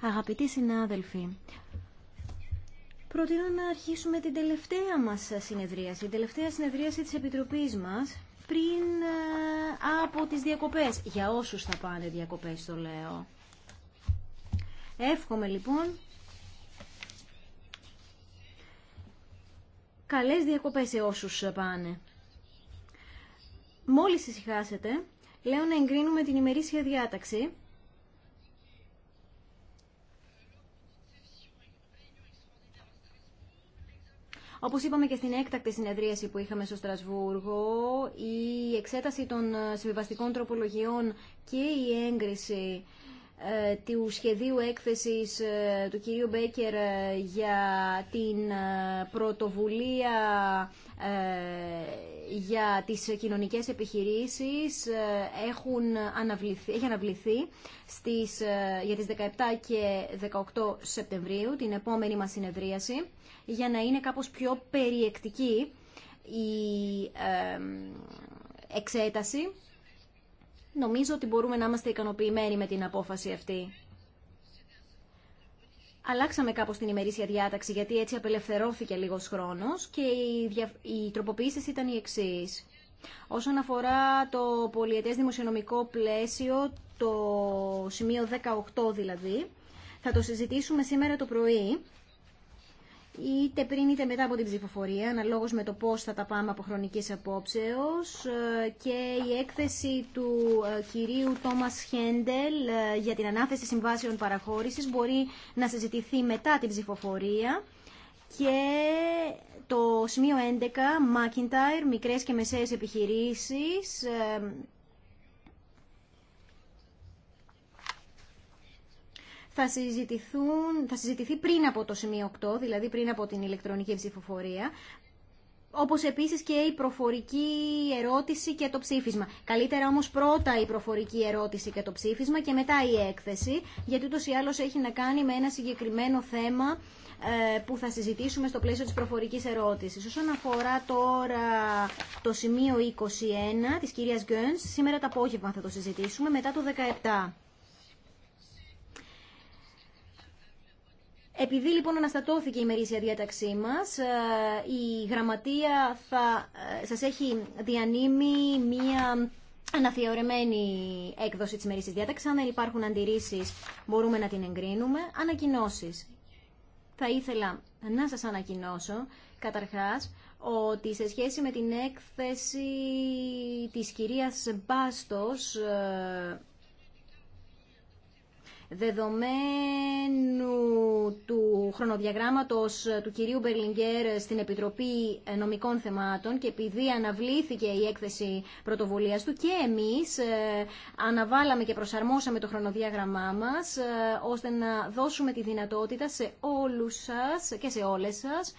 Αγαπητοί συνάδελφοι, προτείνω να αρχίσουμε την τελευταία μας συνεδρίαση, την τελευταία συνεδρίαση της Επιτροπής μας, πριν ε, από τις διακοπές. Για όσους θα πάνε διακοπές το λέω. Εύχομαι λοιπόν καλές διακοπές σε όσους πάνε. Μόλις ησυχάσετε, λέω να εγκρίνουμε την ημερήσια διάταξη. Όπως είπαμε και στην έκτακτη συνεδρίαση που είχαμε στο Στρασβούργο, η εξέταση των συμβιβαστικών τροπολογιών και η έγκριση ε, του σχεδίου έκθεσης ε, του κυρίου Μπέκερ ε, για την πρωτοβουλία για τις κοινωνικές επιχειρήσεις έχουν αναβληθεί, έχει αναβληθεί στις, για τις 17 και 18 Σεπτεμβρίου, την επόμενη μας συνεδρίαση, για να είναι κάπως πιο περιεκτική η εξέταση νομίζω ότι μπορούμε να είμαστε ικανοποιημένοι με την απόφαση αυτή. Αλλάξαμε κάπως την ημερήσια διάταξη γιατί έτσι απελευθερώθηκε λίγος χρόνος και οι, δια... ήταν οι εξή. Όσον αφορά το πολιετέ δημοσιονομικό πλαίσιο, το σημείο 18 δηλαδή, θα το συζητήσουμε σήμερα το πρωί είτε πριν είτε μετά από την ψηφοφορία, αναλόγως με το πώς θα τα πάμε από χρονικής απόψεως ε, και η έκθεση του ε, κυρίου Τόμας Χέντελ ε, για την ανάθεση συμβάσεων παραχώρησης μπορεί να συζητηθεί μετά την ψηφοφορία και το σημείο 11, Μάκιντάιρ, μικρές και μεσαίες επιχειρήσεις, θα, συζητηθούν, θα συζητηθεί πριν από το σημείο 8, δηλαδή πριν από την ηλεκτρονική ψηφοφορία, όπως επίσης και η προφορική ερώτηση και το ψήφισμα. Καλύτερα όμως πρώτα η προφορική ερώτηση και το ψήφισμα και μετά η έκθεση, γιατί ούτως ή άλλως έχει να κάνει με ένα συγκεκριμένο θέμα ε, που θα συζητήσουμε στο πλαίσιο της προφορικής ερώτησης. Όσον αφορά τώρα το σημείο 21 της κυρίας Γκένς, σήμερα το απόγευμα θα το συζητήσουμε μετά το 17. Επειδή λοιπόν αναστατώθηκε η μερίσια διάταξή μας, ε, η γραμματεία θα ε, σας έχει διανύμει μία αναθεωρημένη έκδοση της μερίσιας διάταξης. Αν δεν υπάρχουν αντιρρήσεις μπορούμε να την εγκρίνουμε. Ανακοινώσεις. Θα ήθελα να σας ανακοινώσω καταρχάς ότι σε σχέση με την έκθεση της κυρίας Μπάστος ε, Δεδομένου του χρονοδιαγράμματος του κυρίου Μπερλιγκέρ στην Επιτροπή Νομικών Θεμάτων και επειδή αναβλήθηκε η έκθεση πρωτοβουλίας του και εμείς ε, αναβάλαμε και προσαρμόσαμε το χρονοδιάγραμμά μας ε, ώστε να δώσουμε τη δυνατότητα σε όλους σας και σε όλες σας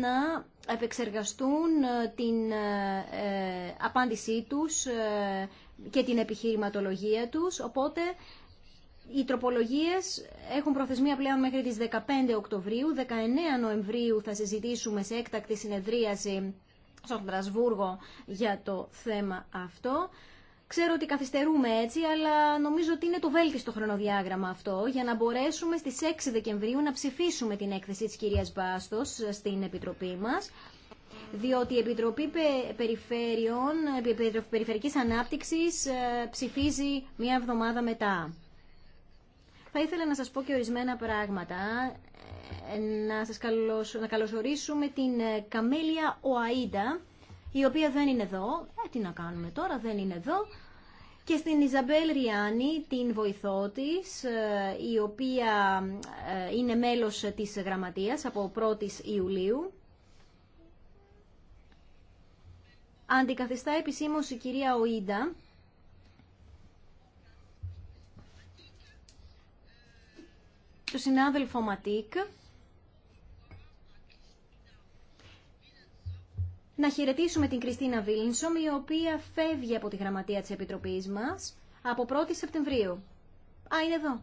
να επεξεργαστούν ε, την απάντησή τους και την επιχειρηματολογία τους, οπότε οι τροπολογίες έχουν προθεσμία πλέον μέχρι τις 15 Οκτωβρίου. 19 Νοεμβρίου θα συζητήσουμε σε έκτακτη συνεδρίαση στο Στρασβούργο για το θέμα αυτό. Ξέρω ότι καθυστερούμε έτσι, αλλά νομίζω ότι είναι το βέλτιστο χρονοδιάγραμμα αυτό για να μπορέσουμε στις 6 Δεκεμβρίου να ψηφίσουμε την έκθεση τη κυρία Μπάστο στην Επιτροπή μα, διότι η Επιτροπή Περιφερειών, Περιφερικής Ανάπτυξης ε, ψηφίζει μία εβδομάδα μετά. Θα ήθελα να σας πω και ορισμένα πράγματα. Ε, να σας καλωσορίσουμε την ε, Καμέλια Οαΐντα, η οποία δεν είναι εδώ. Ε, τι να κάνουμε τώρα, δεν είναι εδώ. Και στην Ιζαμπέλ Ριάννη, την βοηθό της, ε, η οποία είναι μέλος της γραμματείας από 1η Ιουλίου. Αντικαθιστά επισήμως η κυρία Οΐντα, το συνάδελφο Ματίκ να χαιρετήσουμε την Κριστίνα Βίλινσομ η οποία φεύγει από τη γραμματεία της Επιτροπής μας από 1η Σεπτεμβρίου. Α, είναι εδώ.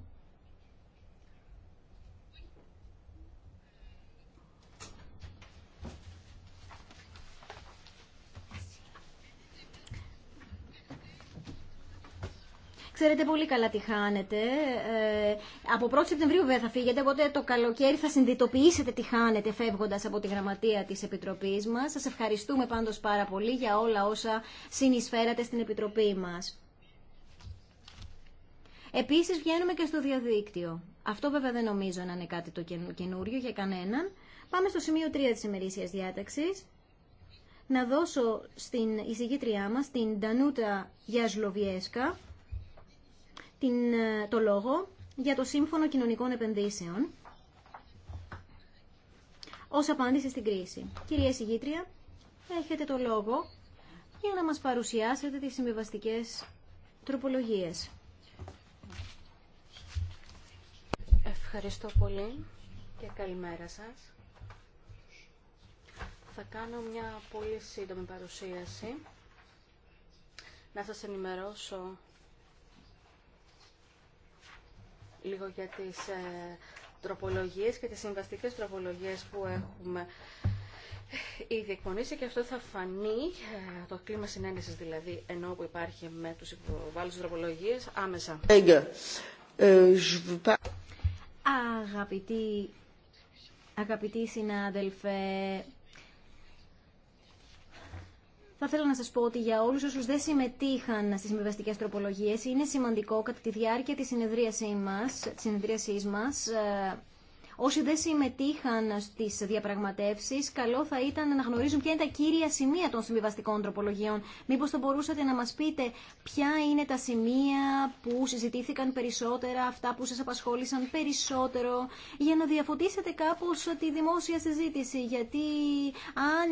Ξέρετε πολύ καλά τι χάνετε. Ε, από 1η Σεπτεμβρίου βέβαια θα φύγετε, οπότε το καλοκαίρι θα συνειδητοποιήσετε τι χάνετε φεύγοντα από τη γραμματεία τη επιτροπή μα. Σα ευχαριστούμε πάντως πάρα πολύ για όλα όσα συνεισφέρατε στην Επιτροπή μα. Επίση, βγαίνουμε και στο διαδίκτυο. Αυτό βέβαια δεν νομίζω να είναι κάτι το καινούριο για κανέναν. Πάμε στο σημείο 3 τη ημερήσια διάταξη. Να δώσω στην εισηγήτριά μα, την Ντανούτα Γιασλοβιέσκα, την, ε, το λόγο για το Σύμφωνο Κοινωνικών Επενδύσεων ως απάντηση στην κρίση. Κυρία Συγήτρια, έχετε το λόγο για να μας παρουσιάσετε τις συμβιβαστικές τροπολογίες. Ευχαριστώ πολύ και καλημέρα σας. Θα κάνω μια πολύ σύντομη παρουσίαση. Να σας ενημερώσω λίγο για τις ε, τροπολογίες και τις συμβαστικές τροπολογίες που έχουμε ήδη εκπονήσει και αυτό θα φανεί, ε, το κλίμα συνέντευξη δηλαδή, ενώ που υπάρχει με τους υποβάλλους τροπολογίες, άμεσα. Ε, αγαπητοί, αγαπητοί συνάδελφε, θα ήθελα να σας πω ότι για όλους όσου δεν συμμετείχαν στι συμβιβαστικέ τροπολογίε, είναι σημαντικό κατά τη διάρκεια τη συνεδρίασή μα. μας Όσοι δεν συμμετείχαν στις διαπραγματεύσει, καλό θα ήταν να γνωρίζουν ποια είναι τα κύρια σημεία των συμβιβαστικών τροπολογιών. μήπω θα μπορούσατε να μα πείτε ποια είναι τα σημεία που συζητήθηκαν περισσότερα, αυτά που σα απασχόλησαν περισσότερο, για να διαφωτίσετε κάπω τη δημόσια συζήτηση. Γιατί αν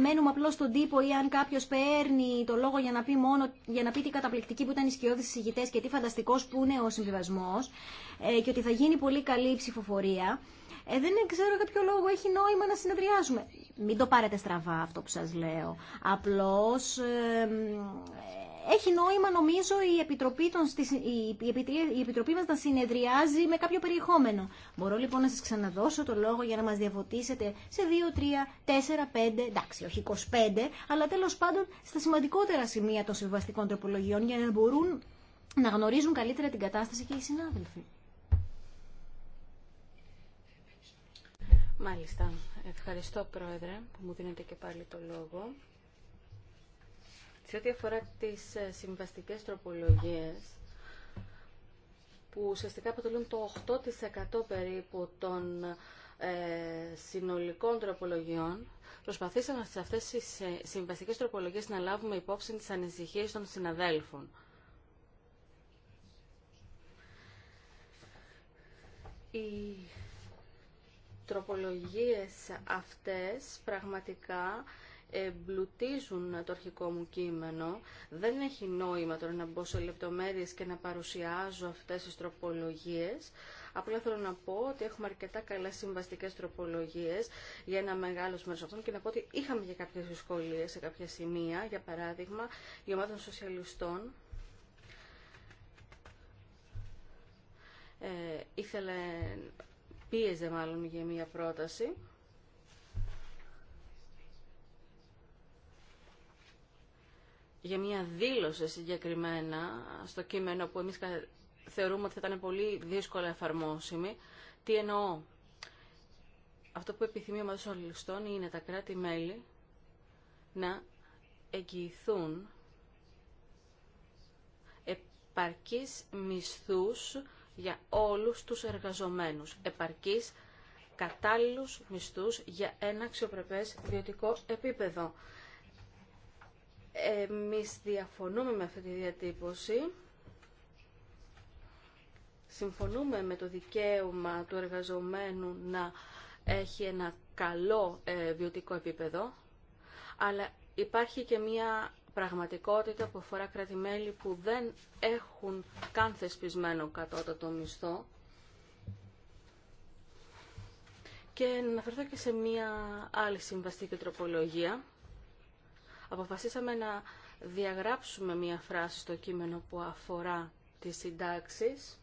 μένουμε απλώς στον τύπο ή αν κάποιο παίρνει το λόγο για να πει μόνο για να πει τι καταπληκτική που ήταν οι σκιώδεις συζητητές και τι φανταστικό που είναι ο συμβιβασμό ε, και ότι θα γίνει πολύ καλή ψηφοφορία. Ε, δεν ξέρω για ποιο λόγο έχει νόημα να συνεδριάζουμε. Μην το πάρετε στραβά αυτό που σας λέω. Απλώς... έχει νόημα νομίζω η Επιτροπή, των, η Επιτροπή μας να συνεδριάζει με κάποιο περιεχόμενο. Μπορώ λοιπόν να σας ξαναδώσω το λόγο για να μας διαβοτήσετε σε 2, 3, 4, 5, εντάξει όχι 25, αλλά τέλος πάντων στα σημαντικότερα σημεία των συμβαστικών τροπολογιών για να μπορούν να γνωρίζουν καλύτερα την κατάσταση και οι συνάδελφοι. Μάλιστα. Ευχαριστώ, Πρόεδρε, που μου δίνετε και πάλι το λόγο. Σε ό,τι αφορά τις ε, συμβαστικές τροπολογίες, που ουσιαστικά αποτελούν το 8% περίπου των ε, συνολικών τροπολογιών, προσπαθήσαμε σε αυτές τις ε, συμβαστικές τροπολογίες να λάβουμε υπόψη τις ανησυχίες των συναδέλφων. Η τροπολογίες αυτές πραγματικά εμπλουτίζουν το αρχικό μου κείμενο. Δεν έχει νόημα τώρα να μπω σε λεπτομέρειες και να παρουσιάζω αυτές τις τροπολογίες. Απλά θέλω να πω ότι έχουμε αρκετά καλέ συμβαστικέ τροπολογίε για ένα μεγάλο μέρο αυτών και να πω ότι είχαμε και κάποιε δυσκολίε σε κάποια σημεία. Για παράδειγμα, η ομάδα των σοσιαλιστών ε, ήθελε πίεζε μάλλον για μια πρόταση. για μια δήλωση συγκεκριμένα στο κείμενο που εμείς θεωρούμε ότι θα ήταν πολύ δύσκολα εφαρμόσιμη. Τι εννοώ. Αυτό που επιθυμεί ο Μαδός είναι τα κράτη-μέλη να εγγυηθούν επαρκείς μισθούς για όλους τους εργαζομένους, επαρκής κατάλληλους μισθούς για ένα αξιοπρεπές βιωτικό επίπεδο. Εμείς διαφωνούμε με αυτή τη διατύπωση. Συμφωνούμε με το δικαίωμα του εργαζομένου να έχει ένα καλό βιωτικό ε, επίπεδο, αλλά υπάρχει και μία πραγματικότητα που αφορά κράτη-μέλη που δεν έχουν καν θεσπισμένο κατώτατο μισθό. Και να αναφερθώ και σε μία άλλη συμβαστική τροπολογία. Αποφασίσαμε να διαγράψουμε μία φράση στο κείμενο που αφορά τις συντάξεις,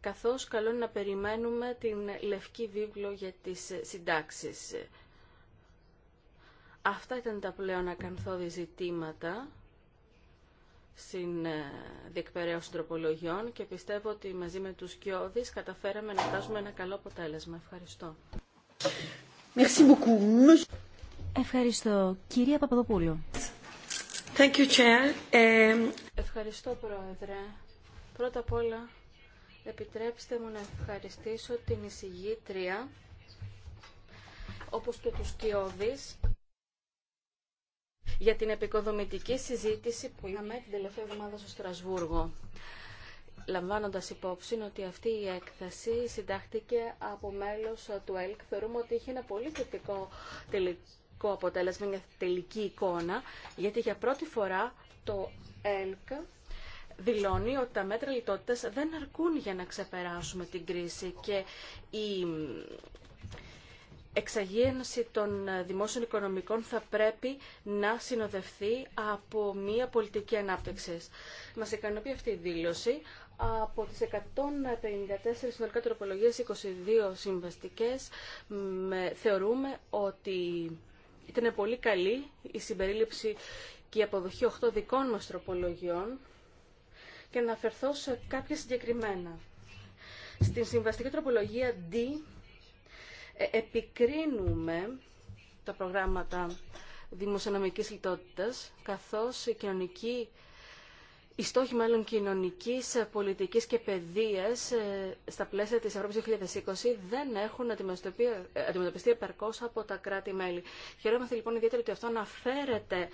καθώς καλό να περιμένουμε την λευκή βίβλο για τις συντάξεις. Αυτά ήταν τα πλέον ακαθόδη ζητήματα στην ε, διεκπαιρέωση τροπολογιών και πιστεύω ότι μαζί με τους Κιώδης καταφέραμε να φτάσουμε ένα καλό αποτέλεσμα. Ευχαριστώ. Ευχαριστώ. Κυρία Παπαδοπούλου. Thank you, Chair. Ε, Ευχαριστώ, Πρόεδρε. Πρώτα απ' όλα, επιτρέψτε μου να ευχαριστήσω την εισηγήτρια, όπως και τους Κιώδης, για την επικοδομητική συζήτηση που είχαμε την τελευταία εβδομάδα στο Στρασβούργο λαμβάνοντας υπόψη ότι αυτή η έκθεση συντάχθηκε από μέλος του ΕΛΚ, θεωρούμε ότι είχε ένα πολύ θετικό τελικό αποτέλεσμα, μια τελική εικόνα, γιατί για πρώτη φορά το ΕΛΚ δηλώνει ότι τα μέτρα λιτότητας δεν αρκούν για να ξεπεράσουμε την κρίση και η εξαγίανση των δημόσιων οικονομικών θα πρέπει να συνοδευτεί από μια πολιτική ανάπτυξη. Μας ικανοποιεί αυτή η δήλωση. Από τις 154 συνολικά τροπολογίες, 22 συμβαστικές, θεωρούμε ότι ήταν πολύ καλή η συμπερίληψη και η αποδοχή 8 δικών μας τροπολογιών και να αναφερθώ σε κάποια συγκεκριμένα. Στην συμβαστική τροπολογία D ε, επικρίνουμε τα προγράμματα δημοσιονομικής λιτότητας, καθώς η οι στόχοι μάλλον κοινωνικής, πολιτικής και παιδείας ε, στα πλαίσια της Ευρώπης 2020 δεν έχουν ε, αντιμετωπιστεί επαρκώς από τα κράτη-μέλη. Χαιρόμαστε λοιπόν ιδιαίτερα ότι αυτό αναφέρεται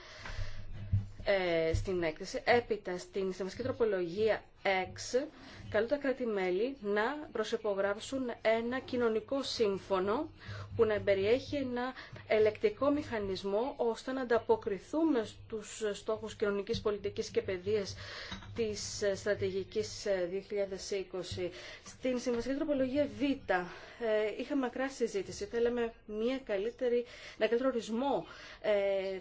στην έκθεση. Έπειτα, στην συστηματική τροπολογία X, καλούν τα κράτη-μέλη να προσεπογράψουν ένα κοινωνικό σύμφωνο που να περιέχει ένα ελεκτικό μηχανισμό ώστε να ανταποκριθούμε στους στόχους κοινωνικής πολιτικής και παιδείας της στρατηγικής 2020. Ε, Στην συμβασική τροπολογία Β ε, είχα μακρά συζήτηση. Θέλαμε μια καλύτερη, ένα καλύτερο ορισμό ε,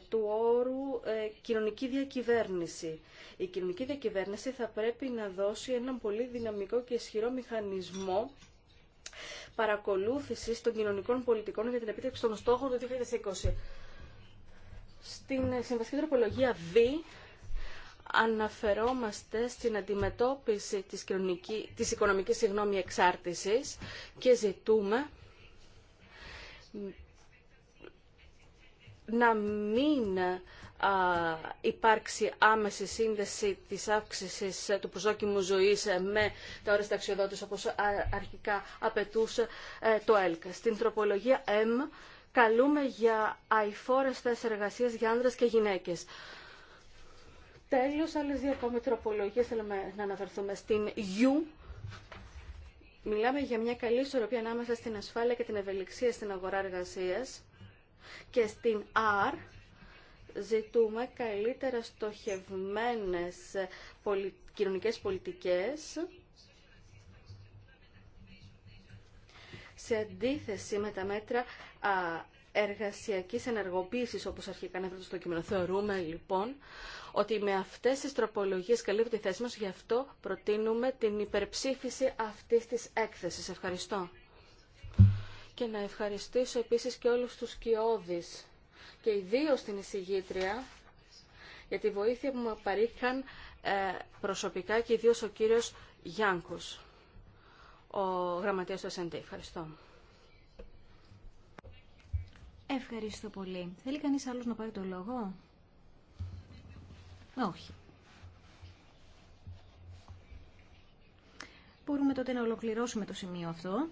του όρου ε, κοινωνική διακυβέρνηση. Η κοινωνική διακυβέρνηση θα πρέπει να δώσει έναν πολύ δυναμικό και ισχυρό μηχανισμό παρακολούθησης των κοινωνικών πολιτικών για την επίτευξη των στόχων του 2020. Στην συμβασική τροπολογία Β αναφερόμαστε στην αντιμετώπιση της, κοινωνική, της οικονομικής συγγνώμη, εξάρτησης και ζητούμε να μην υπάρξει άμεση σύνδεση της αύξησης ε, του προσδόκιμου ζωής ε, με τα όρια ταξιοδότηση όπως ε, αρχικά απαιτούσε το ΕΛΚ. Στην τροπολογία M καλούμε για αηφόρες θέσεις εργασίας για άνδρες και γυναίκες. Τέλος, άλλες δύο ακόμη τροπολογίες θέλουμε να αναφερθούμε στην U. Μιλάμε για μια καλή ισορροπία ανάμεσα στην ασφάλεια και την ευελιξία στην αγορά εργασίας και στην R ζητούμε καλύτερα στοχευμένες κοινωνικές πολιτικές σε αντίθεση με τα μέτρα α, εργασιακής ενεργοποίησης, όπως αρχικά ανέφερα στο κείμενο. Θεωρούμε, λοιπόν, ότι με αυτές τις τροπολογίες καλύπτει η θέση μας, γι' αυτό προτείνουμε την υπερψήφιση αυτής της έκθεσης. Ευχαριστώ. Και να ευχαριστήσω επίσης και όλους τους κοιόδης και ιδίω την εισηγήτρια για τη βοήθεια που μου παρήχαν ε, προσωπικά και ιδίω ο κύριος Γιάνκος, ο γραμματέας του SND. Ευχαριστώ. Ευχαριστώ πολύ. Θέλει κανείς άλλος να πάρει το λόγο? Όχι. Μπορούμε τότε να ολοκληρώσουμε το σημείο αυτό.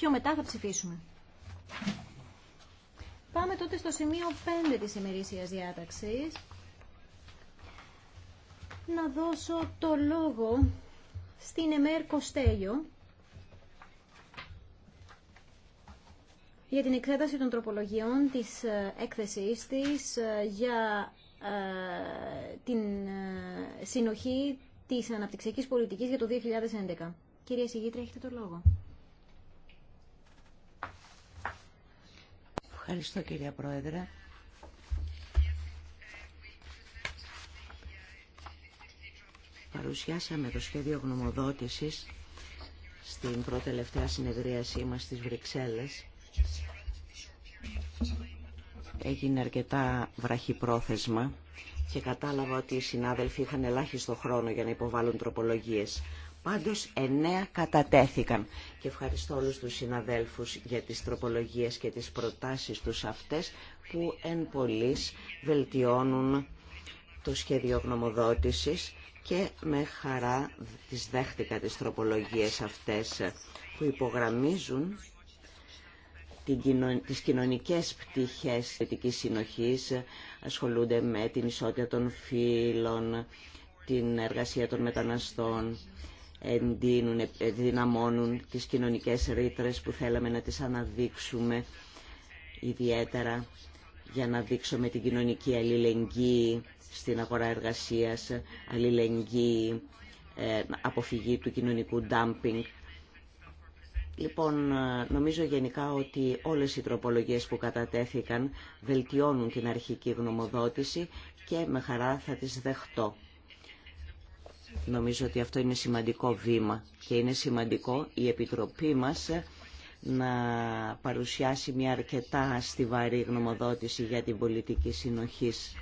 πιο μετά θα ψηφίσουμε. Πάμε τότε στο σημείο 5 της ημερήσιας διάταξης. Να δώσω το λόγο στην Εμέρ Κοστέλιο για την εξέταση των τροπολογιών της ε, έκθεσής της ε, για ε, την συνοχή της αναπτυξιακής πολιτικής για το 2011. Κυρία Σιγήτρια, έχετε το λόγο. Ευχαριστώ κυρία Πρόεδρε. Παρουσιάσαμε το σχέδιο γνωμοδότησης στην πρώτη συνεδρίασή μας στις Βρυξέλλες. Έγινε αρκετά βραχυπρόθεσμα και κατάλαβα ότι οι συνάδελφοι είχαν ελάχιστο χρόνο για να υποβάλουν τροπολογίες. Πάντως εννέα κατατέθηκαν και ευχαριστώ όλους τους συναδέλφους για τις τροπολογίες και τις προτάσεις τους αυτές που εν πολλής βελτιώνουν το σχέδιο γνωμοδότησης και με χαρά τις δέχτηκα τις τροπολογίες αυτές που υπογραμμίζουν τις κοινωνικές πτυχές θετικής συνοχής ασχολούνται με την ισότητα των φύλων, την εργασία των μεταναστών εντείνουν, δυναμώνουν τις κοινωνικές ρήτρες που θέλαμε να τις αναδείξουμε ιδιαίτερα για να δείξουμε την κοινωνική αλληλεγγύη στην αγορά εργασίας, αλληλεγγύη, ε, αποφυγή του κοινωνικού ντάμπινγκ. Λοιπόν, ε, νομίζω γενικά ότι όλες οι τροπολογίες που κατατέθηκαν βελτιώνουν την αρχική γνωμοδότηση και με χαρά θα τις δεχτώ. Νομίζω ότι αυτό είναι σημαντικό βήμα και είναι σημαντικό η Επιτροπή μας να παρουσιάσει μια αρκετά στιβαρή γνωμοδότηση για την πολιτική συνοχής.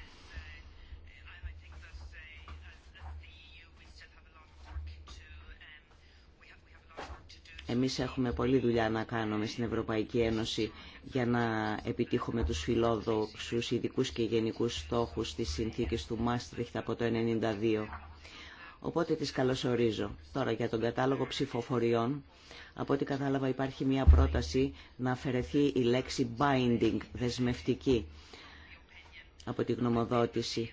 Εμείς έχουμε πολλή δουλειά να κάνουμε στην Ευρωπαϊκή Ένωση για να επιτύχουμε τους φιλόδοξους ειδικού και γενικούς στόχους της συνθήκης του Μάστριχτ από το 1992. Οπότε τις καλωσορίζω. Τώρα για τον κατάλογο ψηφοφοριών, από ό,τι κατάλαβα υπάρχει μια πρόταση να αφαιρεθεί η λέξη binding, δεσμευτική, από τη γνωμοδότηση.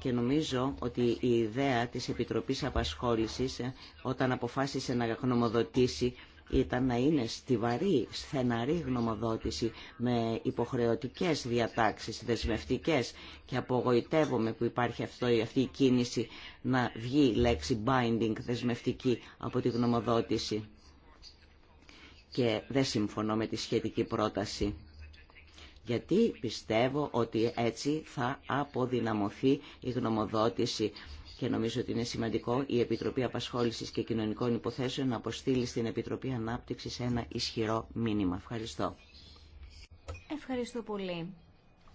Και νομίζω ότι η ιδέα της Επιτροπής Απασχόλησης, ε, όταν αποφάσισε να γνωμοδοτήσει, ήταν να είναι στιβαρή, στεναρή γνωμοδότηση με υποχρεωτικές διατάξεις, δεσμευτικές και απογοητεύομαι που υπάρχει αυτό, αυτή η κίνηση να βγει λέξη binding δεσμευτική από τη γνωμοδότηση και δεν συμφωνώ με τη σχετική πρόταση γιατί πιστεύω ότι έτσι θα αποδυναμωθεί η γνωμοδότηση και νομίζω ότι είναι σημαντικό η Επιτροπή Απασχόλησης και Κοινωνικών Υποθέσεων να αποστείλει στην Επιτροπή Ανάπτυξης ένα ισχυρό μήνυμα. Ευχαριστώ. Ευχαριστώ πολύ.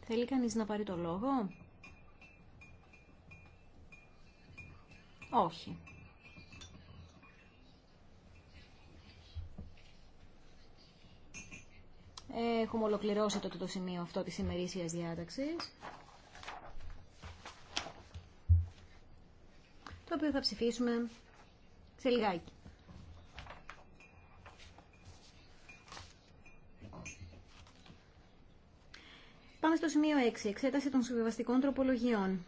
Θέλει κανείς να πάρει το λόγο? Όχι. Έχουμε ολοκληρώσει το, το σημείο αυτό της ημερήσιας διάταξης. το οποίο θα ψηφίσουμε σε λιγάκι. Πάμε στο σημείο 6. Εξέταση των συμβιβαστικών τροπολογιών.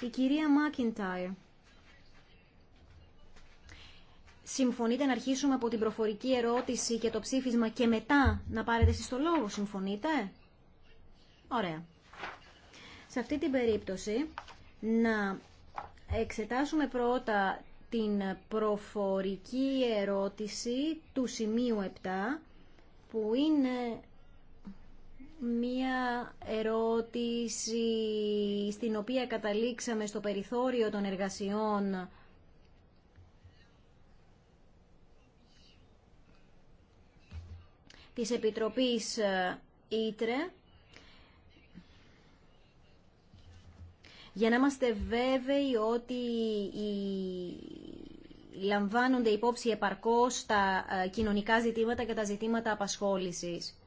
Η κυρία Μάκιντάιρ. Συμφωνείτε να αρχίσουμε από την προφορική ερώτηση και το ψήφισμα και μετά να πάρετε εσείς το λόγο. Συμφωνείτε? Ωραία. Σε αυτή την περίπτωση να εξετάσουμε πρώτα την προφορική ερώτηση του σημείου 7 που είναι μία ερώτηση στην οποία καταλήξαμε στο περιθώριο των εργασιών της Επιτροπής Ήτρε για να είμαστε βέβαιοι ότι λαμβάνονται υπόψη επαρκώς τα ε, κοινωνικά ζητήματα και τα ζητήματα απασχόλησης.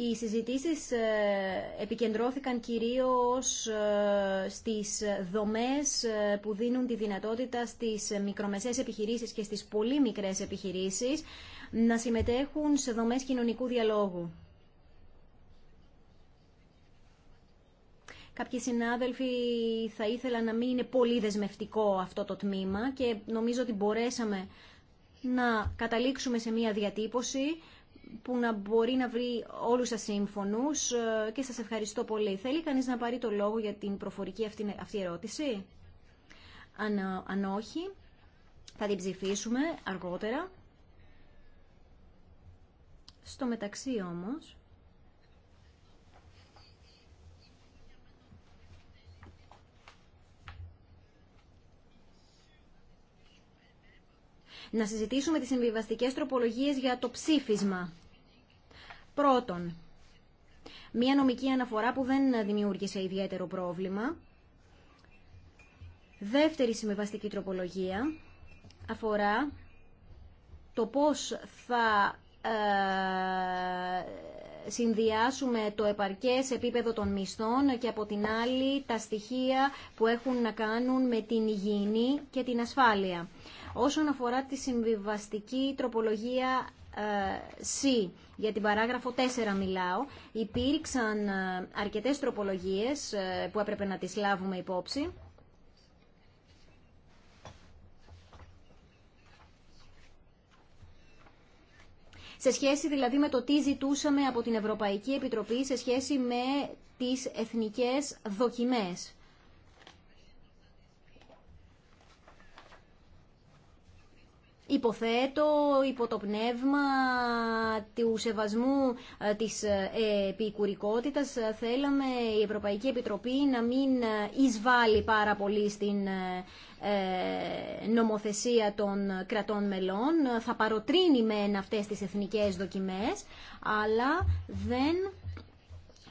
Οι συζητήσεις ε, επικεντρώθηκαν κυρίως ε, στις δομές ε, που δίνουν τη δυνατότητα στις μικρομεσαίες επιχειρήσεις και στις πολύ μικρές επιχειρήσεις να συμμετέχουν σε δομές κοινωνικού διαλόγου. Κάποιοι συνάδελφοι θα ήθελα να μην είναι πολύ δεσμευτικό αυτό το τμήμα και νομίζω ότι μπορέσαμε να καταλήξουμε σε μία διατύπωση που να μπορεί να βρει όλους σας σύμφωνους ε, και σας ευχαριστώ πολύ. Θέλει κανείς να πάρει το λόγο για την προφορική αυτή, αυτή ερώτηση? Αν, ε, αν όχι, θα την ψηφίσουμε αργότερα. Στο μεταξύ όμως, να συζητήσουμε τις συμβιβαστικές τροπολογίες για το ψήφισμα. Πρώτον, μία νομική αναφορά που δεν δημιούργησε ιδιαίτερο πρόβλημα. Δεύτερη συμβιβαστική τροπολογία αφορά το πώς θα ε, συνδυάσουμε το επαρκές επίπεδο των μισθών και από την άλλη τα στοιχεία που έχουν να κάνουν με την υγιεινή και την ασφάλεια όσον αφορά τη συμβιβαστική τροπολογία C. Ε, Για την παράγραφο 4 μιλάω. Υπήρξαν ε, αρκετές τροπολογίες ε, που έπρεπε να τις λάβουμε υπόψη. Σε σχέση δηλαδή με το τι ζητούσαμε από την Ευρωπαϊκή Επιτροπή σε σχέση με τις εθνικές δοκιμές. υποθέτω υπό το πνεύμα του σεβασμού ε, της ε, επικουρικότητας ε, θέλαμε η Ευρωπαϊκή Επιτροπή να μην εισβάλλει πάρα πολύ στην νομοθεσία των κρατών μελών. Θα παροτρύνει μεν αυτές τις εθνικές δοκιμές, αλλά δεν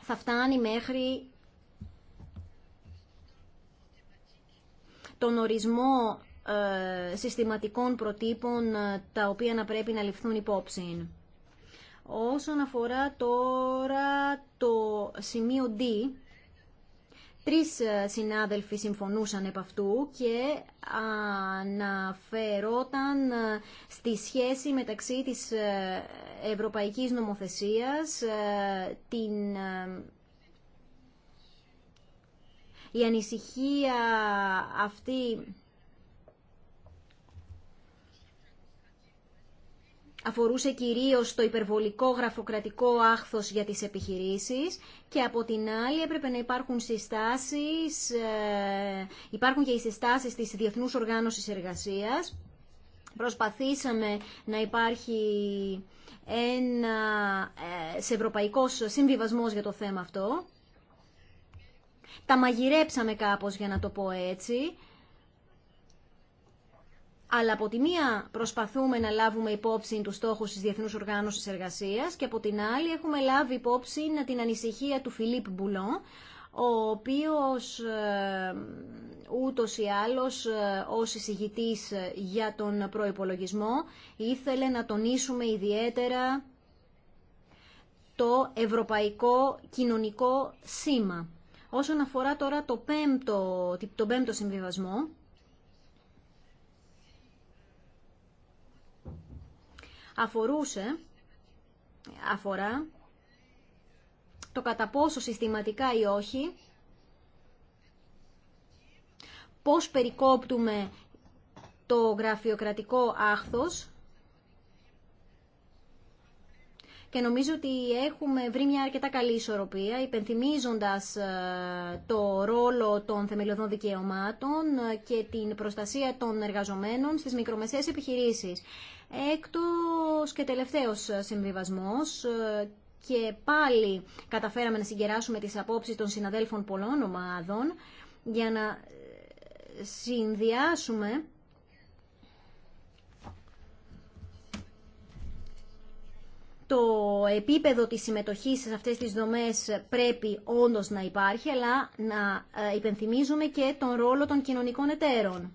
θα φτάνει μέχρι τον ορισμό ε, συστηματικών προτύπων ε, τα οποία να πρέπει να ληφθούν υπόψη. Όσον αφορά τώρα το σημείο D, τρεις ε, συνάδελφοι συμφωνούσαν επ' αυτού και αναφερόταν στη σχέση μεταξύ της ευρωπαϊκής νομοθεσίας, την η ανησυχία αυτή αφορούσε κυρίως το υπερβολικό γραφοκρατικό άχθος για τις επιχειρήσεις και από την άλλη έπρεπε να υπάρχουν συστάσεις, ε, υπάρχουν και οι συστάσεις της Διεθνούς Οργάνωσης Εργασίας. Προσπαθήσαμε να υπάρχει ένα ε, σε ευρωπαϊκός για το θέμα αυτό. Τα μαγειρέψαμε κάπως για να το πω έτσι αλλά από τη μία προσπαθούμε να λάβουμε υπόψη του στόχου τη Διεθνού Οργάνωση Εργασία και από την άλλη έχουμε λάβει υπόψη την ανησυχία του Φιλίπ Μπουλό ο οποίος ε, ούτω ή άλλως ε, ως εισηγητή ε, για τον προπολογισμό, ήθελε να τονίσουμε ιδιαίτερα το ευρωπαϊκό κοινωνικό σήμα. Όσον αφορά τώρα το πέμπτο, τον πέμπτο συμβιβασμό, αφορούσε, αφορά το κατά πόσο συστηματικά ή όχι, πώς περικόπτουμε το γραφειοκρατικό άχθος και νομίζω ότι έχουμε βρει μια αρκετά καλή ισορροπία, υπενθυμίζοντας ε, το ρόλο των θεμελιωδών δικαιωμάτων ε, και την προστασία των εργαζομένων στις μικρομεσαίες επιχειρήσεις. Έκτος και τελευταίος συμβιβασμός ε, και πάλι καταφέραμε να συγκεράσουμε τις απόψεις των συναδέλφων πολλών ομάδων για να ε, συνδυάσουμε το επίπεδο της συμμετοχής σε αυτές τις δομές πρέπει όντως να υπάρχει, αλλά να ε, υπενθυμίζουμε και τον ρόλο των κοινωνικών εταίρων.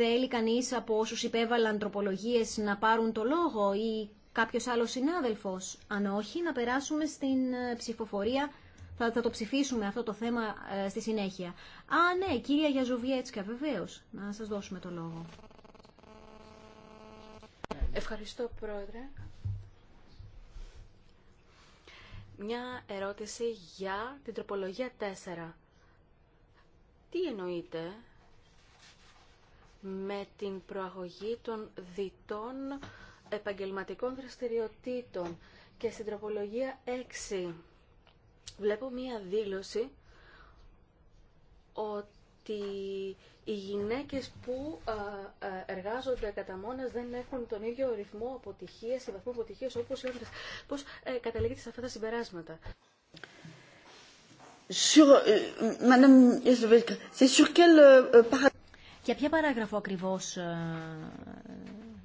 Θέλει κανείς από όσους υπέβαλαν τροπολογίες να πάρουν το λόγο ή κάποιος άλλος συνάδελφος. Αν όχι, να περάσουμε στην ε, ψηφοφορία. Θα, θα το ψηφίσουμε αυτό το θέμα ε, στη συνέχεια. Α, ναι, κύρια Γιαζουβιέτσκα, βεβαίως. Να σας δώσουμε το λόγο. Ευχαριστώ, Πρόεδρε. Μια ερώτηση για την τροπολογία 4. Τι εννοείται με την προαγωγή των διτών επαγγελματικών δραστηριοτήτων. Και στην τροπολογία 6 βλέπω μία δήλωση ότι οι γυναίκες που ε, ε, εργάζονται κατά μόνας δεν έχουν τον ίδιο ρυθμό αποτυχίας ή βαθμό αποτυχίας όπως οι άντρες. Πώς ε, καταλήγετε σε αυτά τα συμπεράσματα. Sur, euh, Madame, c'est sur quel euh, για ποια παράγραφο ακριβώς ε,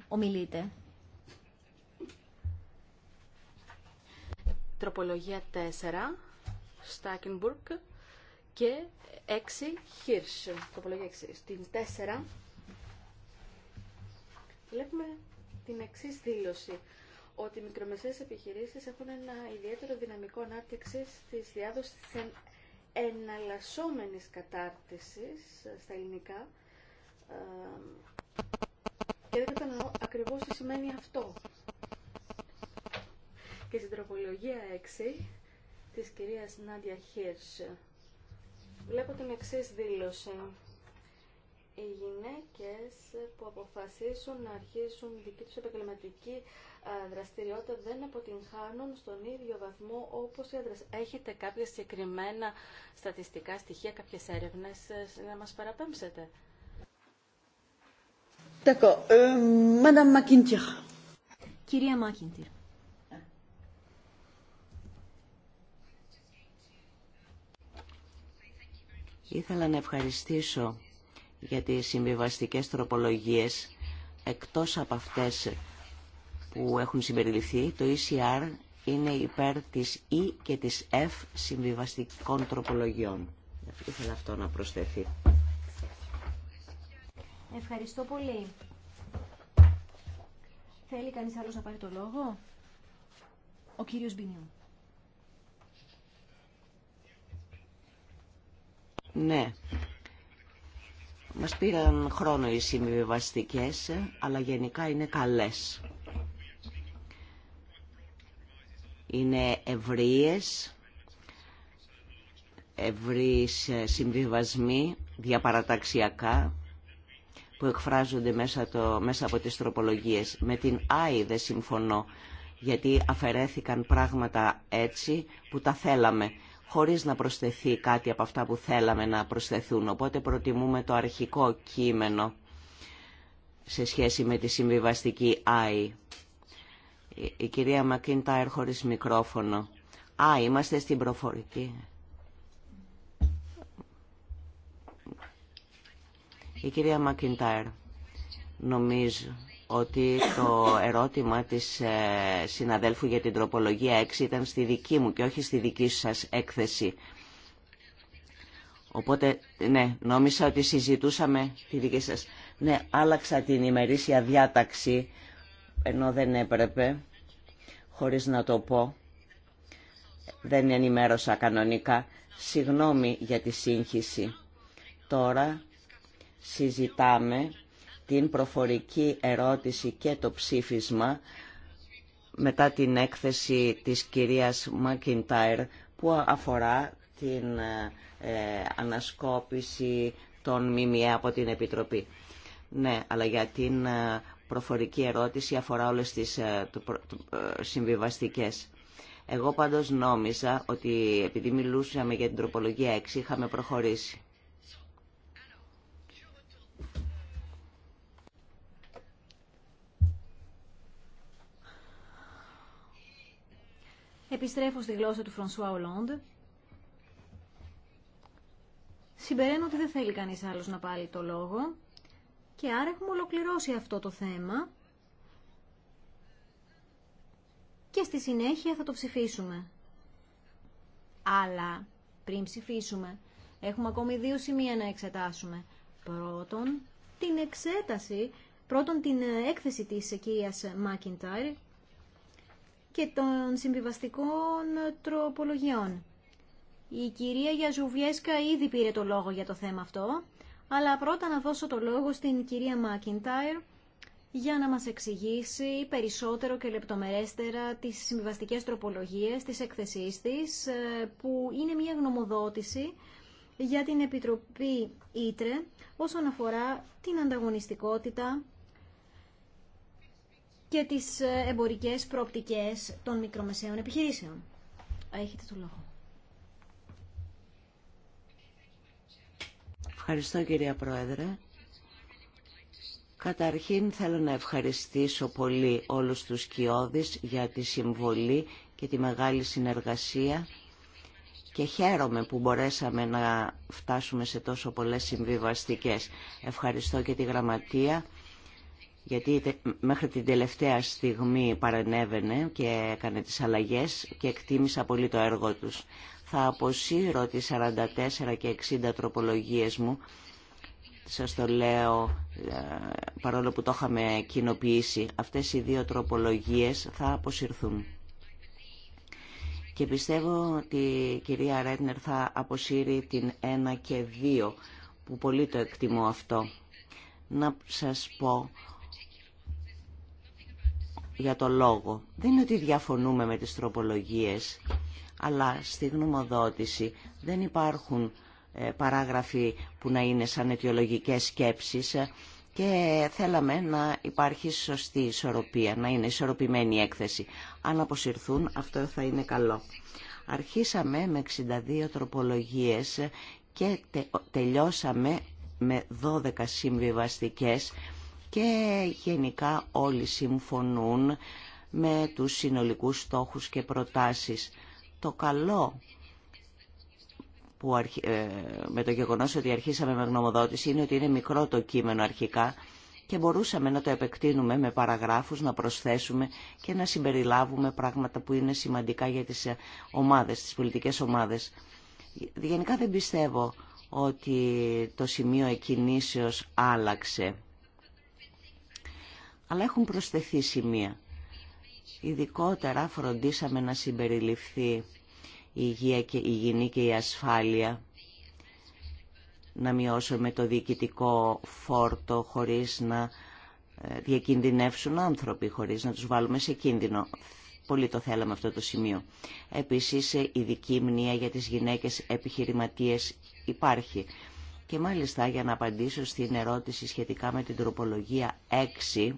ομιλείτε. Τροπολογία 4, Στάκενμπουργκ και 6, Χίρσ. Τροπολογία 6. Στην 4 βλέπουμε την εξή δήλωση ότι οι μικρομεσαίες επιχειρήσεις έχουν ένα ιδιαίτερο δυναμικό ανάπτυξη της διάδοσης της εναλλασσόμενης κατάρτισης ε, στα ελληνικά ε, και δεν καταλαβαίνω ακριβώς τι σημαίνει αυτό. Και στην τροπολογία 6 της κυρίας Νάντια Χίρς βλέπω την εξή δήλωση. Οι γυναίκες που αποφασίσουν να αρχίσουν δική τους επαγγελματική ε, δραστηριότητα δεν αποτυγχάνουν στον ίδιο βαθμό όπως οι άντρες. Έχετε κάποια συγκεκριμένα στατιστικά στοιχεία, κάποιες έρευνες ε, να μας παραπέμψετε. Euh, Κυρία Μάκιντιρ. Ήθελα να ευχαριστήσω για τις συμβιβαστικές τροπολογίες εκτός από αυτές που έχουν συμπεριληφθεί. Το ECR είναι υπέρ της E και της F συμβιβαστικών τροπολογιών. Ήθελα αυτό να προσθεθεί. Ευχαριστώ πολύ. Θέλει κανείς άλλος να πάρει το λόγο. Ο κύριος Μπινιού. Ναι. Μας πήραν χρόνο οι συμβιβαστικέ, αλλά γενικά είναι καλές. Είναι ευρείες, ευρείς συμβιβασμοί, διαπαραταξιακά, που εκφράζονται μέσα, το, μέσα από τις τροπολογίες. Με την ΆΗ δεν συμφωνώ, γιατί αφαιρέθηκαν πράγματα έτσι που τα θέλαμε, χωρίς να προσθεθεί κάτι από αυτά που θέλαμε να προσθεθούν. Οπότε προτιμούμε το αρχικό κείμενο σε σχέση με τη συμβιβαστική ΆΗ. Η, η κυρία Μακίνταερ χωρίς μικρόφωνο. Α, είμαστε στην προφορική. Η κυρία Μακιντάιρ, νομίζω ότι το ερώτημα της ε, συναδέλφου για την τροπολογία 6 ήταν στη δική μου και όχι στη δική σας έκθεση. Οπότε, ναι, νόμισα ότι συζητούσαμε τη δική σας. Ναι, άλλαξα την ημερήσια διάταξη, ενώ δεν έπρεπε, χωρίς να το πω. Δεν ενημέρωσα κανονικά. Συγγνώμη για τη σύγχυση. Τώρα συζητάμε την προφορική ερώτηση και το ψήφισμα μετά την έκθεση της κυρίας Μακιντάιρ που αφορά την ε, ανασκόπηση των ΜΜΕ από την Επιτροπή. Ναι, αλλά για την ε, προφορική ερώτηση αφορά όλες τις ε, συμβιβαστικές. Εγώ πάντως νόμιζα ότι επειδή μιλούσαμε για την τροπολογία 6 είχαμε προχωρήσει. Επιστρέφω στη γλώσσα του Φρανσουά Ολόντ. Συμπεραίνω ότι δεν θέλει κανείς άλλος να πάρει το λόγο και άρα έχουμε ολοκληρώσει αυτό το θέμα και στη συνέχεια θα το ψηφίσουμε. Αλλά πριν ψηφίσουμε έχουμε ακόμη δύο σημεία να εξετάσουμε. Πρώτον, την εξέταση, πρώτον την ε, έκθεση της κυρίας Μάκιντάρ και των συμβιβαστικών τροπολογιών. Η κυρία Γιαζουβιέσκα ήδη πήρε το λόγο για το θέμα αυτό, αλλά πρώτα να δώσω το λόγο στην κυρία Μάκιντάιρ για να μας εξηγήσει περισσότερο και λεπτομερέστερα τις συμβιβαστικές τροπολογίες της εκθεσής της, ε, που είναι μια γνωμοδότηση για την Επιτροπή Ήτρε όσον αφορά την ανταγωνιστικότητα και τις ε, εμπορικές προοπτικές των μικρομεσαίων επιχειρήσεων. Έχετε το λόγο. Ευχαριστώ κυρία Πρόεδρε. Καταρχήν θέλω να ευχαριστήσω πολύ όλους τους κοιόδης για τη συμβολή και τη μεγάλη συνεργασία και χαίρομαι που μπορέσαμε να φτάσουμε σε τόσο πολλές συμβιβαστικές. Ευχαριστώ και τη Γραμματεία γιατί μέχρι την τελευταία στιγμή παρενέβαινε και έκανε τις αλλαγές και εκτίμησα πολύ το έργο τους. Θα αποσύρω τις 44 και 60 τροπολογίες μου, σας το λέω ε, παρόλο που το είχαμε κοινοποιήσει. Αυτές οι δύο τροπολογίες θα αποσυρθούν. Και πιστεύω ότι η κυρία Ρέτνερ θα αποσύρει την 1 και 2, που πολύ το εκτιμώ αυτό. Να σας πω για το λόγο. Δεν είναι ότι διαφωνούμε με τις τροπολογίες, αλλά στη γνωμοδότηση δεν υπάρχουν ε, παράγραφοι που να είναι σαν αιτιολογικές σκέψεις ε, και θέλαμε να υπάρχει σωστή ισορροπία, να είναι ισορροπημένη η έκθεση. Αν αποσυρθούν αυτό θα είναι καλό. Αρχίσαμε με 62 τροπολογίες και τελειώσαμε με 12 συμβιβαστικές και γενικά όλοι συμφωνούν με τους συνολικούς στόχους και προτάσεις. Το καλό που ε, με το γεγονός ότι αρχίσαμε με γνωμοδότηση είναι ότι είναι μικρό το κείμενο αρχικά και μπορούσαμε να το επεκτείνουμε με παραγράφους, να προσθέσουμε και να συμπεριλάβουμε πράγματα που είναι σημαντικά για τις ε, ομάδες, τις πολιτικές ομάδες. Γενικά δεν πιστεύω ότι το σημείο εκκινήσεως άλλαξε αλλά έχουν προσθεθεί σημεία. Ειδικότερα φροντίσαμε να συμπεριληφθεί η υγεία και η υγιεινή και η ασφάλεια, να μειώσουμε το διοικητικό φόρτο χωρίς να ε, διακινδυνεύσουν άνθρωποι, χωρίς να τους βάλουμε σε κίνδυνο. Πολύ το θέλαμε αυτό το σημείο. Επίσης, ε, ειδική μνήμα για τις γυναίκες επιχειρηματίες υπάρχει. Και μάλιστα για να απαντήσω στην ερώτηση σχετικά με την τροπολογία 6,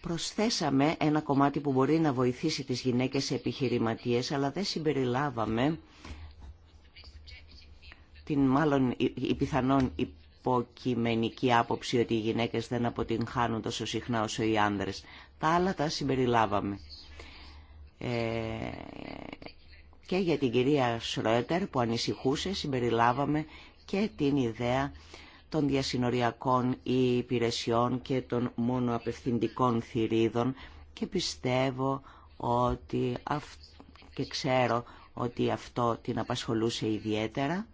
προσθέσαμε ένα κομμάτι που μπορεί να βοηθήσει τις γυναίκες επιχειρηματίες, αλλά δεν συμπεριλάβαμε την μάλλον η πιθανόν υποκειμενική άποψη ότι οι γυναίκες δεν αποτυγχάνουν τόσο συχνά όσο οι άνδρες. Τα άλλα τα συμπεριλάβαμε. Ε, και για την κυρία Σρότερ που ανησυχούσε συμπεριλάβαμε και την ιδέα των διασυνοριακών υπηρεσιών και των μόνο απευθυντικών θηρίδων και πιστεύω ότι αυ... και ξέρω ότι αυτό την απασχολούσε ιδιαίτερα.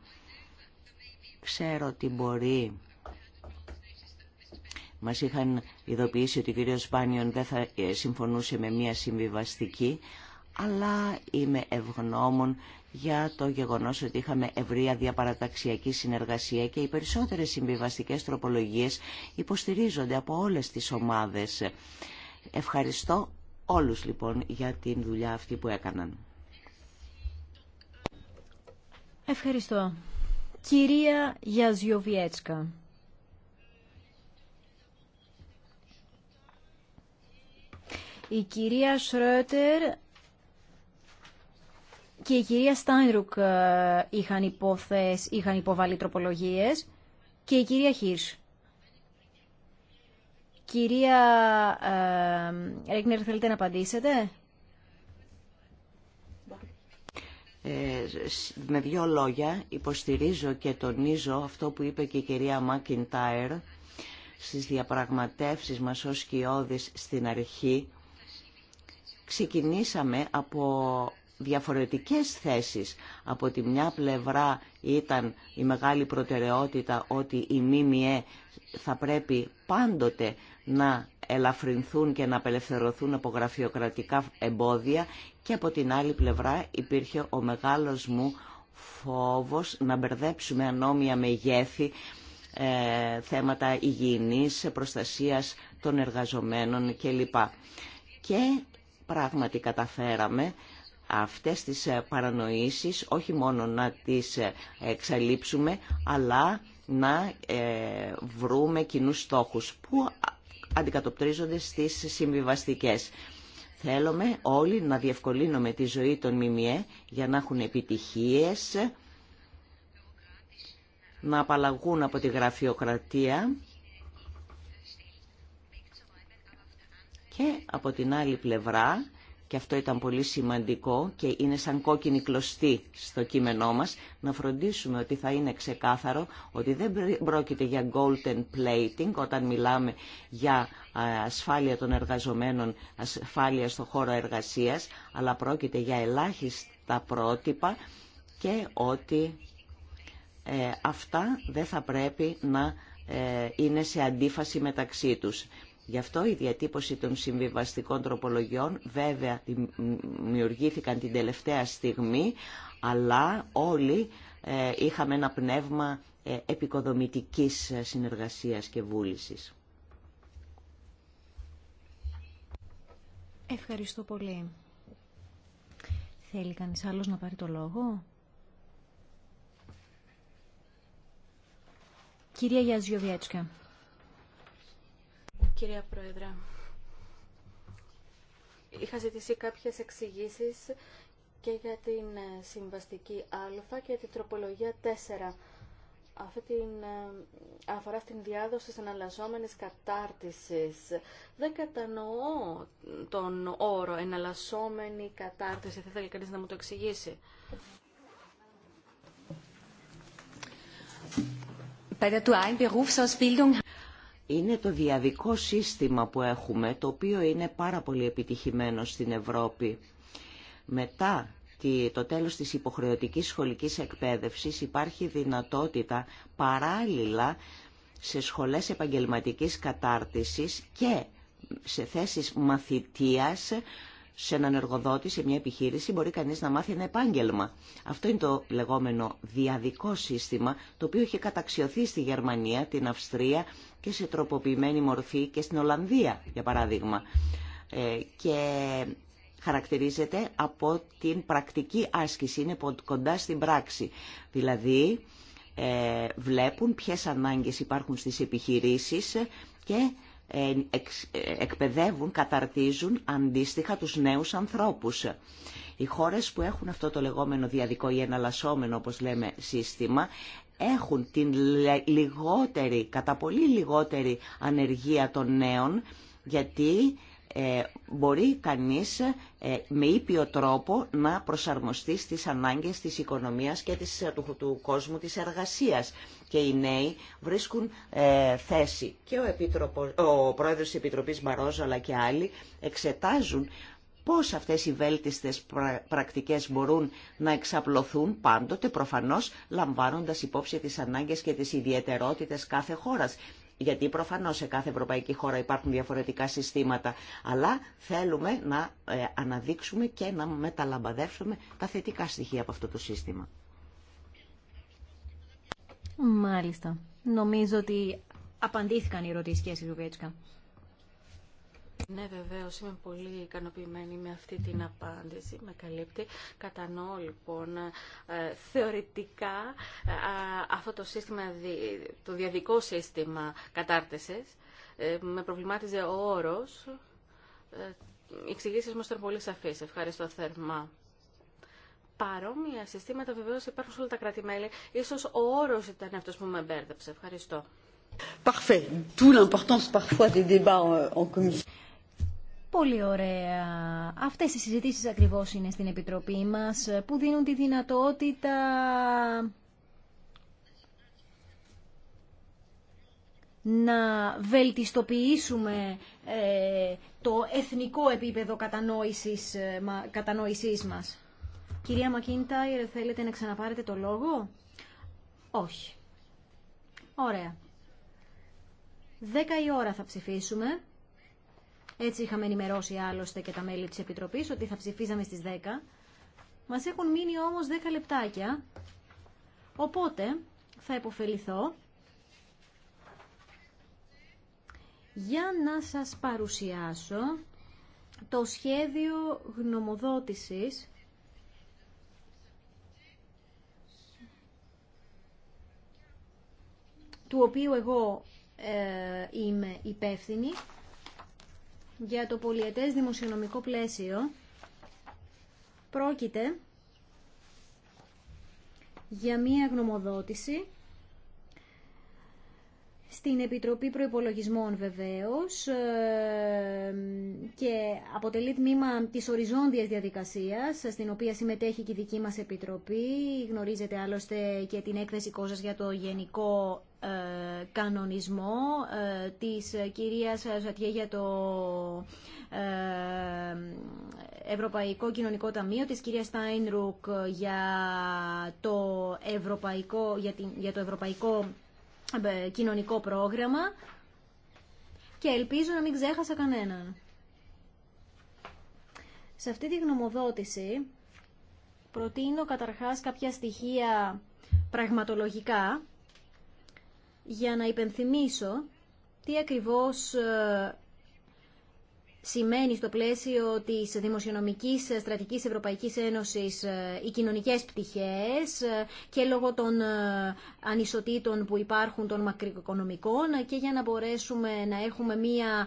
Ξέρω ότι μπορεί μας είχαν ειδοποιήσει ότι ο κύριος Σπάνιον δεν θα ε, συμφωνούσε με μια συμβιβαστική, αλλά είμαι ευγνώμων για το γεγονός ότι είχαμε ευρεία διαπαραταξιακή συνεργασία και οι περισσότερες συμβιβαστικές τροπολογίες υποστηρίζονται από όλες τις ομάδες. Ευχαριστώ όλους λοιπόν για την δουλειά αυτή που έκαναν. Ευχαριστώ. Κυρία Γιαζιοβιέτσκα. Η κυρία Σρότερ και η κυρία Στάινρουκ ε, είχαν, είχαν υποβάλει τροπολογίες και η κυρία Χίρς. Κυρία ε, Ρέγνερ, θέλετε να απαντήσετε. Ε, με δύο λόγια υποστηρίζω και τονίζω αυτό που είπε και η κυρία Μάκιντάιρ στις διαπραγματεύσεις μας ως κοιόδης στην αρχή ξεκινήσαμε από διαφορετικές θέσεις. Από τη μια πλευρά ήταν η μεγάλη προτεραιότητα ότι οι ΜΜΕ θα πρέπει πάντοτε να ελαφρυνθούν και να απελευθερωθούν από γραφειοκρατικά εμπόδια και από την άλλη πλευρά υπήρχε ο μεγάλος μου φόβος να μπερδέψουμε ανώμια μεγέθη ε, θέματα υγιεινής, προστασίας των εργαζομένων κλπ. Και πράγματι καταφέραμε αυτές τις ε, παρανοήσεις όχι μόνο να τις ε, εξαλείψουμε αλλά να ε, βρούμε κοινούς στόχους που αντικατοπτρίζονται στις συμβιβαστικές. Θέλουμε όλοι να διευκολύνουμε τη ζωή των ΜΜΕ για να έχουν επιτυχίες, να απαλλαγούν από τη γραφειοκρατία και από την άλλη πλευρά και αυτό ήταν πολύ σημαντικό και είναι σαν κόκκινη κλωστή στο κείμενό μας, να φροντίσουμε ότι θα είναι ξεκάθαρο ότι δεν πρόκειται για golden plating όταν μιλάμε για ασφάλεια των εργαζομένων, ασφάλεια στο χώρο εργασίας, αλλά πρόκειται για ελάχιστα πρότυπα και ότι ε, αυτά δεν θα πρέπει να ε, είναι σε αντίφαση μεταξύ τους. Γι' αυτό η διατύπωση των συμβιβαστικών τροπολογιών βέβαια δημιουργήθηκαν την τελευταία στιγμή, αλλά όλοι ε, είχαμε ένα πνεύμα ε, επικοδομητικής ε, συνεργασίας και βούλησης. Ευχαριστώ πολύ. Θέλει κανείς άλλος να πάρει το λόγο? Κυρία Γιαζιοβιέτσκα κυρία Πρόεδρε. Είχα ζητήσει κάποιες εξηγήσεις και για την ε, συμβαστική α και την τροπολογία 4. Αυτή την, ε, αφορά στην διάδοση της εναλλασσόμενης κατάρτισης. Δεν κατανοώ τον όρο εναλλασσόμενη κατάρτιση. Θα ήθελε κανείς να μου το εξηγήσει. Bei der dualen Berufsausbildung είναι το διαδικό σύστημα που έχουμε, το οποίο είναι πάρα πολύ επιτυχημένο στην Ευρώπη. Μετά το τέλος της υποχρεωτικής σχολικής εκπαίδευσης υπάρχει δυνατότητα παράλληλα σε σχολές επαγγελματικής κατάρτισης και σε θέσεις μαθητείας σε έναν εργοδότη, σε μια επιχείρηση, μπορεί κανείς να μάθει ένα επάγγελμα. Αυτό είναι το λεγόμενο διαδικό σύστημα, το οποίο έχει καταξιωθεί στη Γερμανία, την Αυστρία και σε τροποποιημένη μορφή και στην Ολλανδία, για παράδειγμα. Ε, και χαρακτηρίζεται από την πρακτική άσκηση, είναι κοντά στην πράξη. Δηλαδή, ε, βλέπουν ποιες ανάγκες υπάρχουν στις επιχειρήσεις και εκπαιδεύουν, καταρτίζουν αντίστοιχα τους νέους ανθρώπους. Οι χώρες που έχουν αυτό το λεγόμενο διαδικό ή εναλλασσόμενο, όπως λέμε, σύστημα, έχουν την λιγότερη, κατά πολύ λιγότερη ανεργία των νέων, γιατί ε, μπορεί κανείς ε, με ήπιο τρόπο να προσαρμοστεί στις ανάγκες της οικονομίας και του, του κόσμου της εργασίας και οι νέοι βρίσκουν ε, θέση. Και ο, πρόεδρο ο πρόεδρος της Επιτροπής Μαρόζο, αλλά και άλλοι εξετάζουν πώς αυτές οι βέλτιστες πρακτικές μπορούν να εξαπλωθούν πάντοτε προφανώς λαμβάνοντας υπόψη τις ανάγκες και τις ιδιαιτερότητες κάθε χώρας. Γιατί προφανώς σε κάθε ευρωπαϊκή χώρα υπάρχουν διαφορετικά συστήματα, αλλά θέλουμε να ε, αναδείξουμε και να μεταλαμπαδεύσουμε τα θετικά στοιχεία από αυτό το σύστημα. Μάλιστα. Νομίζω ότι απαντήθηκαν οι ερωτήσει και Ζουβέτσκα. Ναι, βεβαίω είμαι πολύ ικανοποιημένη με αυτή την απάντηση. Με καλύπτει. Κατανοώ λοιπόν ε, θεωρητικά ε, αυτό το σύστημα, το διαδικό σύστημα κατάρτισης. Ε, με προβλημάτιζε ο όρος. Οι εξηγήσει μας ήταν πολύ σαφεί. Ευχαριστώ θερμά. Παρόμοια συστήματα βεβαίω υπάρχουν σε όλα τα κράτη-μέλη. Ίσως ο όρος ήταν αυτός που με μπέρδεψε. Ευχαριστώ. Parfait. Tout l'importance parfois des débats en commission. Πολύ ωραία. Αυτές οι συζητήσεις ακριβώς είναι στην Επιτροπή μας που δίνουν τη δυνατότητα να βελτιστοποιήσουμε ε, το εθνικό επίπεδο κατανόησης, ε, κατανόησής μας. Κυρία Μακίνταϊρ, θέλετε να ξαναπάρετε το λόγο? Όχι. Ωραία. Δέκα η ώρα θα ψηφίσουμε. Έτσι είχαμε ενημερώσει άλλωστε και τα μέλη της Επιτροπής ότι θα ψηφίζαμε στις 10. Μας έχουν μείνει όμως 10 λεπτάκια. Οπότε θα υποφεληθώ για να σας παρουσιάσω το σχέδιο γνωμοδότησης του οποίου εγώ ε, είμαι υπεύθυνη για το πολιετές δημοσιονομικό πλαίσιο πρόκειται για μία γνωμοδότηση στην Επιτροπή Προϋπολογισμών βεβαίως ε, και αποτελεί τμήμα της οριζόντιας διαδικασίας στην οποία συμμετέχει και η δική μας Επιτροπή. Γνωρίζετε άλλωστε και την έκθεση κόζας για το γενικό ε, κανονισμό ε, της κυρίας Ζατιέ για το Ευρωπαϊκό Κοινωνικό Ταμείο, της κυρίας Στάινρουκ για το Ευρωπαϊκό, για το Ευρωπαϊκό κοινωνικό πρόγραμμα και ελπίζω να μην ξέχασα κανέναν. Σε αυτή τη γνωμοδότηση προτείνω καταρχάς κάποια στοιχεία πραγματολογικά για να υπενθυμίσω τι ακριβώς ε, σημαίνει στο πλαίσιο της δημοσιονομικής στρατικής Ευρωπαϊκής Ένωσης ε, οι κοινωνικές πτυχές ε, και λόγω των ε, ανισοτήτων που υπάρχουν των μακροοικονομικών και για να μπορέσουμε να έχουμε μία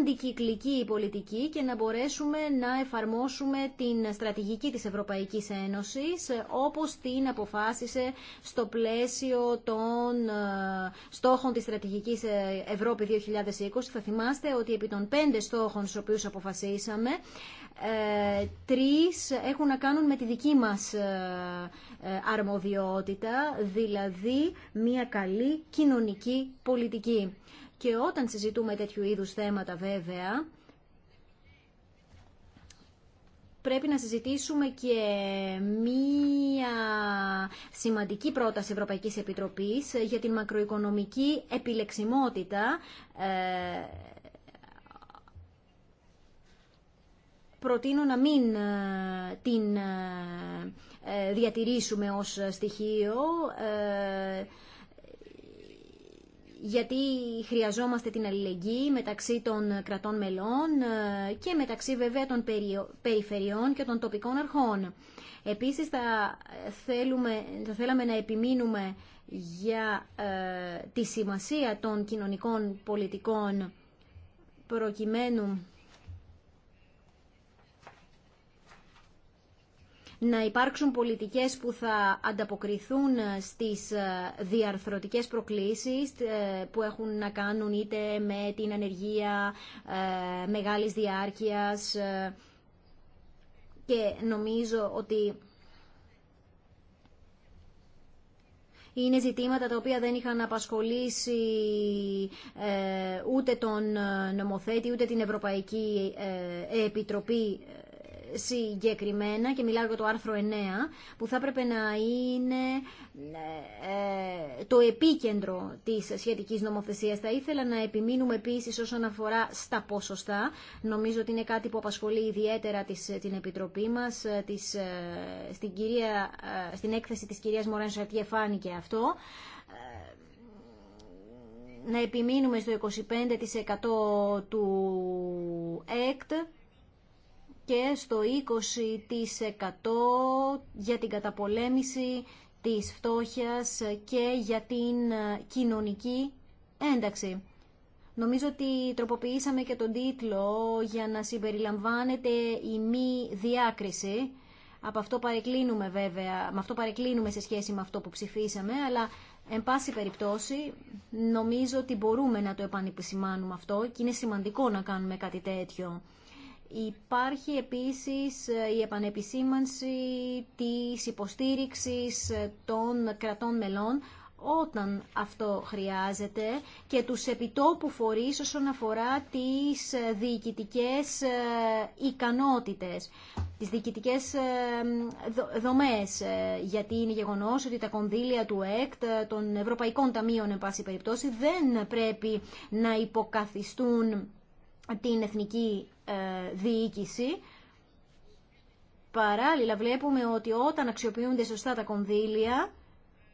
αντικυκλική πολιτική και να μπορέσουμε να εφαρμόσουμε την στρατηγική της Ευρωπαϊκής Ένωσης όπως την αποφάσισε στο πλαίσιο των στόχων της στρατηγικής Ευρώπη 2020. Θα θυμάστε ότι επί των πέντε στόχων Στου στους οποίους αποφασίσαμε. Ε, τρεις έχουν να κάνουν με τη δική μας ε, ε, αρμοδιότητα, δηλαδή μια καλή κοινωνική πολιτική. Και όταν συζητούμε τέτοιου είδους θέματα βέβαια, πρέπει να συζητήσουμε και μία σημαντική πρόταση Ευρωπαϊκής Επιτροπής ε, για την μακροοικονομική επιλεξιμότητα προτείνω να μην ε, την ε, ε, διατηρήσουμε ως στοιχείο γιατί χρειαζόμαστε την αλληλεγγύη μεταξύ των κρατών μελών και μεταξύ βέβαια των περιφερειών και των τοπικών αρχών. Επίσης θα, θέλουμε, θα θέλαμε να επιμείνουμε για τη σημασία των κοινωνικών πολιτικών προκειμένου να υπάρξουν πολιτικές που θα ανταποκριθούν στις ε, διαρθρωτικές προκλήσεις ε, που έχουν να κάνουν είτε με την ανεργία ε, μεγάλης διάρκειας και νομίζω ότι είναι ζητήματα τα οποία δεν είχαν απασχολήσει ούτε τον νομοθέτη ούτε την Ευρωπαϊκή Επιτροπή συγκεκριμένα και μιλάω για το άρθρο 9 που θα έπρεπε να είναι ε, το επίκεντρο της σχετικής νομοθεσίας. Θα ήθελα να επιμείνουμε επίσης όσον αφορά στα ποσοστά. Νομίζω ότι είναι κάτι που απασχολεί ιδιαίτερα ε, την Επιτροπή μας. Ε, στην, κυρία, στην έκθεση της κυρίας Μωρέν Σαρτιέ φάνηκε αυτό να επιμείνουμε στο 25% του ΕΚΤ και στο 20% για την καταπολέμηση της φτώχειας και για την ε, κοινωνική ένταξη. Νομίζω ότι τροποποιήσαμε και τον τίτλο για να συμπεριλαμβάνεται η μη διάκριση. Από αυτό παρεκκλίνουμε βέβαια, με αυτό παρεκκλίνουμε σε σχέση με αυτό που ψηφίσαμε, αλλά εν πάση περιπτώσει νομίζω ότι μπορούμε να το επανεπισημάνουμε αυτό και είναι σημαντικό να κάνουμε κάτι τέτοιο. Υπάρχει επίσης ε, η επανεπισήμανση της υποστήριξης ε, των κρατών μελών όταν αυτό χρειάζεται και τους επιτόπου φορείς όσον αφορά τις ε, διοικητικές ικανότητες, τις διοικητικές δομές, γιατί είναι γεγονός ότι τα κονδύλια του ΕΚΤ, των Ευρωπαϊκών Ταμείων, εν πάση περιπτώσει, δεν πρέπει να υποκαθιστούν την εθνική ε, διοίκηση. Παράλληλα βλέπουμε ότι όταν αξιοποιούνται σωστά τα κονδύλια,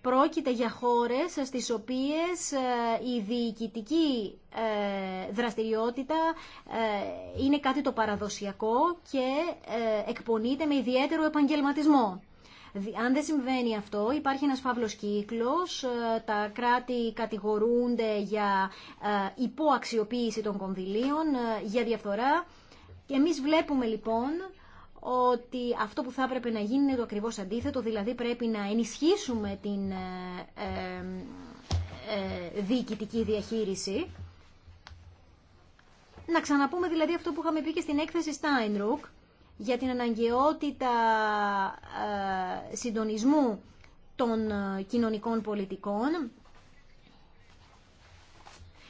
πρόκειται για χώρες στις οποίες ε, η διοικητική ε, δραστηριότητα είναι κάτι το παραδοσιακό και εκπονείται με ιδιαίτερο επαγγελματισμό. Αν δεν συμβαίνει αυτό, υπάρχει ένας φαύλος κύκλος, τα κράτη κατηγορούνται για υποαξιοποίηση των κονδυλίων, για διαφθορά και εμείς βλέπουμε λοιπόν ότι αυτό που θα έπρεπε να γίνει είναι το ακριβώς αντίθετο, δηλαδή πρέπει να ενισχύσουμε την ε, ε, ε, διοικητική διαχείριση. Να ξαναπούμε δηλαδή αυτό που είχαμε πει και στην έκθεση Steinruck για την αναγκαιότητα συντονισμού των κοινωνικών πολιτικών.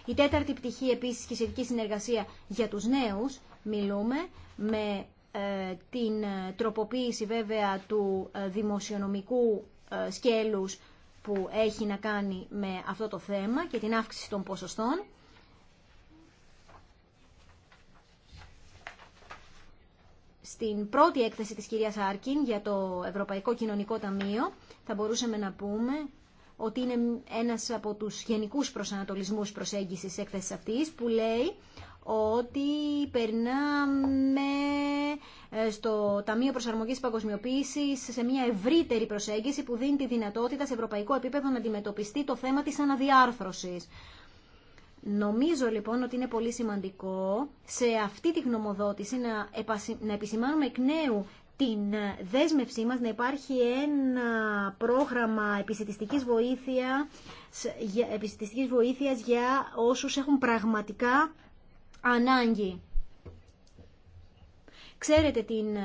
Η τέταρτη πτυχή επίσης και η σχετική συνεργασία για τους νέους μιλούμε με ε, την τροποποίηση βέβαια του ε, δημοσιονομικού ε, σκέλους που έχει να κάνει με αυτό το θέμα και την αύξηση των ποσοστών. Στην πρώτη έκθεση της κυρίας Άρκιν για το Ευρωπαϊκό Κοινωνικό Ταμείο θα μπορούσαμε να πούμε ότι είναι ένας από τους γενικούς προσανατολισμούς προσέγγισης έκθεσης αυτής που λέει ότι περνάμε ε, στο Ταμείο Προσαρμογής Παγκοσμιοποίησης σε μια ευρύτερη προσέγγιση που δίνει τη δυνατότητα σε ευρωπαϊκό επίπεδο να αντιμετωπιστεί το θέμα της αναδιάρθρωσης. Νομίζω λοιπόν ότι είναι πολύ σημαντικό σε αυτή τη γνωμοδότηση να, επισημάνουμε εκ νέου την δέσμευσή μας να υπάρχει ένα πρόγραμμα επισητιστικής, βοήθεια, βοήθειας για όσους έχουν πραγματικά ανάγκη. Ξέρετε την ε,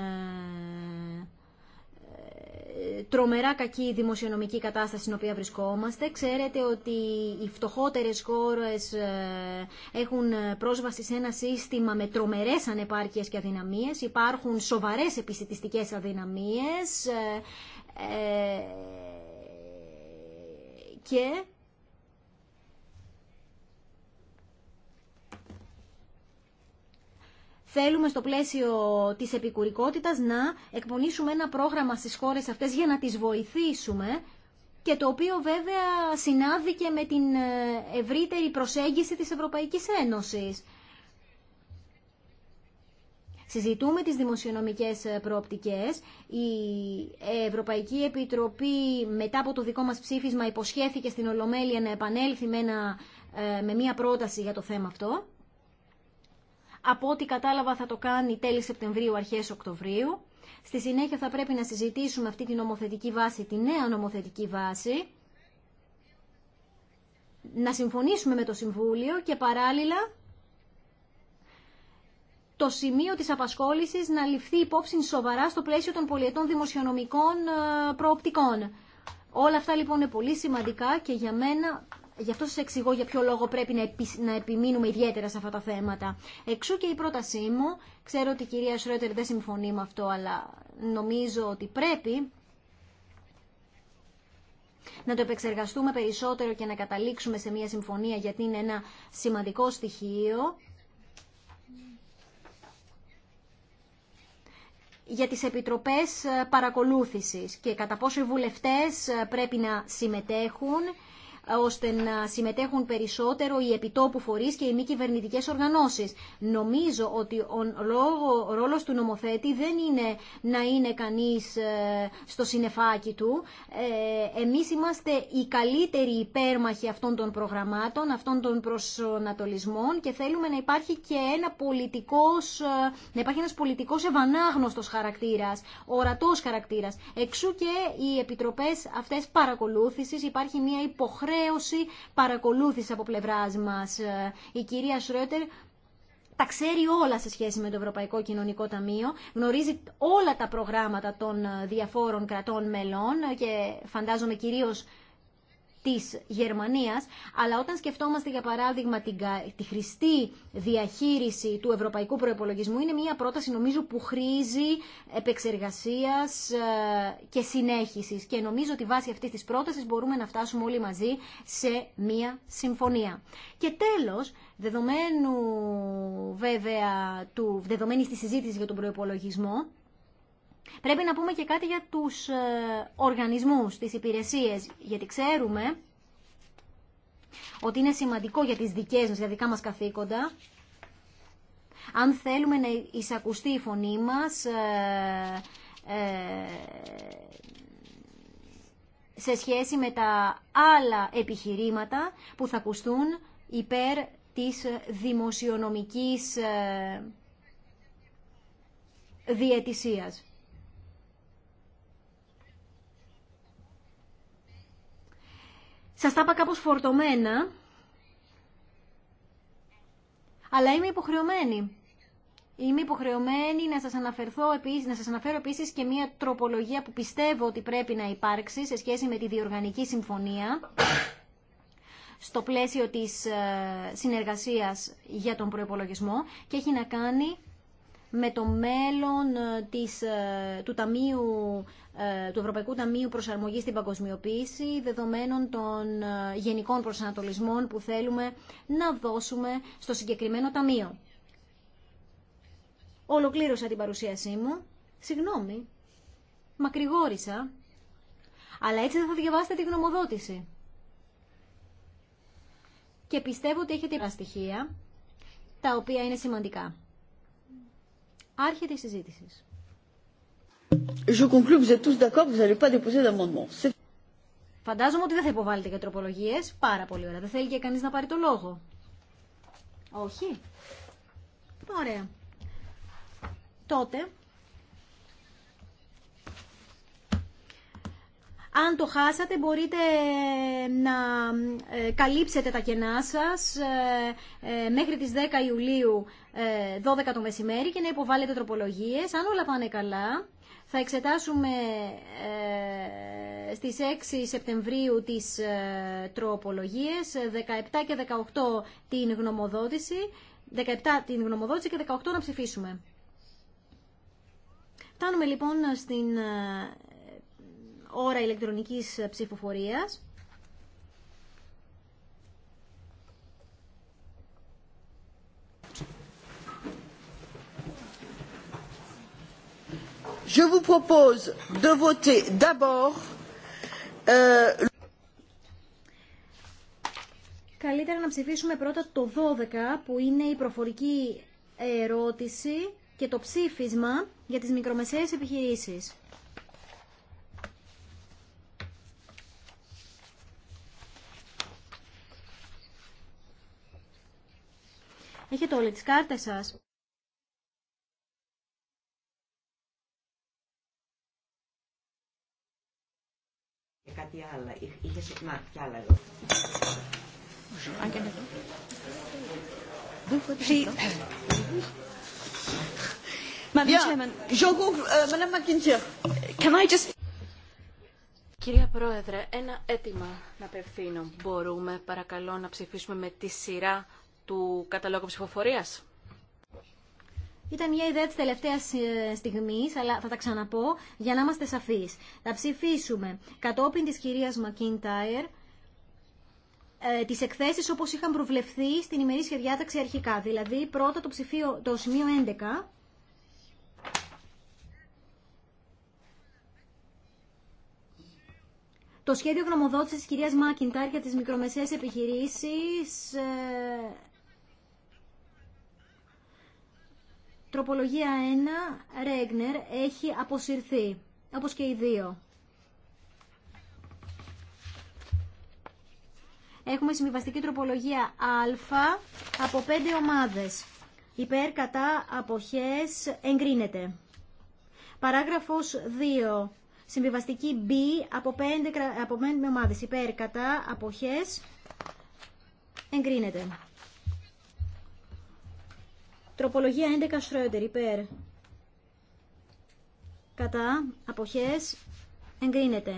ε, τρομερά κακή δημοσιονομική κατάσταση στην οποία βρισκόμαστε. Ξέρετε ότι οι φτωχότερες χώρες ε, έχουν πρόσβαση σε ένα σύστημα με τρομερές ανεπάρκειες και αδυναμίες. Υπάρχουν σοβαρές επιστητιστικές αδυναμίες και Θέλουμε στο πλαίσιο της επικουρικότητας να εκπονήσουμε ένα πρόγραμμα στις χώρες αυτές για να τις βοηθήσουμε και το οποίο βέβαια συνάδει με την ε, ευρύτερη προσέγγιση της Ευρωπαϊκής Ένωσης. Συζητούμε τις δημοσιονομικές ε, προοπτικές. Η ε, Ευρωπαϊκή Επιτροπή μετά από το δικό μας ψήφισμα υποσχέθηκε στην Ολομέλεια να επανέλθει με μια πρόταση για το θέμα αυτό. Από ό,τι κατάλαβα θα το κάνει τέλη Σεπτεμβρίου, αρχές Οκτωβρίου. Στη συνέχεια θα πρέπει να συζητήσουμε αυτή την νομοθετική βάση, τη νέα νομοθετική βάση, να συμφωνήσουμε με το Συμβούλιο και παράλληλα το σημείο της απασχόλησης να ληφθεί υπόψη σοβαρά στο πλαίσιο των πολιετών δημοσιονομικών ε, προοπτικών. Όλα αυτά λοιπόν είναι πολύ σημαντικά και για μένα Γι' αυτό σα εξηγώ για ποιο λόγο πρέπει να, να επιμείνουμε ιδιαίτερα σε αυτά τα θέματα. Εξού και η πρότασή μου. Ξέρω ότι η κυρία Σρότερ δεν συμφωνεί με αυτό, αλλά νομίζω ότι πρέπει να το επεξεργαστούμε περισσότερο και να καταλήξουμε σε μια συμφωνία γιατί είναι ένα σημαντικό στοιχείο για τις επιτροπές παρακολούθησης και κατά πόσο οι βουλευτές πρέπει να συμμετέχουν ώστε να συμμετέχουν περισσότερο οι επιτόπου φορείς και οι μη κυβερνητικέ οργανώσεις. Νομίζω ότι ο ρόλος του νομοθέτη δεν είναι να είναι κανείς ε, στο συνεφάκι του. Ε, εμείς είμαστε οι καλύτεροι υπέρμαχοι αυτών των προγραμμάτων, αυτών των προσανατολισμών και θέλουμε να υπάρχει και ένα πολιτικός, ε, να υπάρχει ένας πολιτικός ευανάγνωστος χαρακτήρας, ορατός χαρακτήρας. Εξού και οι επιτροπές αυτές παρακολούθησης υπάρχει μια υποχρέωση χρέωση παρακολούθηση από πλευρά μας. Ε, η κυρία Σρότερ τα ξέρει όλα σε σχέση με το Ευρωπαϊκό Κοινωνικό Ταμείο, γνωρίζει όλα τα προγράμματα των ε, διαφόρων κρατών μελών ε, και φαντάζομαι κυρίως της Γερμανίας, αλλά όταν σκεφτόμαστε για παράδειγμα τη χρηστή διαχείριση του ευρωπαϊκού προϋπολογισμού, είναι μια πρόταση νομίζω που χρήζει επεξεργασίας ε, και συνέχισή. και νομίζω ότι βάσει αυτής της πρότασης μπορούμε να φτάσουμε όλοι μαζί σε μια συμφωνία. Και τέλος, δεδομένου βέβαια του, δεδομένης της για τον προπολογισμό, Πρέπει να πούμε και κάτι για τους ε, οργανισμούς, τις υπηρεσίες, γιατί ξέρουμε ότι είναι σημαντικό για τις δικές μας, για δικά μας καθήκοντα, αν θέλουμε να εισακουστεί η φωνή μας ε, ε, σε σχέση με τα άλλα επιχειρήματα που θα ακουστούν υπέρ της δημοσιονομικής διαιτησίας. Σας τα είπα κάπως φορτωμένα, αλλά είμαι υποχρεωμένη. Είμαι υποχρεωμένη να σας, αναφερθώ επίσης, να σας αναφέρω επίσης και μια τροπολογία που πιστεύω ότι πρέπει να υπάρξει σε σχέση με τη διοργανική συμφωνία στο πλαίσιο της ε, συνεργασίας για τον προϋπολογισμό και έχει να κάνει με το μέλλον ε, της, ε, του, ταμείου, ε, του Ευρωπαϊκού Ταμείου Προσαρμογής στην Παγκοσμιοποίηση, δεδομένων των γενικών προσανατολισμών που θέλουμε να δώσουμε στο συγκεκριμένο ταμείο. Ολοκλήρωσα την παρουσίασή μου. Συγγνώμη, μακρηγόρησα, αλλά έτσι δεν θα διαβάσετε τη γνωμοδότηση. Και πιστεύω ότι έχετε στοιχεία τα οποία είναι σημαντικά. Άρχεται η συζήτηση. Φαντάζομαι ότι δεν θα υποβάλλετε για τροπολογίε. Πάρα πολύ ωραία. Δεν θέλει και κανεί να πάρει το λόγο. Όχι. Ωραία. Τότε Αν το χάσατε μπορείτε ε, να ε, καλύψετε τα κενά σας ε, μέχρι τις 10 Ιουλίου 12 το μεσημέρι και να υποβάλλετε τροπολογίες. Αν όλα πάνε καλά, θα εξετάσουμε στις 6 Σεπτεμβρίου τις τροπολογίες, 17 και 18 την γνωμοδότηση, 17 την γνωμοδότηση και 18 να ψηφίσουμε. Φτάνουμε λοιπόν στην ώρα ηλεκτρονικής ψηφοφορίας. Je vous propose euh, Καλύτερα να ψηφίσουμε πρώτα το 12 που είναι η προφορική ερώτηση και το ψήφισμα για τις μικρομεσαίες επιχειρήσεις. Έχετε όλες τις κάρτες σας. Και κάτι άλλο. Είχε σωτμά κι άλλα εδώ. Uh, Κυρία Πρόεδρε, ένα αίτημα να απευθύνω. Μπορούμε παρακαλώ να ψηφίσουμε με τη σειρά του καταλόγου ψηφοφορίας. Ήταν μια ιδέα τη τελευταία ε, στιγμή, αλλά θα τα ξαναπώ για να είμαστε σαφεί. Θα ψηφίσουμε κατόπιν τη κυρία Μακίντάιρ ε, τις εκθέσεις όπως είχαν προβλεφθεί στην ημερήσια διάταξη αρχικά. Δηλαδή πρώτα το, ψηφίο, το σημείο 11 Το σχέδιο γνωμοδότησης τη κυρίας Μάκιντάρ για τις μικρομεσαίες επιχειρήσεις ε, Τροπολογία 1, Ρέγνερ, έχει αποσυρθεί, όπως και οι δύο. Έχουμε συμβιβαστική τροπολογία Α από 5 ομάδες. Υπέρ, κατά, αποχές, εγκρίνεται. Παράγραφος 2. Συμβιβαστική B από 5, από ομάδες. Υπέρ, κατά, αποχές, εγκρίνεται. Τροπολογία 11 σρόντερ υπέρ. Κατά αποχές εγκρίνεται.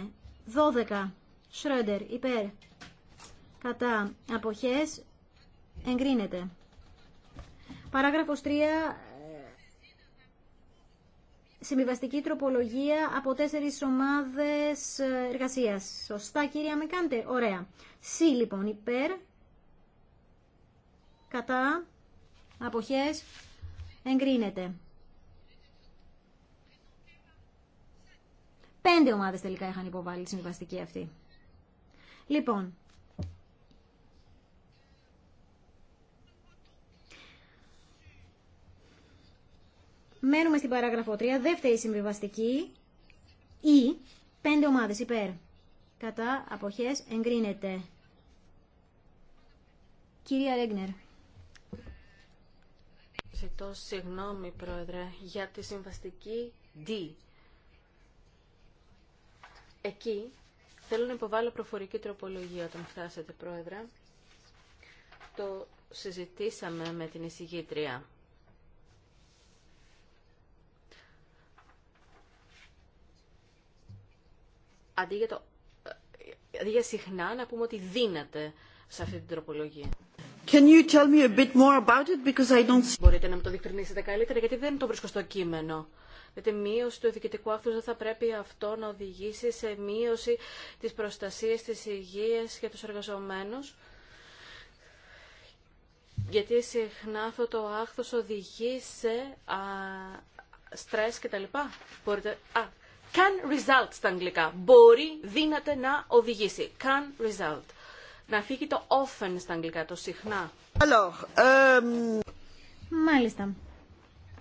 12 σρόντερ υπέρ. Κατά αποχές εγκρίνεται. Παράγραφος 3 ε, συμβιβαστική τροπολογία από τέσσερις ομάδες ε, εργασίας. Σωστά κυρία με κάντε. Ωραία. Σι λοιπόν υπέρ, κατά, αποχές εγκρίνεται. Πέντε ομάδες τελικά είχαν υποβάλει τη συμβαστική αυτή. Λοιπόν, μένουμε στην παράγραφο 3, δεύτερη συμβιβαστική ή πέντε ομάδες υπέρ. Κατά αποχές εγκρίνεται. Κυρία Ρέγνερ. Ζητώ συγγνώμη, Πρόεδρε, για τη συμβαστική D. Εκεί θέλω να υποβάλω προφορική τροπολογία όταν φτάσετε, Πρόεδρε. Το συζητήσαμε με την εισηγήτρια. Αντί για, το... Ε, αντί για συχνά να πούμε ότι δύναται σε αυτή την τροπολογία. Can you tell me a bit more about it because I don't Μπορείτε να μου το διευκρινίσετε καλύτερα γιατί δεν το βρίσκω στο κείμενο. Γιατί μείωση του διοικητικού άκου δεν θα πρέπει αυτό να οδηγήσει σε μείωση της προστασίας της υγείας για τους εργαζομένους. Γιατί συχνά αυτό το άχθος οδηγεί σε α, στρες Μπορείτε, α, can result στα αγγλικά. Μπορεί, δύναται να οδηγήσει. Can result να φύγει το often στα αγγλικά, το συχνά. Um, Μάλιστα.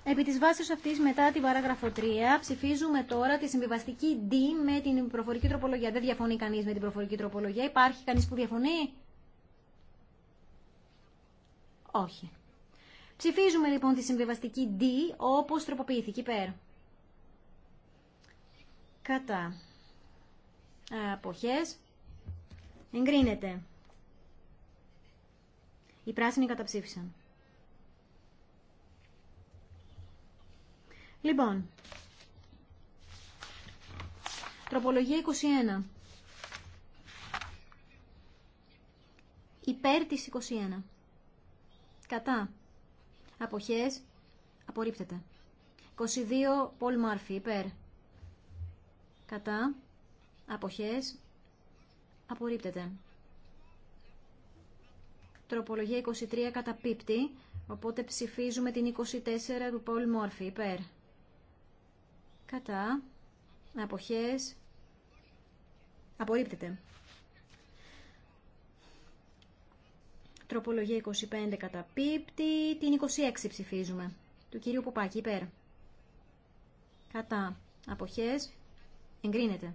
Επί της βάσης αυτής, μετά την παράγραφο 3, ψηφίζουμε τώρα τη συμβιβαστική D με την προφορική τροπολογία. Δεν διαφωνεί κανείς με την προφορική τροπολογία. Υπάρχει κανείς που διαφωνεί? Όχι. Ψηφίζουμε λοιπόν τη συμβιβαστική D όπως τροποποιήθηκε υπέρ. Κατά. Αποχές. Εγκρίνεται. Οι πράσινοι καταψήφισαν. Λοιπόν, τροπολογία 21. Υπέρ της 21. Κατά. Αποχές. Απορρίπτεται. 22. Πολ Μάρφη. Υπέρ. Κατά. Αποχές. Απορρίπτεται. Τροπολογία 23 καταπίπτει, οπότε ψηφίζουμε την 24 του Πολ Μόρφη. Υπέρ. Κατά. Αποχές. Απορρίπτεται. Τροπολογία 25 καταπίπτει, την 26 ψηφίζουμε. Του κυρίου Πουπάκη, υπέρ. Κατά. Αποχές. Εγκρίνεται.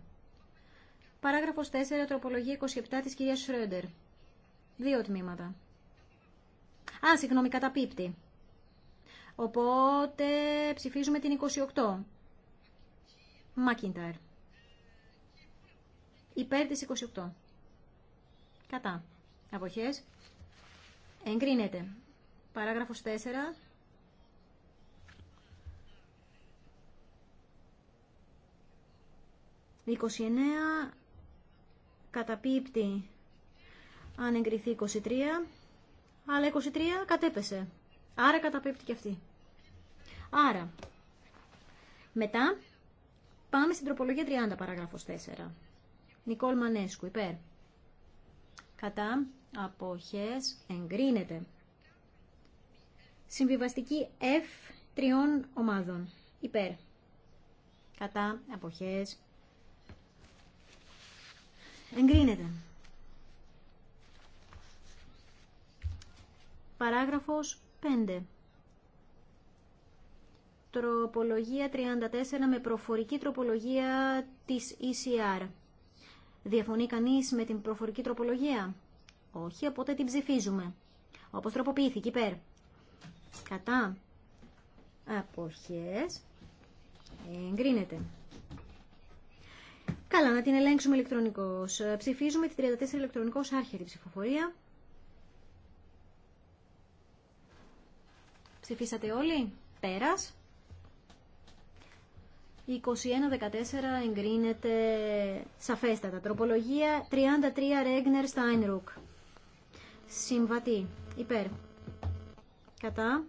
Παράγραφος 4, τροπολογία 27 της κυρίας Σρόντερ. Δύο τμήματα. Α, συγγνώμη, καταπίπτει. Οπότε ψηφίζουμε την 28. Μάκινταρ. Υπέρ της 28. Κατά. Αποχές. Εγκρίνεται. Παράγραφος 4. 29 καταπίπτει αν εγκριθεί 23, αλλά 23 κατέπεσε. Άρα καταπέπτει και αυτή. Άρα, μετά πάμε στην τροπολογία 30 παράγραφος 4. Νικόλ Μανέσκου, υπέρ. Κατά αποχές εγκρίνεται. Συμβιβαστική F τριών ομάδων. Υπέρ. Κατά αποχές εγκρίνεται. Παράγραφος 5. Τροπολογία 34 με προφορική τροπολογία της ECR. Διαφωνεί κανείς με την προφορική τροπολογία? Όχι, οπότε την ψηφίζουμε. Όπως τροποποιήθηκε, υπέρ. Κατά. Αποχές. Εγκρίνεται. Καλά, να την ελέγξουμε ηλεκτρονικώς. Ψηφίζουμε τη 34 ηλεκτρονικώς άρχια ψηφοφορία. Ψηφίσατε όλοι. Πέρας. 21-14 εγκρίνεται σαφέστατα. Τροπολογία 33 Ρέγνερ Στάινρουκ. Συμβατή. Υπέρ. Κατά.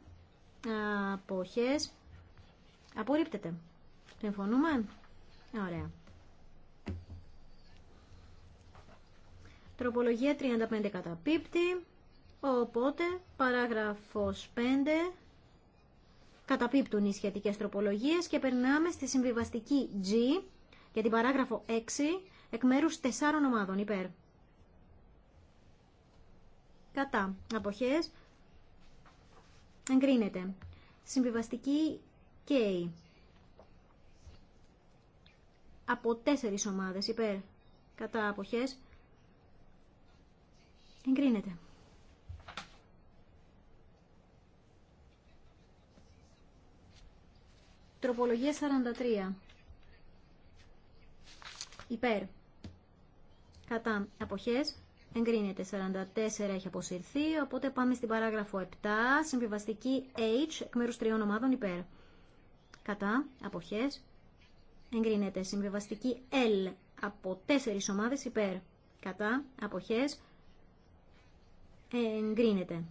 Αποχές. Απορρίπτεται. Συμφωνούμε. Ωραία. Τροπολογία 35 καταπίπτει. Οπότε, παράγραφος 5 καταπίπτουν οι σχετικές τροπολογίες και περνάμε στη συμβιβαστική G για την παράγραφο 6 εκ μέρους τεσσάρων ομάδων υπέρ. Κατά. Αποχές. Εγκρίνεται. Συμβιβαστική K. Από τέσσερις ομάδες υπέρ. Κατά. Αποχές. Εγκρίνεται. Τροπολογία 43. Υπέρ. Κατά αποχές. Εγκρίνεται 44, έχει αποσυρθεί, οπότε πάμε στην παράγραφο 7, συμβιβαστική H, εκ μέρους τριών ομάδων υπέρ. Κατά, αποχές, εγκρίνεται συμβιβαστική L, από τέσσερις ομάδες υπέρ. Κατά, αποχές, εγκρίνεται.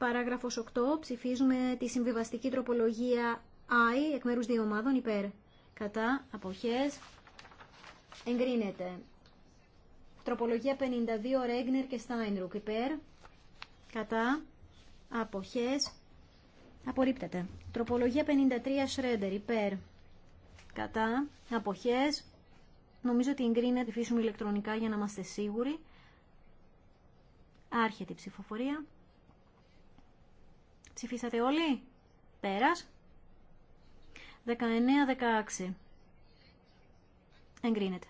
Παράγραφος 8. Ψηφίζουμε τη συμβιβαστική τροπολογία I εκ μέρους δύο ομάδων υπέρ. Κατά αποχές εγκρίνεται. Τροπολογία 52 Ρέγνερ και Στάινρουκ υπέρ. Κατά αποχές απορρίπτεται. Τροπολογία 53 Σρέντερ υπέρ. Κατά αποχές νομίζω ότι εγκρίνεται. Φύσουμε ηλεκτρονικά για να είμαστε σίγουροι. Άρχεται η ψηφοφορία. Ψηφίσατε όλοι. Πέρας. 19-16. Εγκρίνεται.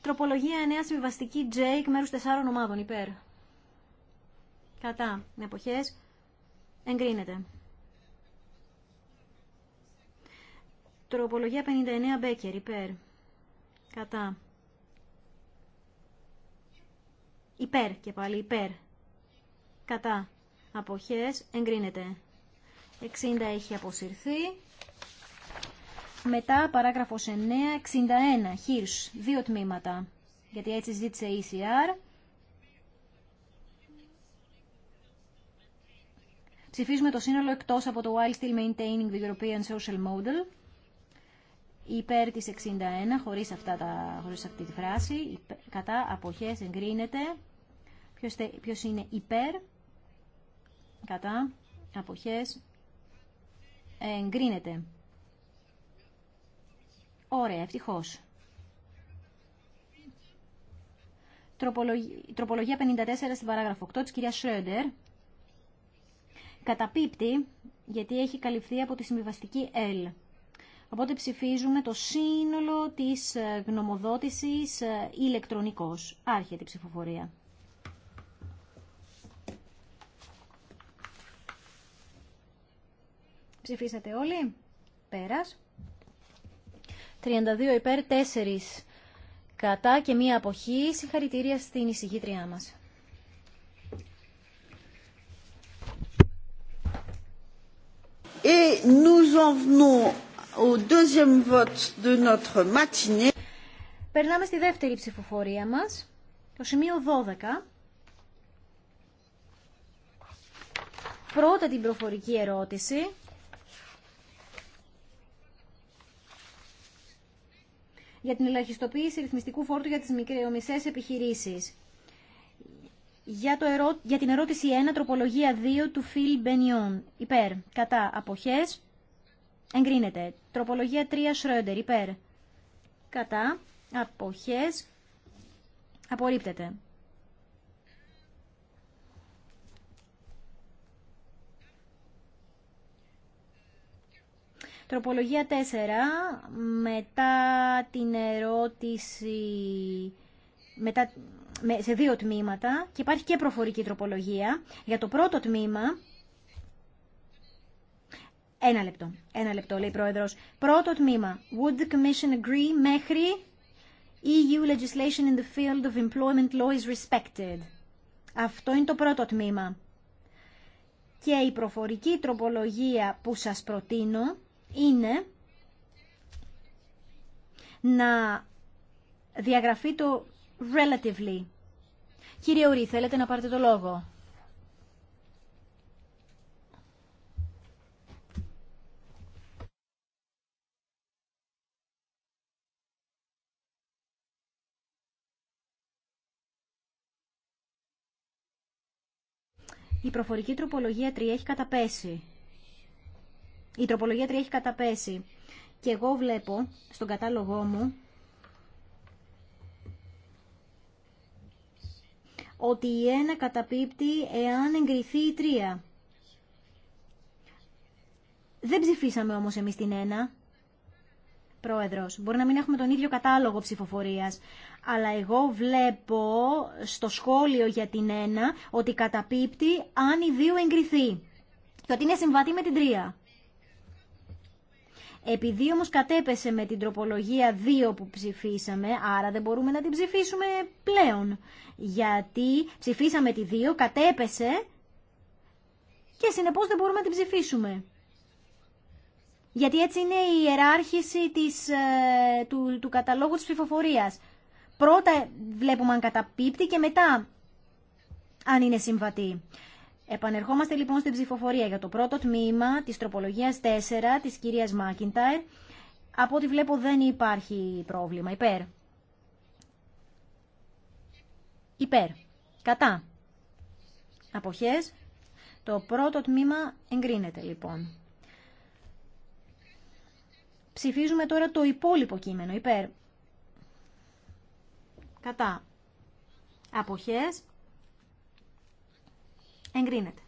Τροπολογία 9 συμβιβαστική Jake μέρους 4 ομάδων υπέρ. Κατά. Εποχές. Εγκρίνεται. Τροπολογία 59 Μπέκερ υπέρ. Κατά. Υπέρ και πάλι υπέρ. Κατά αποχές εγκρίνεται. 60 έχει αποσυρθεί. Μετά, παράγραφος 9, 61, χίρς, δύο τμήματα, γιατί έτσι ζήτησε ECR. Ψηφίζουμε το σύνολο εκτός από το While Still Maintaining the European Social Model, υπέρ της 61, χωρίς, αυτά τα, χωρίς αυτή τη φράση, κατά αποχές εγκρίνεται. Ποιος, ποιος είναι υπέρ, κατά αποχές εγκρίνεται. Ωραία, ευτυχώς. Τροπολογία 54 στην παράγραφο 8 της κυρίας Σρέντερ καταπίπτει γιατί έχει καλυφθεί από τη συμβιβαστική L. Οπότε ψηφίζουμε το σύνολο της ε, γνωμοδότησης ε, ηλεκτρονικός. Άρχεται η ψηφοφορία. Ψηφίσατε όλοι. Πέρας. 32 υπέρ, 4 κατά και μία αποχή. Συγχαρητήρια στην εισηγήτριά μας. Περνάμε στη δεύτερη ψηφοφορία μας, το σημείο 12. Πρώτα την προφορική ερώτηση για την ελαχιστοποίηση ρυθμιστικού φόρτου για τις μικρομισές επιχειρήσεις. Για, το ερω... για την ερώτηση 1, τροπολογία 2 του Φιλ Μπενιόν. Υπέρ. Κατά. Αποχές. Εγκρίνεται. Τροπολογία 3, Σρόντερ. Υπέρ. Κατά. Αποχές. Απορρίπτεται. Τροπολογία 4, μετά την ερώτηση, μετά, σε δύο τμήματα και υπάρχει και προφορική τροπολογία. Για το πρώτο τμήμα, ένα λεπτό, ένα λεπτό λέει η Πρόεδρος. Πρώτο τμήμα, would the Commission agree μέχρι EU legislation in the field of employment law is respected. Αυτό είναι το πρώτο τμήμα. Και η προφορική τροπολογία που σας προτείνω είναι να διαγραφεί το relatively. Κύριε Ουρή, θέλετε να πάρετε το λόγο. Η προφορική τροπολογία 3 έχει καταπέσει. Η τροπολογία 3 έχει καταπέσει. Και εγώ βλέπω στον κατάλογό μου ότι η 1 καταπίπτει εάν εγκριθεί η 3. Δεν ψηφίσαμε όμως εμείς την 1. Πρόεδρος, μπορεί να μην έχουμε τον ίδιο κατάλογο ψηφοφορίας, αλλά εγώ βλέπω στο σχόλιο για την 1 ότι καταπίπτει αν η 2 εγκριθεί και ότι είναι συμβατή με την 3. Επειδή όμως κατέπεσε με την τροπολογία 2 που ψηφίσαμε, άρα δεν μπορούμε να την ψηφίσουμε πλέον. Γιατί ψηφίσαμε τη 2, κατέπεσε και συνεπώς δεν μπορούμε να την ψηφίσουμε. Γιατί έτσι είναι η ιεράρχηση της, ε, του, του καταλόγου της ψηφοφορίας. Πρώτα βλέπουμε αν καταπίπτει και μετά αν είναι συμβατή. Επανερχόμαστε λοιπόν στην ψηφοφορία για το πρώτο τμήμα της τροπολογίας 4 της κυρίας Μάκιντάιρ. Από ό,τι βλέπω δεν υπάρχει πρόβλημα. Υπέρ. Υπέρ. Κατά. Αποχές. Το πρώτο τμήμα εγκρίνεται λοιπόν. Ψηφίζουμε τώρα το υπόλοιπο κείμενο. Υπέρ. Κατά. Αποχές εγκρίνεται.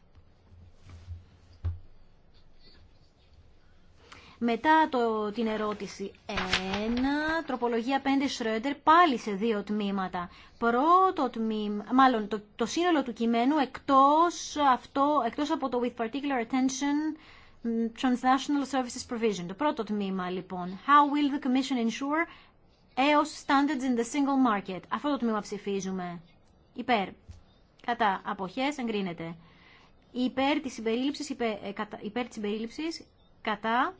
Μετά το, την ερώτηση 1, τροπολογία 5 Σρέντερ πάλι σε δύο τμήματα. Πρώτο τμήμα, μάλλον το, το σύνολο του κειμένου εκτός, αυτό, εκτός από το with particular attention transnational services provision. Το πρώτο τμήμα λοιπόν, how will the commission ensure EOS standards in the single market. Αυτό το τμήμα ψηφίζουμε. Υπέρ κατά αποχές εγκρίνεται. Υπέρ της συμπερίληψης, ε, υπέρ, κατά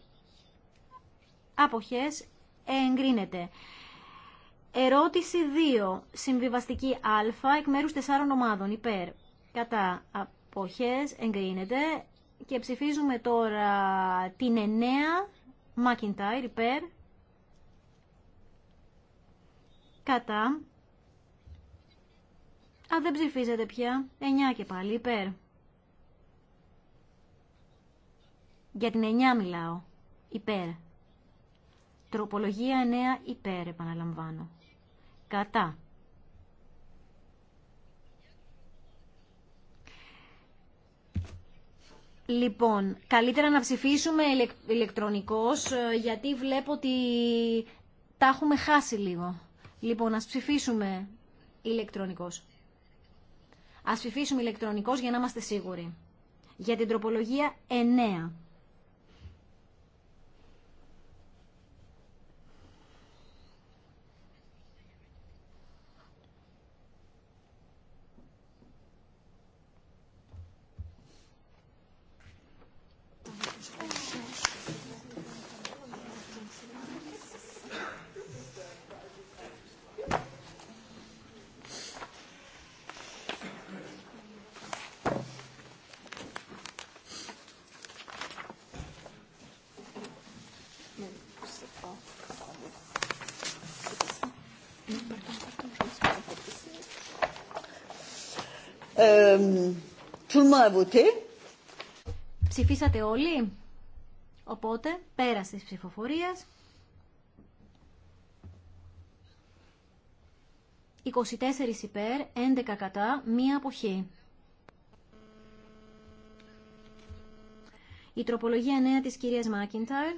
αποχές εγκρίνεται. Ερώτηση 2. Συμβιβαστική α εκ μέρους τεσσάρων ομάδων υπέρ κατά αποχές εγκρίνεται και ψηφίζουμε τώρα την 9 Μάκιντάιρ υπέρ κατά Α, δεν ψηφίζετε πια. εννιά και πάλι, υπέρ. Για την εννιά μιλάω. Υπέρ. Τροπολογία 9 υπέρ, επαναλαμβάνω. Κατά. Λοιπόν, καλύτερα να ψηφίσουμε ηλεκτρονικός ε, γιατί βλέπω ότι τα έχουμε χάσει λίγο. Λοιπόν, ας ψηφίσουμε ηλεκτρονικός Ας ψηφίσουμε ηλεκτρονικώς για να είμαστε σίγουροι. Για την τροπολογία 9. Ψηφίσατε όλοι. Οπότε, πέρασε τη ψηφοφορία. 24 υπέρ, 11 κατά, μία αποχή. Η τροπολογία νέα της κυρίας Μάκιντάρ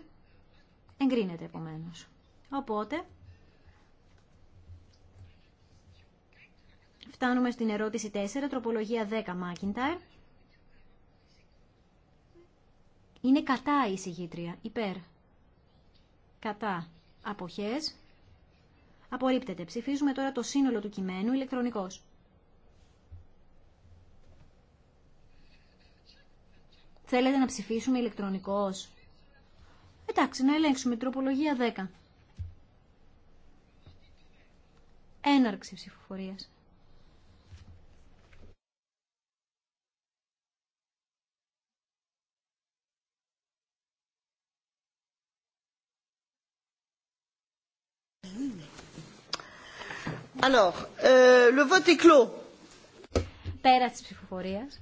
εγκρίνεται επομένως. Οπότε, φτάνουμε στην ερώτηση 4, τροπολογία 10 Μάκιντάρ. Είναι κατά η συγγήτρια. Υπέρ. Κατά. Αποχές. Απορρίπτεται. Ψηφίζουμε τώρα το σύνολο του κειμένου ηλεκτρονικός. Θέλετε να ψηφίσουμε ηλεκτρονικός. Εντάξει, να ελέγξουμε τροπολογία 10. Έναρξη ψηφοφορίας. Alors, euh, le vote est Πέρα της ψηφοφορίας.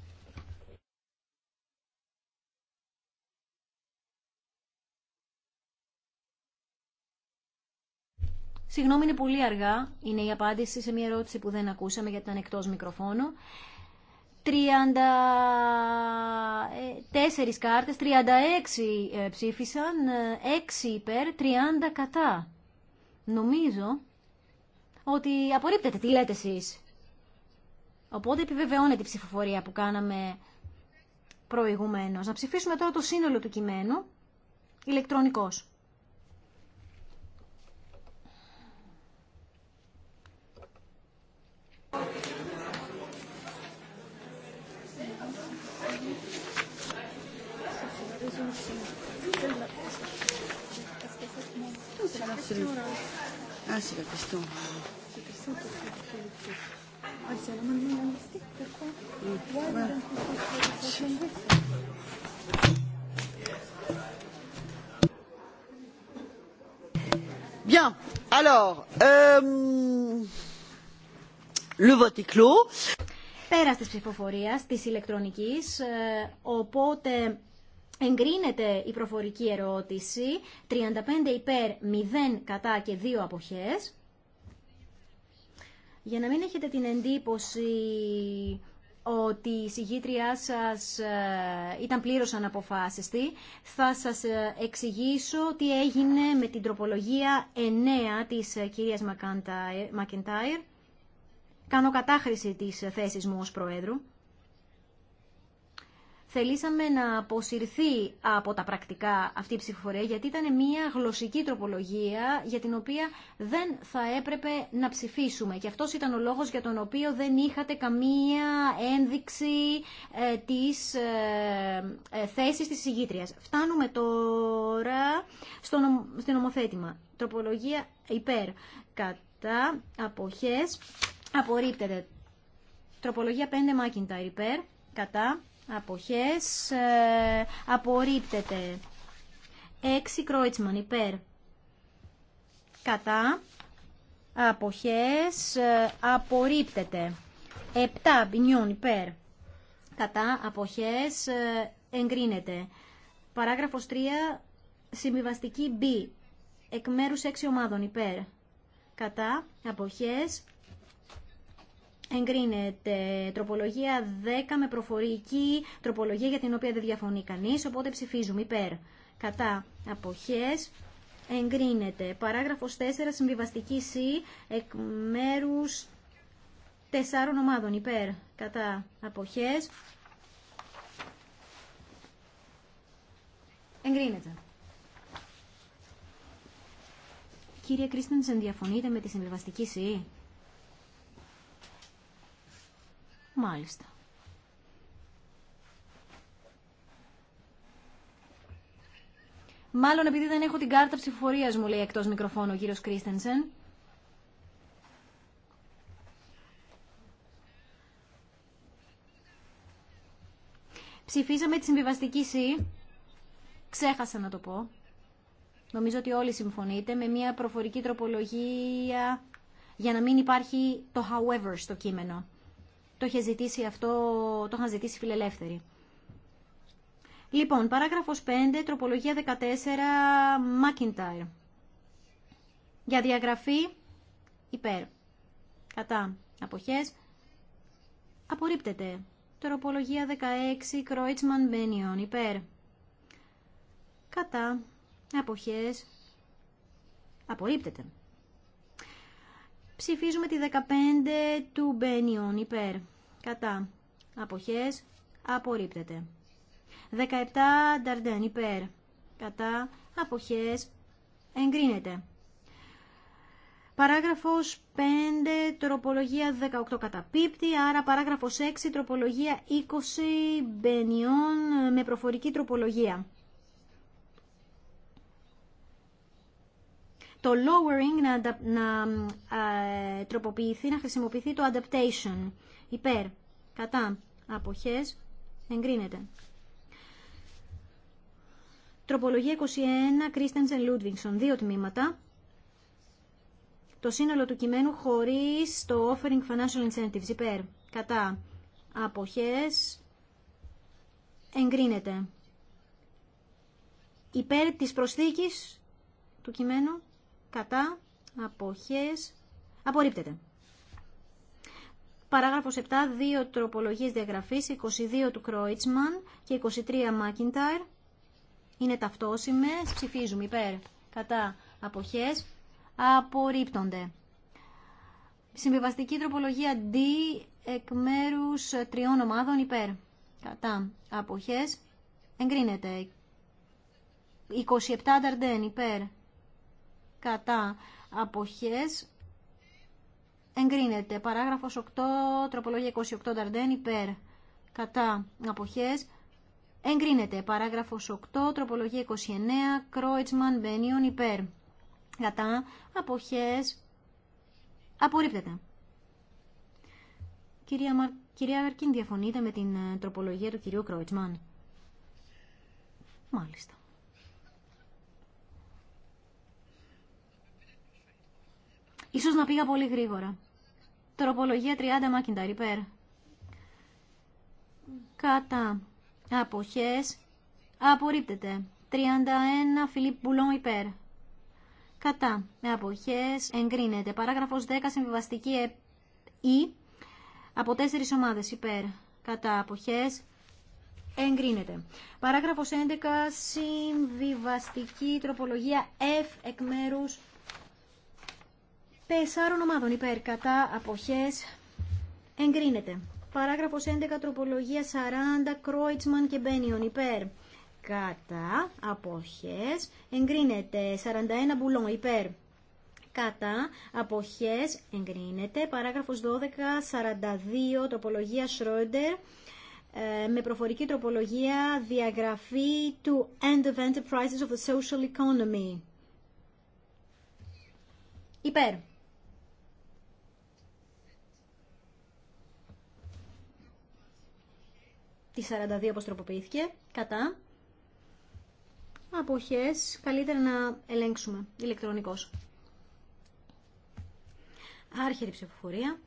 Συγγνώμη, είναι πολύ αργά. Είναι η απάντηση σε μια ερώτηση που δεν ακούσαμε γιατί ήταν εκτό μικροφώνου. 34 κάρτε. 36 ψήφισαν, 6 ε, υπέρ, 30 κατά. Νομίζω ότι απορρίπτεται τι λέτε εσείς. Οπότε επιβεβαιώνεται η ψηφοφορία που κάναμε προηγουμένως. Να ψηφίσουμε τώρα το σύνολο του κειμένου ηλεκτρονικός. Ah, c'est Πέρα τη ψηφοφορία τη ηλεκτρονική, ε, οπότε Εγκρίνεται η προφορική ερώτηση, 35 υπέρ, 0 κατά και 2 αποχές. Για να μην έχετε την εντύπωση ότι η συγγήτριά σας ε, ήταν πλήρως αναποφάσιστη, θα σας ε, εξηγήσω τι έγινε με την τροπολογία 9 της ε, κυρίας Μακεντάιρ. Κάνω κατάχρηση της θέσης μου ως Προέδρου θελήσαμε να αποσυρθεί από τα πρακτικά αυτή η ψηφοφορία γιατί ήταν μια γλωσσική τροπολογία για την οποία δεν θα έπρεπε να ψηφίσουμε. Και αυτός ήταν ο λόγος για τον οποίο δεν είχατε καμία ένδειξη ε, της ε, ε, θέσης της συγγήτριας. Φτάνουμε τώρα στο νομοθέτημα. Τροπολογία υπέρ κατά αποχές απορρίπτεται. Τροπολογία 5 Μάκιντα υπέρ κατά αποχές ε, απορρίπτεται 6 Κρόιτσμαν υπέρ κατά αποχές ε, απορρίπτεται 7 Μπινιόν υπέρ κατά αποχές ε, εγκρίνεται παράγραφος 3 συμβιβαστική B εκ μέρους 6 ομάδων υπέρ κατά αποχές εγκρίνεται. Τροπολογία 10 με προφορική τροπολογία για την οποία δεν διαφωνεί κανείς, οπότε ψηφίζουμε υπέρ. Κατά αποχές εγκρίνεται. Παράγραφος 4 συμβιβαστική C εκ μέρους τεσσάρων ομάδων υπέρ. Κατά αποχές εγκρίνεται. Κύριε σε διαφωνείτε με τη συμβιβαστική ΣΥ. Μάλιστα. Μάλλον επειδή δεν έχω την κάρτα ψηφοφορίας μου, λέει εκτός μικροφώνου ο κύριος Κρίστενσεν. Ψηφίσαμε τη συμβιβαστική ΣΥ. Ξέχασα να το πω. Νομίζω ότι όλοι συμφωνείτε με μια προφορική τροπολογία για να μην υπάρχει το however στο κείμενο το, είχε ζητήσει αυτό, το είχαν ζητήσει φιλελεύθεροι. Λοιπόν, παράγραφος 5, τροπολογία 14, McIntyre. Για διαγραφή, υπέρ. Κατά. Αποχές. Απορρίπτεται. Τροπολογία 16, Κρόιτσμαν Μπένιον, υπέρ. Κατά. Αποχές. Απορρίπτεται. Ψηφίζουμε τη 15 του Μπένιον υπέρ. Κατά. Αποχές. Απορρίπτεται. 17 Νταρντέν υπέρ. Κατά. Αποχές. Εγκρίνεται. Παράγραφος 5, τροπολογία 18 καταπίπτει, άρα παράγραφος 6, τροπολογία 20, μπενιών με προφορική τροπολογία. το lowering να, να ε, τροποποιηθεί, να χρησιμοποιηθεί το adaptation. Υπέρ, κατά, αποχές, εγκρίνεται. Τροπολογία 21, Christensen Ludwigson, δύο τμήματα. Το σύνολο του κειμένου χωρίς το offering financial incentives, υπέρ, κατά, αποχές, εγκρίνεται. Υπέρ της προσθήκης του κειμένου, κατά, αποχές, απορρίπτεται. Παράγραφος 7, δύο τροπολογίες διαγραφής, 22 του Κρόιτσμαν και 23 Μάκιντάρ. Είναι ταυτόσημες. ψηφίζουμε υπέρ, κατά, αποχές, απορρίπτονται. Συμβιβαστική τροπολογία D εκ μέρου τριών ομάδων υπέρ. Κατά αποχές εγκρίνεται. 27 Νταρντέν υπέρ κατά αποχές εγκρίνεται. Παράγραφος 8, τροπολόγια 28, Ταρντέν, υπέρ, κατά αποχές εγκρίνεται. Παράγραφος 8, τροπολόγια 29, Κρόιτσμαν, Μπένιον, υπέρ, κατά αποχές απορρίπτεται. Κυρία, Μαρ... Κυρία Αρκίν, διαφωνείτε με την ε, τροπολογία του κυρίου Κρόιτσμαν. Μάλιστα. Ίσως να πήγα πολύ γρήγορα. Τροπολογία 30 Μάκινταρ υπέρ. Κατά αποχές απορρίπτεται. 31 Φιλίπ Μπουλόν υπέρ. Κατά αποχές εγκρίνεται. Παράγραφος 10 συμβιβαστική ε, Ή από 4 ομάδες υπέρ. Κατά αποχές εγκρίνεται. Παράγραφος 11 συμβιβαστική τροπολογία F εκ μέρους Τεσσάρων ομάδων υπέρ κατά αποχές εγκρίνεται. Παράγραφος 11 τροπολογία 40 Κρόιτσμαν και Μπένιον υπέρ κατά αποχές εγκρίνεται. 41 Μπουλόν υπέρ κατά αποχές εγκρίνεται. Παράγραφος 12 42 τροπολογία Σρόντερ με προφορική τροπολογία διαγραφή του End of Enterprises of the Social Economy. Υπέρ τη 42 όπως τροποποιήθηκε, κατά, αποχές, καλύτερα να ελέγξουμε ηλεκτρονικώς. Άρχεται ψηφοφορία.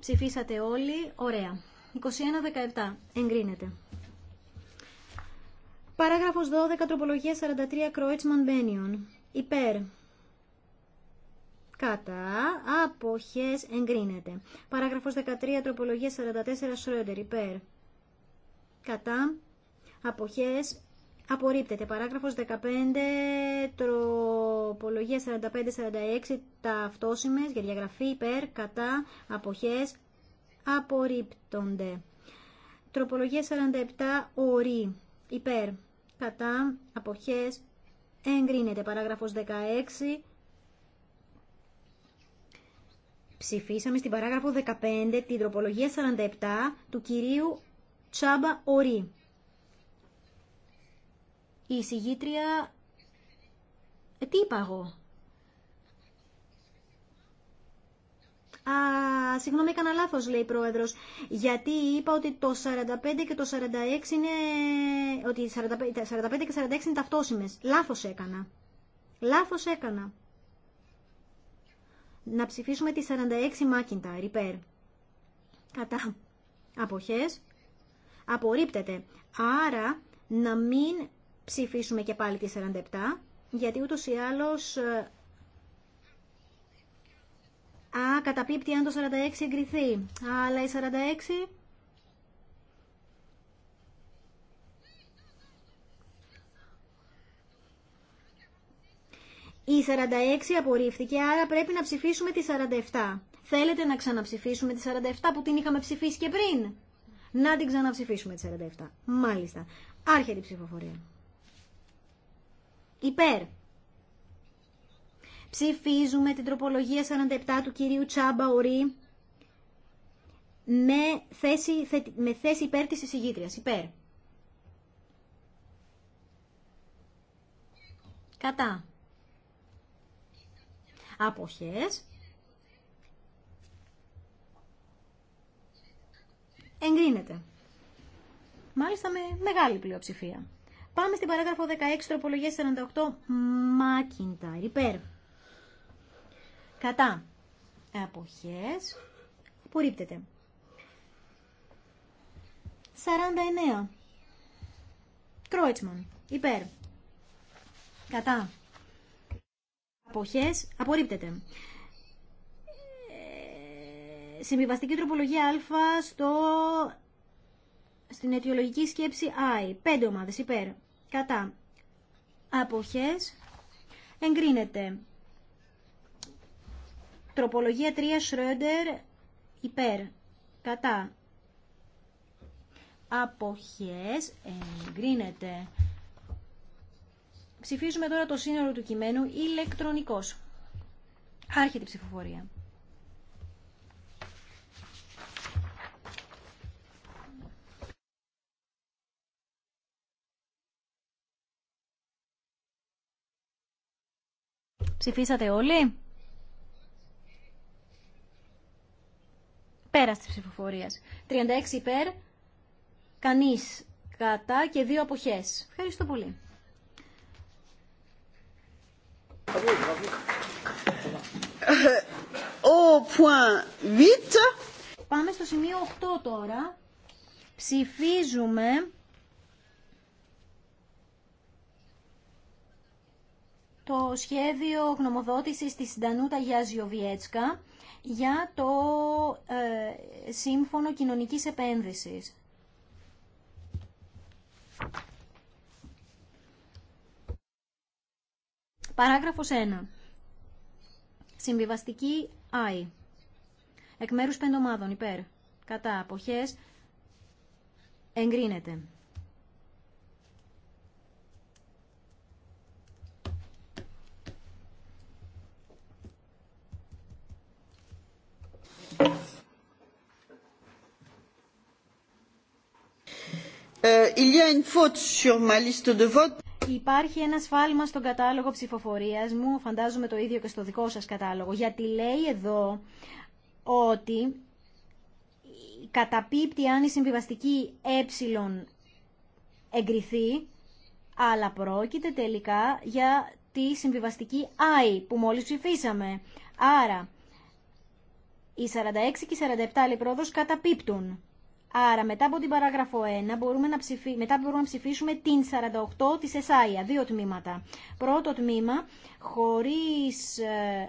Ψηφίσατε όλοι, ωραία. 21-17, εγκρίνεται. Παράγραφος 12, τροπολογία 43, Κρόιτσμαν Μπένιον. Υπέρ, κατά, αποχές, εγκρίνεται. Παράγραφος 13, τροπολογία 44, Σρόντερ, υπέρ, κατά, αποχές, απορρίπτεται. Παράγραφος 15, τροπολογία 45-46, ταυτόσημες, για διαγραφή, υπέρ, κατά, αποχές, απορρίπτονται. Τροπολογία 47, ορί, υπέρ, κατά, αποχές, εγκρίνεται. Παράγραφος 16, Ψηφίσαμε στην παράγραφο 15 την τροπολογία 47 του κυρίου Τσάμπα Ορί. Η συγγήτρια... Ε, τι είπα εγώ. Α, συγγνώμη, έκανα λάθο, λέει η πρόεδρο. Γιατί είπα ότι το 45 και το 46 είναι. Ότι 45, 45 και 46 είναι ταυτόσιμε. Λάθο έκανα. Λάθο έκανα. Να ψηφίσουμε τη 46 Μάκιντα, υπέρ. Κατά αποχές απορρίπτεται. Άρα να μην ψηφίσουμε και πάλι τη 47, γιατί ούτως ή άλλως... Ε, α, καταπίπτει αν το 46 εγκριθεί. Αλλά η 46 Η 46 απορρίφθηκε, άρα πρέπει να ψηφίσουμε τη 47. Θέλετε να ξαναψηφίσουμε τη 47 που την είχαμε ψηφίσει και πριν. Να την ξαναψηφίσουμε τη 47. Μάλιστα. Άρχεται η ψηφοφορία. Υπέρ. Ψηφίζουμε την τροπολογία 47 του κυρίου Τσάμπα Ορή με θέση, με θέση υπέρ της εισηγήτριας. Υπέρ. Κατά αποχές εγκρίνεται. Μάλιστα με μεγάλη πλειοψηφία. Πάμε στην παράγραφο 16, τροπολογία 48, Μάκινταρ, υπέρ. Κατά. Αποχές. Απορρίπτεται. 49. Κρόιτσμαν, υπέρ. Κατά αποχές απορρίπτεται. Ε, συμβιβαστική τροπολογία α στο... στην αιτιολογική σκέψη I. Πέντε ομάδες υπέρ. Κατά. Αποχές. Εγκρίνεται. Τροπολογία 3 Schröder υπέρ. Κατά. Αποχές. Εγκρίνεται. Ψηφίζουμε τώρα το σύνολο του κειμένου ηλεκτρονικός. Άρχεται η ψηφοφορία. Ψηφίσατε όλοι. Πέρα τη ψηφοφορία. 36 υπέρ, κανεί κατά και δύο αποχές. Ευχαριστώ πολύ ο Πάμε στο σημείο 8 τώρα. Ψηφίζουμε το σχέδιο γνωμοδότησης της Ντανούτα Γιαζιοβιέτσκα για το ε, Σύμφωνο Κοινωνικής Επένδυσης. Παράγραφος 1. Συμβιβαστική I. Εκ μέρους πέντε ομάδων υπέρ. Κατά αποχές εγκρίνεται. Ε, il y a une faute sur ma liste de vote. Υπάρχει ένα σφάλμα στον κατάλογο ψηφοφορίας μου, φαντάζομαι το ίδιο και στο δικό σας κατάλογο, γιατί λέει εδώ ότι καταπίπτει αν η συμβιβαστική ε εγκριθεί, αλλά πρόκειται τελικά για τη συμβιβαστική I που μόλις ψηφίσαμε. Άρα, οι 46 και οι 47 λεπρόδος καταπίπτουν. Άρα μετά από την παράγραφο 1 μπορούμε να, ψηφι... μετά μπορούμε να ψηφίσουμε την 48 της ΕΣΑΙΑ, δύο τμήματα. Πρώτο τμήμα χωρίς ε,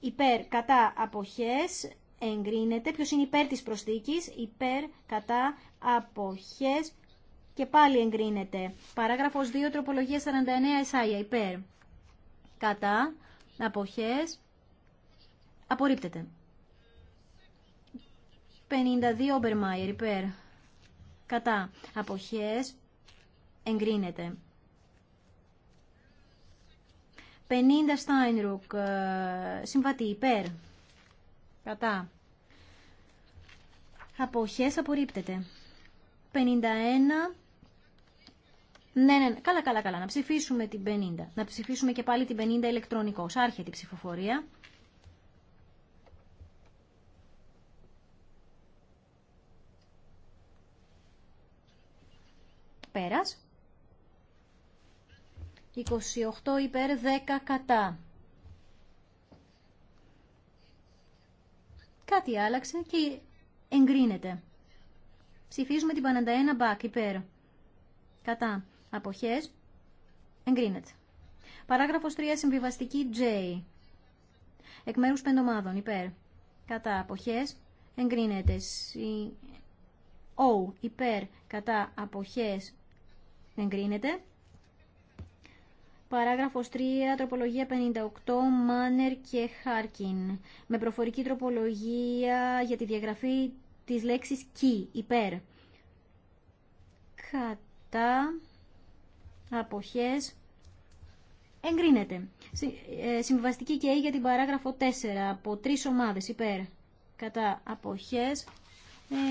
υπέρ κατά αποχές εγκρίνεται. Ποιος είναι υπέρ της προστίκης, υπέρ κατά αποχές και πάλι εγκρίνεται. Παράγραφος 2, τροπολογία 49 ΕΣΑΙΑ, υπέρ κατά αποχές απορρίπτεται. 52 Μπερμάιερ υπέρ. Κατά. Αποχές. Εγκρίνεται. 50 Στάινρουκ. Ε, συμβατή υπέρ. Κατά. Αποχές απορρίπτεται. 51. Ναι, ναι, ναι, καλά, καλά, καλά. Να ψηφίσουμε την 50. Να ψηφίσουμε και πάλι την 50 ηλεκτρονικός. Άρχεται η ψηφοφορία. πέρας. 28 υπέρ 10 κατά. Κάτι άλλαξε και εγκρίνεται. Ψηφίζουμε την 51 μπακ υπέρ. Κατά. Αποχές. Εγκρίνεται. Παράγραφος 3 συμβιβαστική J. Εκ μέρους πεντομάδων υπέρ. Κατά. Αποχές. Εγκρίνεται. Ο. Υπέρ. Κατά. Αποχές εγκρίνεται. Παράγραφος 3, τροπολογία 58, Μάνερ και Χάρκιν. Με προφορική τροπολογία για τη διαγραφή της λέξης «κι», υπέρ. Κατά αποχές εγκρίνεται. Ε, Συμβαστική και για την παράγραφο 4, από τρεις ομάδες, υπέρ. Κατά αποχές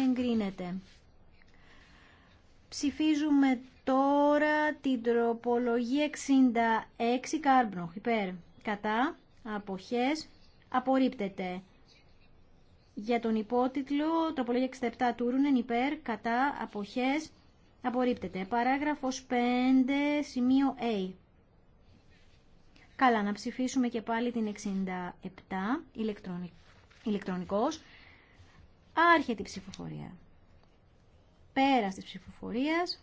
εγκρίνεται. Ψηφίζουμε τώρα την τροπολογία 66 κάρμπνοχ υπέρ κατά αποχές απορρίπτεται. Για τον υπότιτλο τροπολογία 67 τούρουνεν υπέρ κατά αποχές απορρίπτεται. Παράγραφος 5 σημείο A. Καλά, να ψηφίσουμε και πάλι την 67 ηλεκτρονικός. Άρχεται η ψηφοφορία. Πέρας της ψηφοφορίας.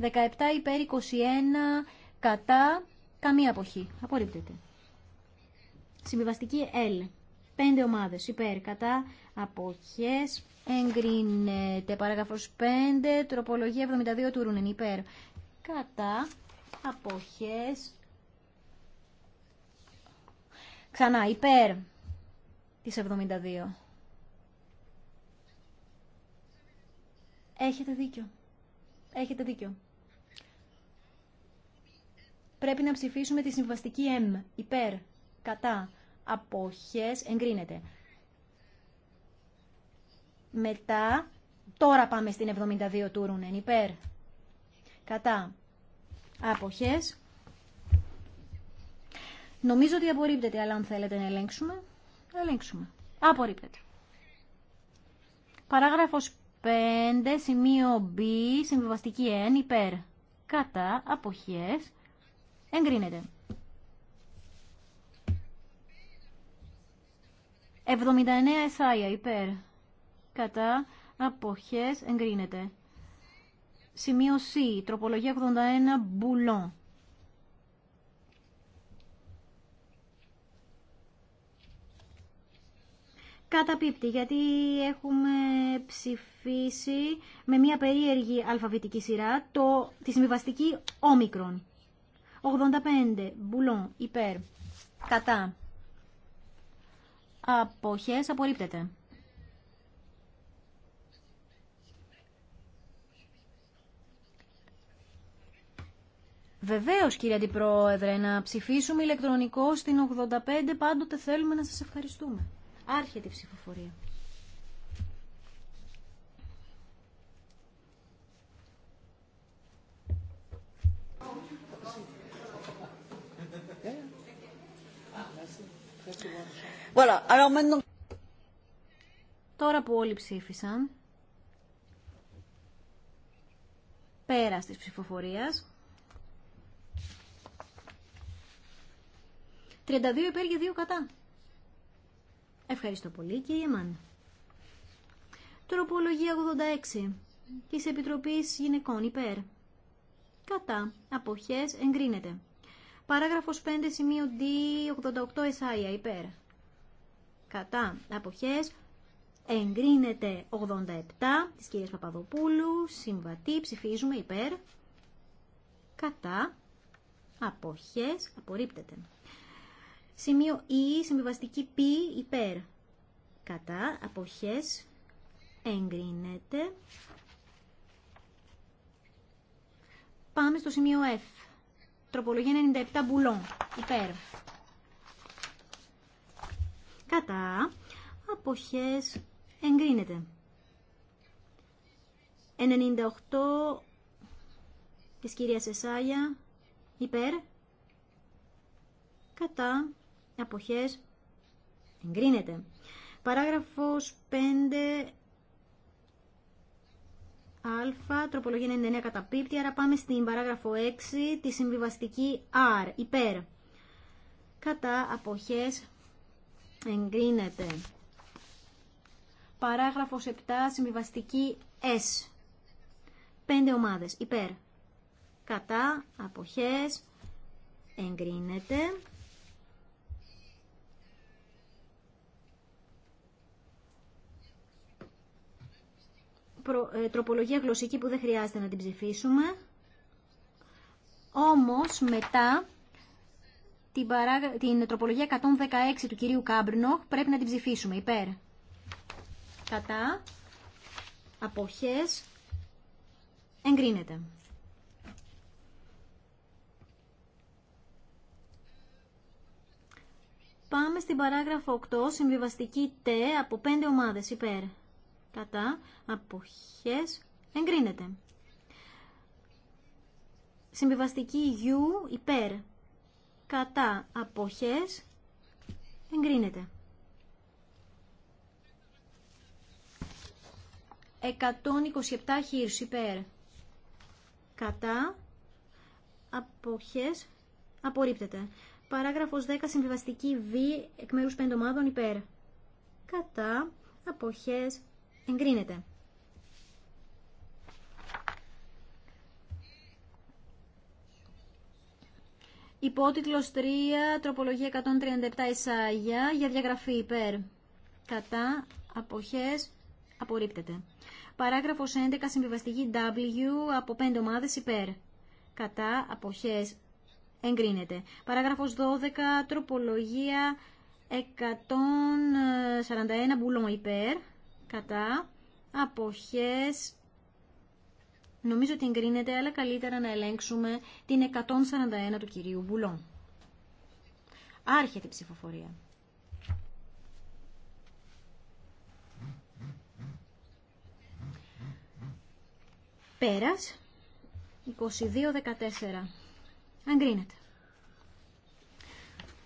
17 υπέρ 21 κατά καμία αποχή. Απορρίπτεται. Συμβιβαστική L. 5 ομάδες υπέρ κατά αποχές. Εγκρίνεται. Παράγραφος 5. Τροπολογία 72 του Ρούνεν υπέρ κατά αποχές. Ξανά υπέρ της 72. Έχετε δίκιο. Έχετε δίκιο. Πρέπει να ψηφίσουμε τη συμβαστική M. Υπέρ, κατά, αποχές, εγκρίνεται. Μετά, τώρα πάμε στην 72 του Ρούνεν. Υπέρ, κατά, αποχές. Νομίζω ότι απορρίπτεται, αλλά αν θέλετε να ελέγξουμε, ελέγξουμε. Απορρίπτεται. Παράγραφος 5. σημείο B, συμβιβαστική N, υπέρ. Κατά, αποχές, εγκρίνεται. 79 εσάια, υπέρ. Κατά, αποχές, εγκρίνεται. Σημείο C, τροπολογία 81, μπουλόν. καταπίπτει γιατί έχουμε ψηφίσει με μια περίεργη αλφαβητική σειρά το, τη συμβιβαστική όμικρον. 85. Μπουλόν. Υπέρ. Κατά. Αποχές. Απορρίπτεται. Βεβαίως κύριε Αντιπρόεδρε να ψηφίσουμε ηλεκτρονικό στην 85 πάντοτε θέλουμε να σας ευχαριστούμε. Άρχεται η ψηφοφορία. Τώρα που όλοι ψήφισαν, πέρα της ψηφοφορίας, 32 υπέρ και 2 κατά. Ευχαριστώ πολύ κύριε Μαν. Τροπολογία 86 της Επιτροπής Γυναικών υπέρ. Κατά. Αποχές εγκρίνεται. Παράγραφος 5 σημείο D 88 εσάια υπέρ. Κατά. Αποχές εγκρίνεται 87 της κυρίας Παπαδοπούλου. Συμβατή. Ψηφίζουμε υπέρ. Κατά. Αποχές απορρίπτεται. Σημείο Ι, e, συμβιβαστική π, υπέρ. Κατά, αποχές, εγκρίνεται. Πάμε στο σημείο F. Τροπολογία 97 μπουλόν, υπέρ. Κατά, αποχές, εγκρίνεται. 98 της κυρίας Εσάγια, υπέρ. Κατά, αποχές εγκρίνεται. Παράγραφος 5 α, τροπολογία 99 καταπίπτει, άρα πάμε στην παράγραφο 6, τη συμβιβαστική R, υπέρ. Κατά αποχές εγκρίνεται. Παράγραφος 7, συμβιβαστική S. Πέντε ομάδες, υπέρ. Κατά αποχές εγκρίνεται. Ε, τροπολογία γλωσσική που δεν χρειάζεται να την ψηφίσουμε. Όμως μετά την, τροπολογία 116 του κυρίου Κάμπρνοχ πρέπει να την ψηφίσουμε υπέρ. Κατά. Αποχές. Εγκρίνεται. Πάμε στην παράγραφο 8, συμβιβαστική τ. από 5 ομάδες υπέρ κατά αποχές εγκρίνεται. Συμβιβαστική γιου υπέρ κατά αποχές εγκρίνεται. 127 χείρους υπέρ κατά αποχές απορρίπτεται. Παράγραφος 10 συμβιβαστική Β εκ μέρους 5 ομάδων υπέρ. Κατά αποχές Εγκρίνεται. Υπότιτλος 3, τροπολογία 137 εισαγια για διαγραφή υπέρ. Κατά, αποχές, απορρίπτεται. Παράγραφος 11, συμβιβαστική W, από 5 ομάδες υπέρ. Κατά, αποχές, εγκρίνεται. Παράγραφος 12, τροπολογία 141 μπουλόν υπέρ κατά, αποχές, νομίζω ότι εγκρίνεται, αλλά καλύτερα να ελέγξουμε την 141 του κυρίου Μπουλόν. Άρχεται η ψηφοφορία. Πέρας, 22-14. Αγκρίνεται.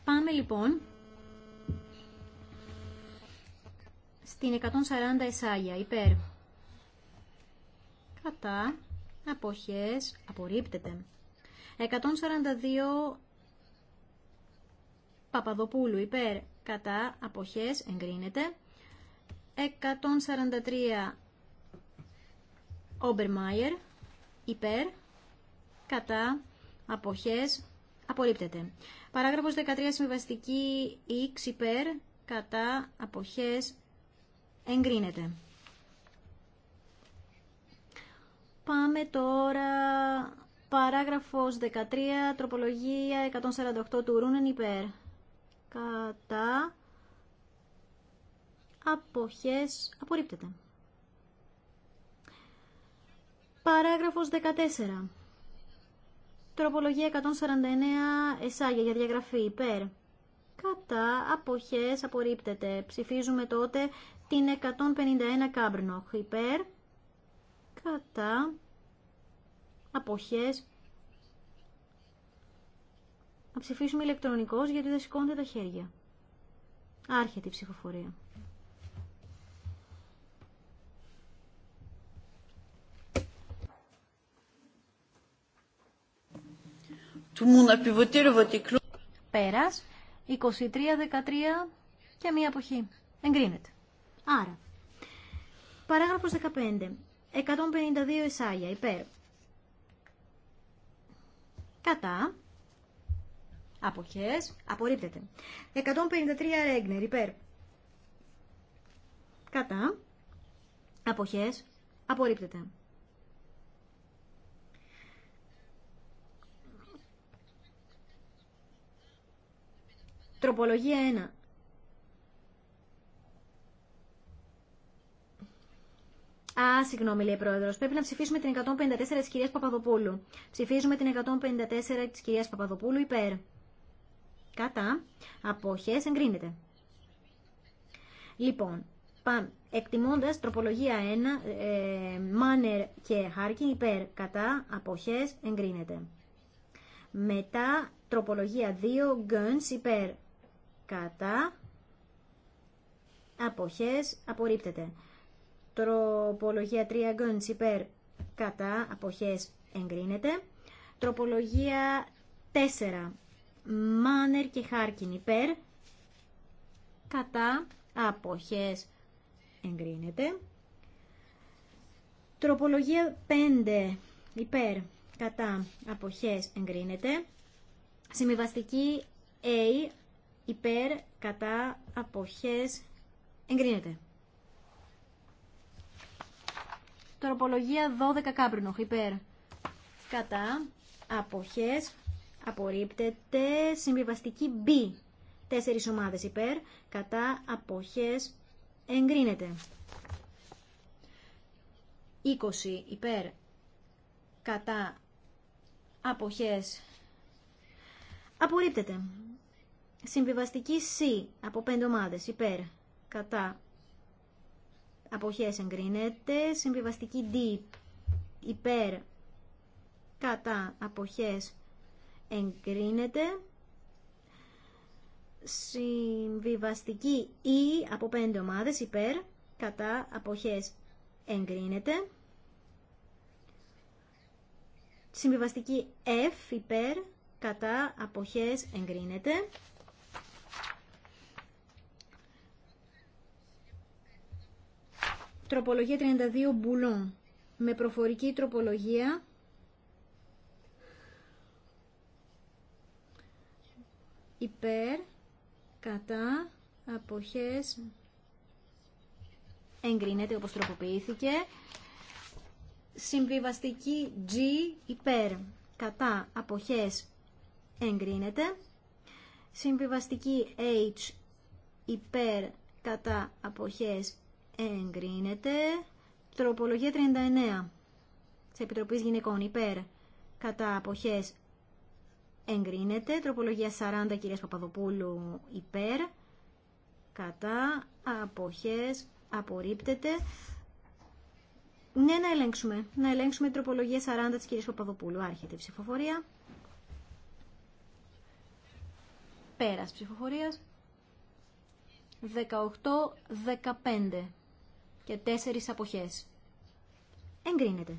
Πάμε λοιπόν την 140 ΕΣΑΓΙΑ υπέρ. Κατά αποχές απορρίπτεται. 142 Παπαδοπούλου υπέρ κατά αποχές εγκρίνεται. 143 Ομπερμάιερ υπέρ κατά αποχές απορρίπτεται. Παράγραφος 13 συμβαστική X υπέρ κατά αποχές Εγκρίνεται. Πάμε τώρα παράγραφος 13, τροπολογία 148 του Ρούνεν υπέρ. Κατά αποχές απορρίπτεται. Παράγραφος 14. Τροπολογία 149 εσάγια για διαγραφή υπέρ. Κατά αποχές απορρίπτεται. Ψηφίζουμε τότε την 151 κάμπρνοχ υπέρ κατά αποχές να ψηφίσουμε ηλεκτρονικώς γιατί δεν σηκώνται τα χέρια. Άρχεται η ψηφοφορία. Πέρας, 23-13 και μία αποχή. Εγκρίνεται. Άρα, παράγραφος 15. 152 εισάγια υπέρ. Κατά. Αποχές. Απορρίπτεται. 153 ρέγνερ υπέρ. Κατά. Αποχές. Απορρίπτεται. Τροπολογία 1. Α, συγγνώμη, λέει πρόεδρο. Πρέπει να ψηφίσουμε την 154 τη κυρία Παπαδοπούλου. Ψηφίζουμε την 154 τη κυρία Παπαδοπούλου υπέρ. Κατά. Αποχέ εγκρίνεται. Λοιπόν, πάμε. Εκτιμώντα τροπολογία 1, ε, Μάνερ και Χάρκιν υπέρ. Κατά. Αποχέ εγκρίνεται. Μετά τροπολογία 2, Γκέντς υπέρ. Κατά. Αποχές απορρίπτεται. Τροπολογία 3 γκόντς υπέρ κατά αποχές εγκρίνεται. Τροπολογία 4 μάνερ και χάρκιν υπέρ κατά αποχές εγκρίνεται. Τροπολογία 5 υπέρ κατά αποχές εγκρίνεται. Συμβιβαστική A υπέρ κατά αποχές εγκρίνεται. Τροπολογία 12 κάμπρινοχ υπέρ. Κατά. Αποχές. Απορρίπτεται. Συμβιβαστική B. Τέσσερις ομάδες υπέρ. Κατά. Αποχές. Εγκρίνεται. 20 υπέρ. Κατά. Αποχές. Απορρίπτεται. Συμβιβαστική C από πέντε ομάδες υπέρ. Κατά αποχές εγκρίνεται. Συμβιβαστική D υπέρ κατά αποχές εγκρίνεται. Συμβιβαστική E από πέντε ομάδες υπέρ κατά αποχές εγκρίνεται. Συμβιβαστική F υπέρ κατά αποχές εγκρίνεται. Τροπολογία 32 μπουλών Με προφορική τροπολογία. Υπέρ. Κατά. Αποχές. Εγκρίνεται όπως τροποποιήθηκε. Συμβιβαστική G. Υπέρ. Κατά. Αποχές. Εγκρίνεται. Συμβιβαστική H. Υπέρ. Κατά. Αποχές εγκρίνεται. Τροπολογία 39 της Επιτροπής Γυναικών υπέρ κατά αποχές εγκρίνεται. Τροπολογία 40 κυρία Παπαδοπούλου υπέρ κατά αποχές απορρίπτεται. Ναι, να ελέγξουμε. Να ελέγξουμε την τροπολογία 40 της κυρία Παπαδοπούλου. Άρχεται η ψηφοφορία. Πέρας ψηφοφορίας. 18-15 και τέσσερις αποχές. Εγκρίνεται.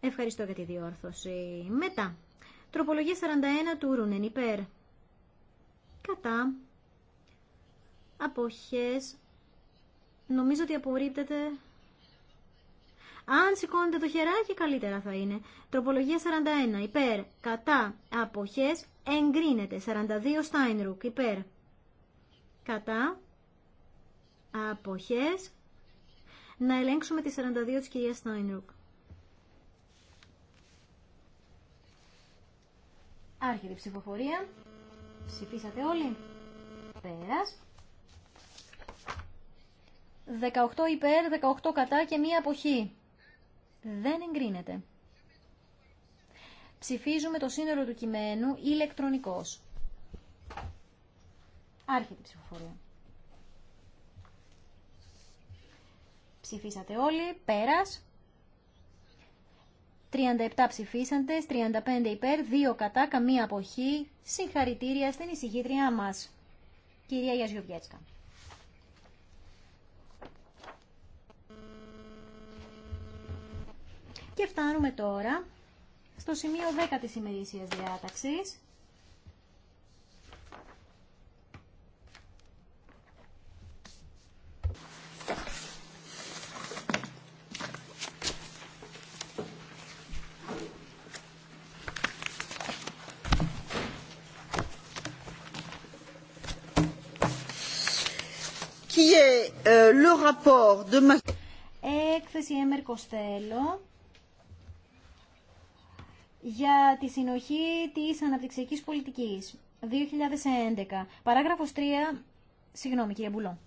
Ευχαριστώ για τη διόρθωση. Μετά, τροπολογία 41 του Ρούνεν υπέρ. Κατά. Αποχές. Νομίζω ότι απορρίπτεται. Αν σηκώνετε το χεράκι καλύτερα θα είναι. Τροπολογία 41 υπέρ. Κατά. Αποχές. Εγκρίνεται. 42 Στάινρουκ υπέρ. Κατά αποχές να ελέγξουμε τη 42 της κυρίας Στάινρουκ. Άρχεται η ψηφοφορία. Ψηφίσατε όλοι. Πέρας. 18 υπέρ, 18 κατά και μία αποχή. Δεν εγκρίνεται. Ψηφίζουμε το σύνολο του κειμένου ηλεκτρονικός. Άρχεται η ψηφοφορία. Ψηφίσατε όλοι. Πέρας. 37 ψηφίσαντες, 35 υπέρ, 2 κατά, καμία αποχή. Συγχαρητήρια στην εισηγήτριά μας. Κυρία Γιαζιουβιέτσκα. Και φτάνουμε τώρα στο σημείο 10 της ημερήσιας διάταξης. Έκθεση Έμερ Κοστέλο για τη συνοχή της αναπτυξιακής πολιτικής 2011. Παράγραφος 3, συγγνώμη κύριε Μπουλό.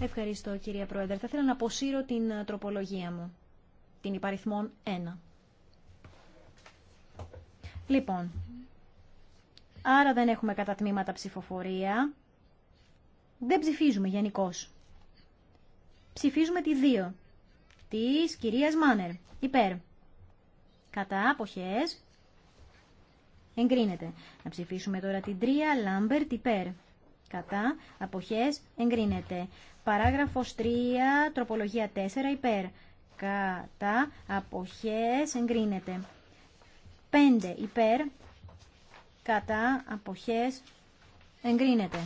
Ευχαριστώ κυρία Πρόεδρε. Θα ήθελα να αποσύρω την ε, τροπολογία μου, την υπαριθμόν 1. Λοιπόν, άρα δεν έχουμε κατά τμήματα ψηφοφορία. Δεν ψηφίζουμε γενικώ. Ψηφίζουμε τη 2 της κυρίας Μάνερ. Υπέρ. Κατά αποχές εγκρίνεται. Να ψηφίσουμε τώρα την 3 Λάμπερτ υπέρ. Κατά αποχές εγκρίνεται. Παράγραφος 3 τροπολογία 4 υπέρ. Κατά αποχές εγκρίνεται. 5 υπέρ. Κατά αποχές εγκρίνεται.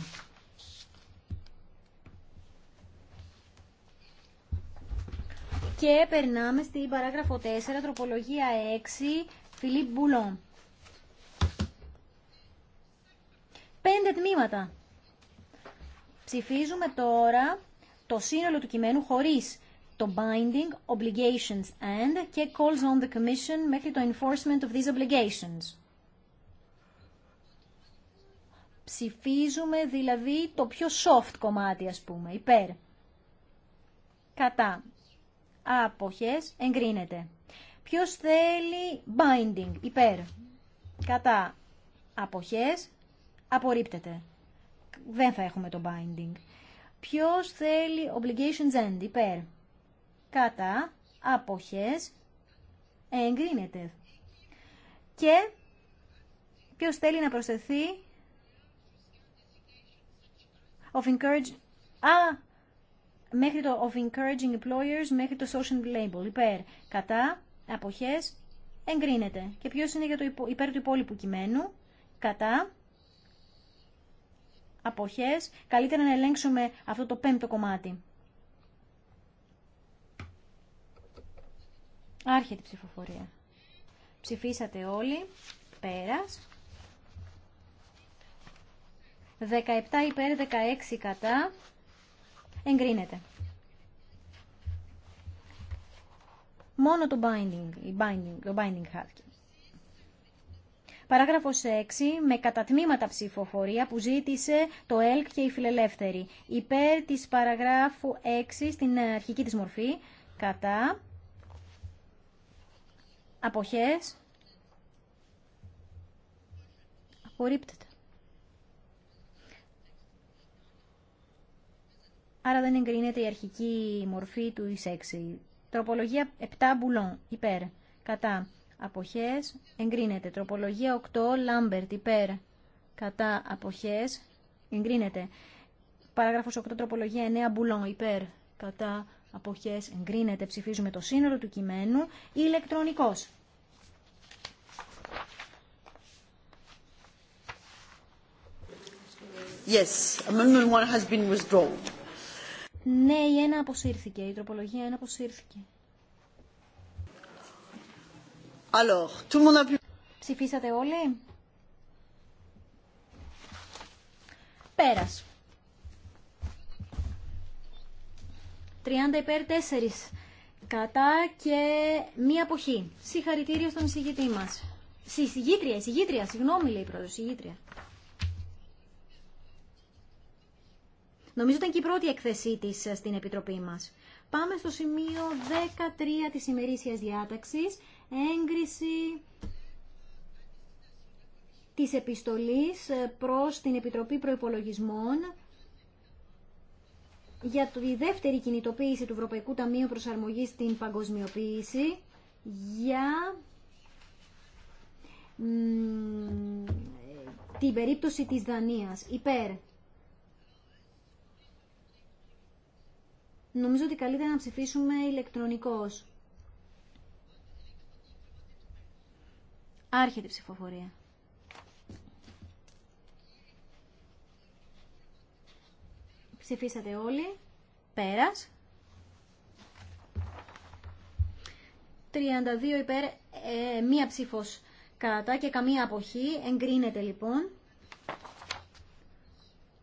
Και περνάμε στην παράγραφο 4, τροπολογία 6, Φιλίπ Μπουλόν. Πέντε τμήματα. Ψηφίζουμε τώρα το σύνολο του κειμένου χωρίς το binding, obligations and και calls on the commission μέχρι το enforcement of these obligations. Ψηφίζουμε δηλαδή το πιο soft κομμάτι ας πούμε, υπέρ. Κατά. Αποχές. Εγκρίνεται. Ποιος θέλει binding. Υπέρ. Κατά. Αποχές. Απορρίπτεται. Δεν θα έχουμε το binding. Ποιος θέλει obligations end. Υπέρ. Κατά. Αποχές. Εγκρίνεται. Και ποιος θέλει να προσθεθεί of encourage. Α, μέχρι το of encouraging employers μέχρι το social label. Υπέρ, κατά, αποχές, εγκρίνεται. Και ποιος είναι για το υπο, υπέρ του υπόλοιπου κειμένου, κατά, αποχές. Καλύτερα να ελέγξουμε αυτό το πέμπτο κομμάτι. Άρχεται η ψηφοφορία. Ψηφίσατε όλοι. Πέρας. 17 υπέρ 16 κατά εγκρίνεται. Μόνο το binding, binding, το binding Παράγραφος 6 με κατατμήματα ψηφοφορία που ζήτησε το ΕΛΚ και η Φιλελεύθερη. Υπέρ της παραγράφου 6 στην αρχική της μορφή, κατά, αποχές, απορρίπτεται. άρα δεν εγκρίνεται η αρχική μορφή του έξι. Τροπολογία 7 μπουλόν, υπέρ, κατά, αποχές, εγκρίνεται. Τροπολογία 8 λάμπερτ, υπέρ, κατά, αποχές, εγκρίνεται. Παράγραφος 8 τροπολογία 9 μπουλόν, υπέρ, κατά, αποχές, εγκρίνεται. Ψηφίζουμε το σύνολο του κειμένου ηλεκτρονικός. Yes, amendment 1 has been withdrawn. Ναι, η ένα αποσύρθηκε. Η τροπολογία ένα αποσύρθηκε. Alors, Ψηφίσατε όλοι. Πέρας. 30 υπέρ 4 κατά και μία αποχή. Συγχαρητήριο στον εισηγητή μας. Συγγήτρια, εισηγήτρια, συγγνώμη λέει η πρόεδρος, Συγγήτρια. Νομίζω ήταν και η πρώτη έκθεσή τη ε, στην Επιτροπή μας. Πάμε στο σημείο 13 της ημερήσιας διάταξης, έγκριση της επιστολής ε, προς την Επιτροπή Προϋπολογισμών για τη δεύτερη κινητοποίηση του Ευρωπαϊκού Ταμείου Προσαρμογής στην Παγκοσμιοποίηση για την περίπτωση της Δανίας. Υπέρ Νομίζω ότι καλύτερα να ψηφίσουμε ηλεκτρονικώς. Άρχεται η ψηφοφορία. Ψηφίσατε όλοι. Πέρας. 32 υπέρ, ε, μία ψήφος κατά και καμία αποχή. Εγκρίνεται λοιπόν.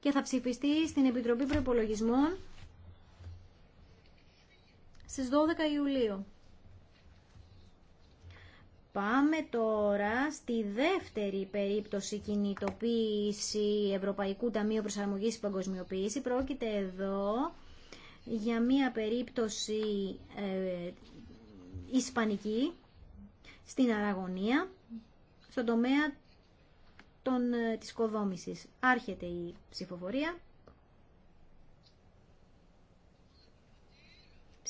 Και θα ψηφιστεί στην Επιτροπή Προπολογισμών στις 12 Ιουλίου. Πάμε τώρα στη δεύτερη περίπτωση κινητοποίηση Ευρωπαϊκού Ταμείου Προσαρμογής Παγκοσμιοποίηση. Πρόκειται εδώ για μία περίπτωση ε, ισπανική στην Αραγωνία, στον τομέα των, ε, της κοδόμησης. Άρχεται η ψηφοφορία.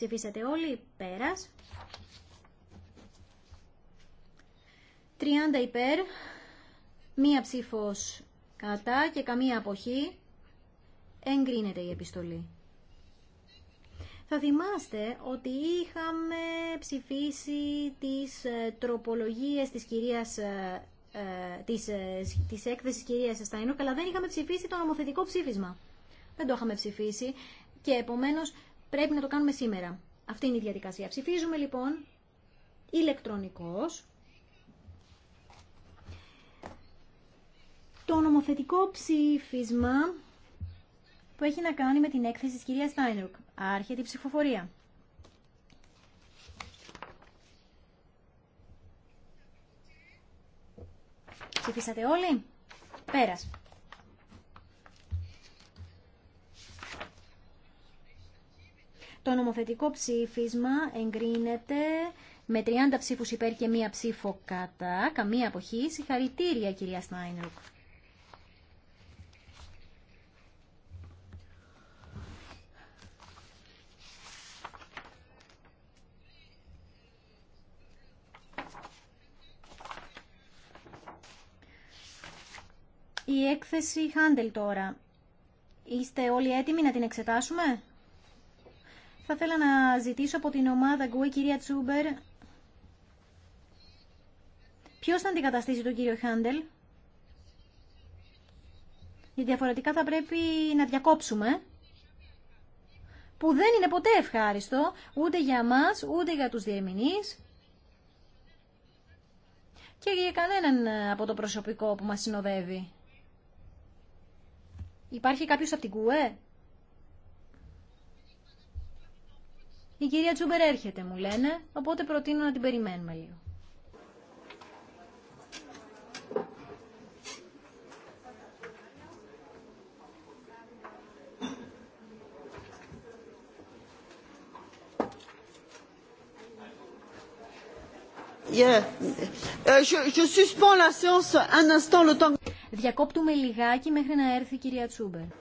Ψηφίσατε όλοι, πέρας. 30 υπέρ, μία ψήφος κατά και καμία αποχή. Εγκρίνεται η επιστολή. Θα θυμάστε ότι είχαμε ψηφίσει τις ε, τροπολογίες της κυρίας ε, ε, της, της έκθεσης κυρίας Σταϊνού, αλλά δεν είχαμε ψηφίσει το νομοθετικό ψήφισμα. Δεν το είχαμε ψηφίσει και επομένως πρέπει να το κάνουμε σήμερα. Αυτή είναι η διαδικασία. Ψηφίζουμε λοιπόν ηλεκτρονικός το νομοθετικό ψήφισμα που έχει να κάνει με την έκθεση της κυρίας Στάινρουκ. Άρχεται η ψηφοφορία. Ψηφίσατε όλοι. Πέρας. Το νομοθετικό ψήφισμα εγκρίνεται με 30 ψήφους υπέρ και μία ψήφο κατά, καμία αποχή. Συγχαρητήρια κυρία Στάινρουκ. Η έκθεση Χάντελ τώρα. Είστε όλοι έτοιμοι να την εξετάσουμε? Θα ήθελα να ζητήσω από την ομάδα Γκουέ, κυρία Τσούμπερ, ποιος θα αντικαταστήσει τον κύριο Χάντελ. Γιατί διαφορετικά θα πρέπει να διακόψουμε. Που δεν είναι ποτέ ευχάριστο, ούτε για μας, ούτε για τους διερμηνείς. Και για κανέναν από το προσωπικό που μας συνοδεύει. Υπάρχει κάποιος από την Γκουέ. Η κυρία Τσούμπερ έρχεται, μου λένε, οπότε προτείνω να την περιμένουμε λίγο. Euh, Διακόπτουμε λιγάκι μέχρι να έρθει η κυρία Τσούμπερ.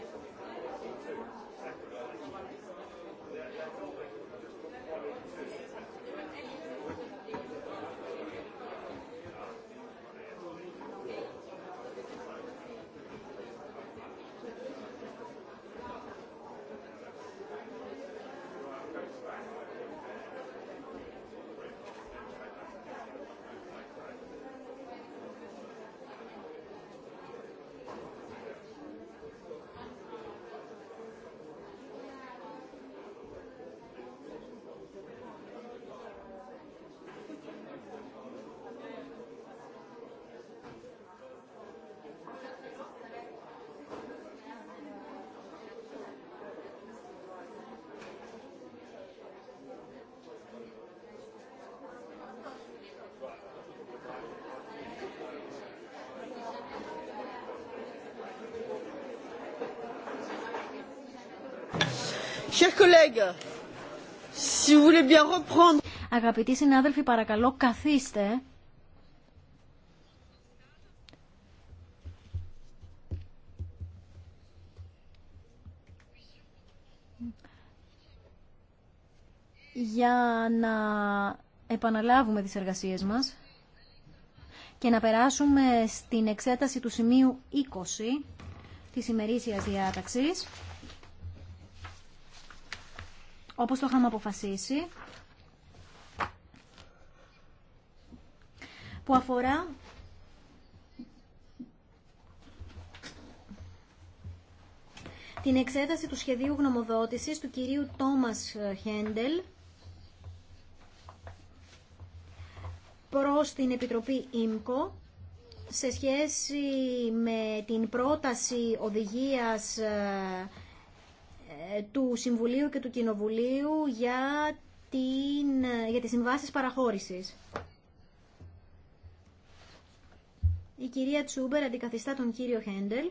Thank you. Αγαπητοί συνάδελφοι, παρακαλώ καθίστε. για να επαναλάβουμε τις εργασίες μας και να περάσουμε στην εξέταση του σημείου 20 της ημερήσιας διάταξης όπως το είχαμε αποφασίσει, που αφορά την εξέταση του σχεδίου γνωμοδότησης του κυρίου Τόμας Χέντελ προς την Επιτροπή ΙΜΚΟ σε σχέση με την πρόταση οδηγίας ε, του Συμβουλίου και του Κοινοβουλίου για, την, για τις συμβάσεις παραχώρησης. Η κυρία Τσούμπερ αντικαθιστά τον κύριο Χέντελ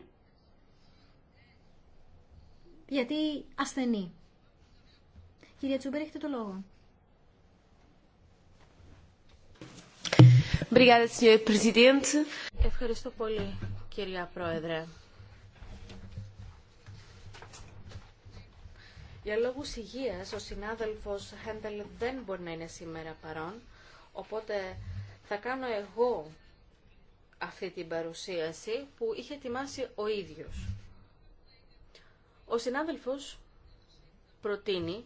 γιατί ασθενεί. Κυρία Τσούμπερ, έχετε το λόγο. Ευχαριστώ πολύ, κυρία Πρόεδρε. Για λόγους υγείας, ο συνάδελφος Χέντελ δεν μπορεί να είναι σήμερα παρόν, οπότε θα κάνω εγώ αυτή την παρουσίαση που είχε ετοιμάσει ο ίδιος. Ο συνάδελφος προτείνει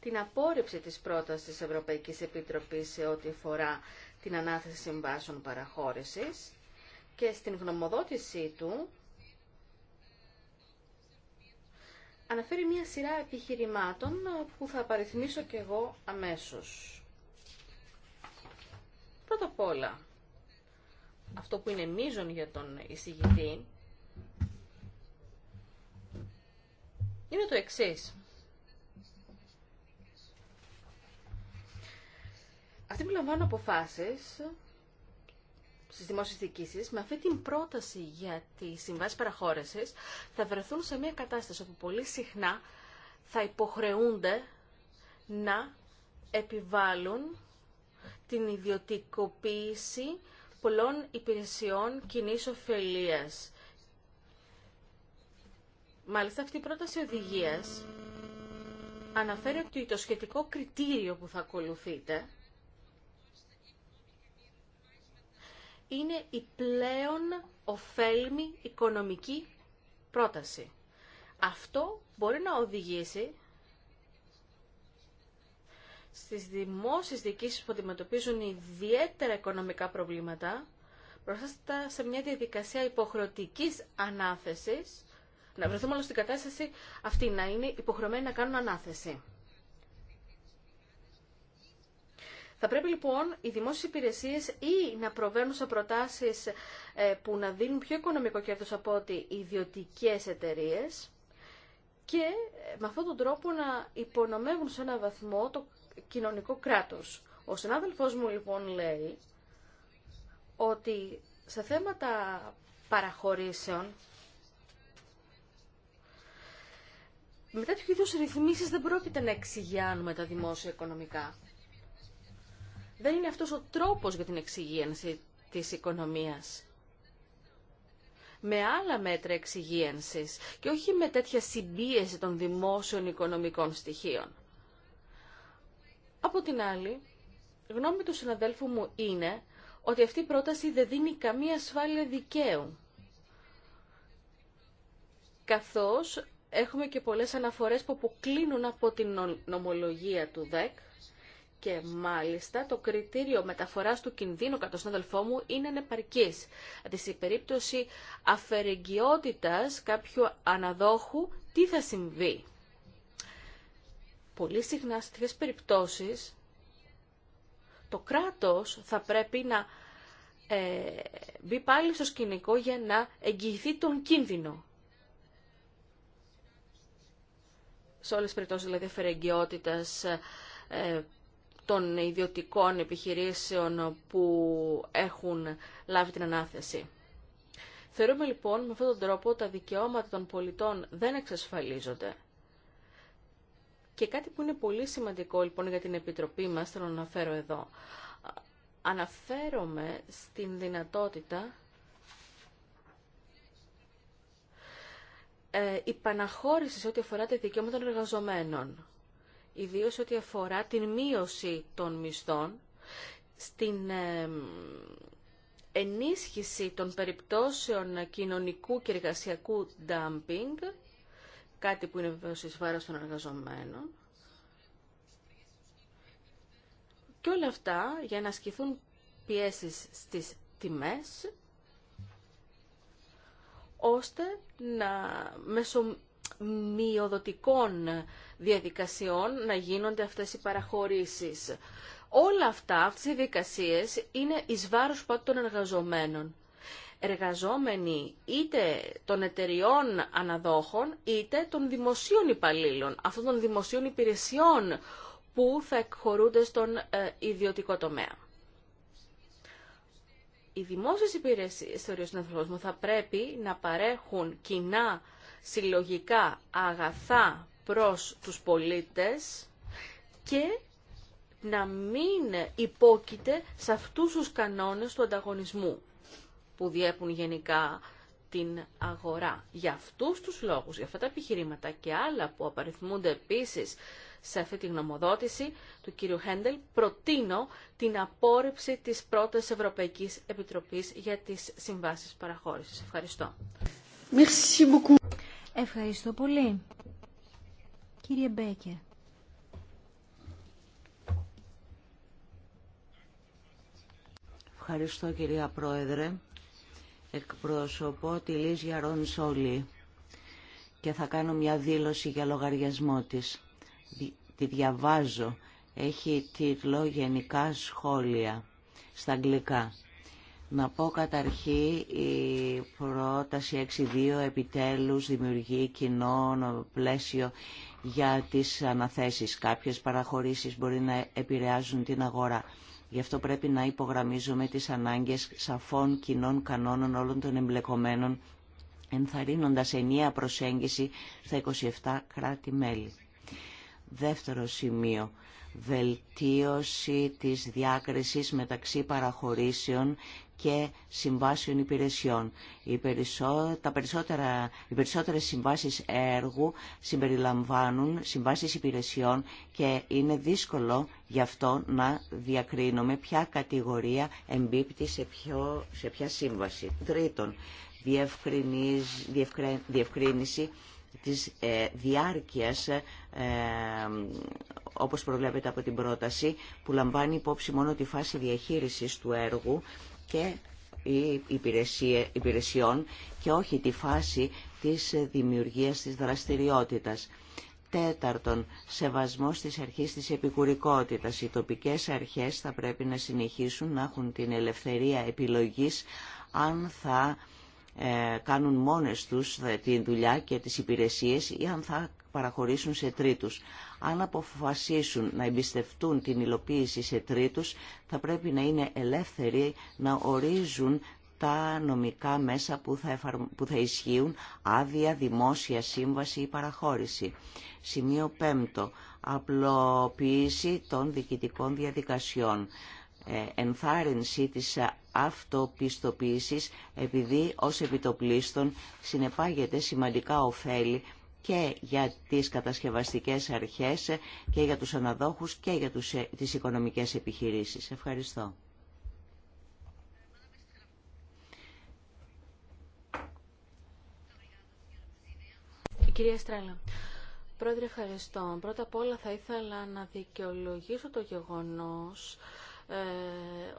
την απόρριψη της πρότασης Ευρωπαϊκής Επιτροπής σε ό,τι αφορά την ανάθεση συμβάσεων παραχώρησης και στην γνωμοδότησή του αναφέρει μία σειρά επιχειρημάτων ε, που θα παριθμίσω και εγώ αμέσως. Πρώτα απ' όλα, αυτό που είναι μείζον για τον εισηγητή είναι το εξής. Αυτοί που λαμβάνουν αποφάσεις στις δημόσιες διοικήσει, με αυτή την πρόταση για τι συμβάσει παραχώρηση θα βρεθούν σε μια κατάσταση όπου πολύ συχνά θα υποχρεούνται να επιβάλλουν την ιδιωτικοποίηση πολλών υπηρεσιών κοινή ωφελία. Μάλιστα αυτή η πρόταση οδηγίας αναφέρει ότι το σχετικό κριτήριο που θα ακολουθείτε είναι η πλέον ωφέλιμη οικονομική πρόταση. Αυτό μπορεί να οδηγήσει στις δημόσιες διοικήσεις που αντιμετωπίζουν ιδιαίτερα οικονομικά προβλήματα, μπροστά σε μια διαδικασία υποχρεωτικής ανάθεσης, να βρεθούμε όλο στην κατάσταση αυτή, να είναι υποχρεωμένοι να κάνουν ανάθεση. Θα πρέπει λοιπόν οι δημόσιες υπηρεσίες ή να προβαίνουν σε προτάσεις ε, που να δίνουν πιο οικονομικό κέρδος από ότι οι ιδιωτικές εταιρείες και ε, με αυτόν τον τρόπο να υπονομεύουν σε ένα βαθμό το κοινωνικό κράτος. Ο συνάδελφός μου λοιπόν λέει ότι σε θέματα παραχωρήσεων με τέτοιου είδου ρυθμίσεις δεν πρόκειται να εξηγιάνουμε τα δημόσια οικονομικά δεν είναι αυτός ο τρόπος για την εξυγίανση της οικονομίας. Με άλλα μέτρα εξυγίανσης και όχι με τέτοια συμπίεση των δημόσιων οικονομικών στοιχείων. Από την άλλη, γνώμη του συναδέλφου μου είναι ότι αυτή η πρόταση δεν δίνει καμία ασφάλεια δικαίου. Καθώς έχουμε και πολλές αναφορές που αποκλίνουν από την νομολογία του ΔΕΚ και μάλιστα το κριτήριο μεταφοράς του κινδύνου κατά τον αδελφό μου είναι ανεπαρκή. Δηλαδή, σε περίπτωση αφαιρεγγιότητας κάποιου αναδόχου, τι θα συμβεί. Πολύ συχνά σε τέτοιε περιπτώσεις, το κράτος θα πρέπει να ε, μπει πάλι στο σκηνικό για να εγγυηθεί τον κίνδυνο. Σε όλες τις περιπτώσεις, δηλαδή, αφαιρεγγιότητας, ε, των ιδιωτικών επιχειρήσεων που έχουν λάβει την ανάθεση. Θεωρούμε λοιπόν με αυτόν τον τρόπο τα δικαιώματα των πολιτών δεν εξασφαλίζονται. Και κάτι που είναι πολύ σημαντικό λοιπόν για την Επιτροπή μας, θέλω να αναφέρω εδώ. Αναφέρομαι στην δυνατότητα ε, υπαναχώρησης ό,τι αφορά τα δικαιώματα των εργαζομένων ιδίως ό,τι αφορά την μείωση των μισθών, στην ε, ενίσχυση των περιπτώσεων κοινωνικού και εργασιακού dumping, κάτι που είναι βεβαίως εις βάρος των εργαζομένων, και όλα αυτά για να ασκηθούν πιέσεις στις τιμές, ώστε να μεσο μειοδοτικών διαδικασιών να γίνονται αυτές οι παραχωρήσεις. Όλα αυτά, αυτές οι διαδικασίες, είναι εις βάρος πάντων των εργαζομένων. Εργαζόμενοι είτε των εταιριών αναδόχων, είτε των δημοσίων υπαλλήλων, αυτών των δημοσίων υπηρεσιών που θα εκχωρούνται στον ε, ιδιωτικό τομέα. Οι δημόσιες υπηρεσίες, θεωρεί ο θα πρέπει να παρέχουν κοινά συλλογικά αγαθά προς τους πολίτες και να μην υπόκειται σε αυτούς τους κανόνες του ανταγωνισμού που διέπουν γενικά την αγορά. Για αυτούς τους λόγους, για αυτά τα επιχειρήματα και άλλα που απαριθμούνται επίσης σε αυτή τη γνωμοδότηση του κύριου Χέντελ, προτείνω την απόρριψη της πρώτης Ευρωπαϊκής Επιτροπής για τις συμβάσεις παραχώρησης. Ευχαριστώ. Merci Ευχαριστώ πολύ. Κύριε Μπέκερ. Ευχαριστώ κυρία Πρόεδρε. Εκπροσωπώ τη Λίζια Ρόν και θα κάνω μια δήλωση για λογαριασμό της. Τη διαβάζω. Έχει τίτλο «Γενικά σχόλια» στα αγγλικά. Να πω καταρχή η πρόταση 6.2 επιτέλους δημιουργεί κοινό πλαίσιο για τις αναθέσεις. Κάποιες παραχωρήσεις μπορεί να επηρεάζουν την αγορά. Γι' αυτό πρέπει να υπογραμμίζουμε τις ανάγκες σαφών κοινών κανόνων όλων των εμπλεκομένων, ενθαρρύνοντας ενιαία προσέγγιση στα 27 κράτη-μέλη. Δεύτερο σημείο, βελτίωση της διάκρισης μεταξύ παραχωρήσεων και συμβάσεων υπηρεσιών. Οι περισσό, τα περισσότερες συμβάσεις έργου συμπεριλαμβάνουν συμβάσεις υπηρεσιών και είναι δύσκολο γι' αυτό να διακρίνουμε ποια κατηγορία εμπίπτει σε, ποια σύμβαση. Τρίτον, διευκρίνηση, διευκρίνηση της ε, διάρκειας ε, όπως προβλέπεται από την πρόταση που λαμβάνει υπόψη μόνο τη φάση διαχείρισης του έργου και οι υπηρεσιών και όχι τη φάση της δημιουργίας της δραστηριότητας. Τέταρτον, σεβασμός της αρχής της επικουρικότητας. Οι τοπικές αρχές θα πρέπει να συνεχίσουν να έχουν την ελευθερία επιλογής αν θα ε, κάνουν μόνες τους ε, τη δουλειά και τις υπηρεσίες ή αν θα παραχωρήσουν σε τρίτους. Αν αποφασίσουν να εμπιστευτούν την υλοποίηση σε τρίτους, θα πρέπει να είναι ελεύθεροι να ορίζουν τα νομικά μέσα που θα, που θα ισχύουν άδεια, δημόσια σύμβαση ή παραχώρηση. Σημείο 5. Απλοποίηση των διοικητικών διαδικασιών. Ε, ενθάρρυνση της αυτοπιστοποίησης επειδή ως επιτοπλίστων συνεπάγεται σημαντικά ωφέλη και για τις κατασκευαστικές αρχές και για τους αναδόχους και για τους, ε, τις οικονομικές επιχειρήσεις. Ευχαριστώ. κυρία Στρέλα. Πρόεδρε, ευχαριστώ. Πρώτα απ' όλα θα ήθελα να δικαιολογήσω το γεγονός ε,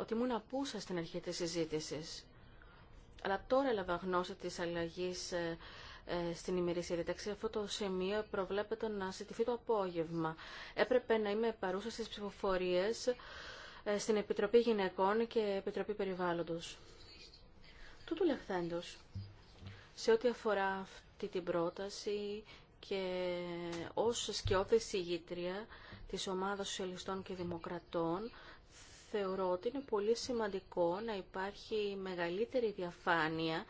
ότι ήμουν απούσα στην αρχή της συζήτησης. Αλλά τώρα έλαβα γνώση της αλλαγής ε, ε, στην ημερήσια διαταξή. Αυτό το σημείο προβλέπεται να συζητηθεί το απόγευμα. Έπρεπε να είμαι παρούσα στις ψηφοφορίες ε, στην Επιτροπή Γυναικών και Επιτροπή Περιβάλλοντος. Τούτου λεχθέντος, σε ό,τι αφορά αυτή την πρόταση και ως σκιώδης ηγήτρια της Ομάδας Σοσιαλιστών και Δημοκρατών, θεωρώ ότι είναι πολύ σημαντικό να υπάρχει μεγαλύτερη διαφάνεια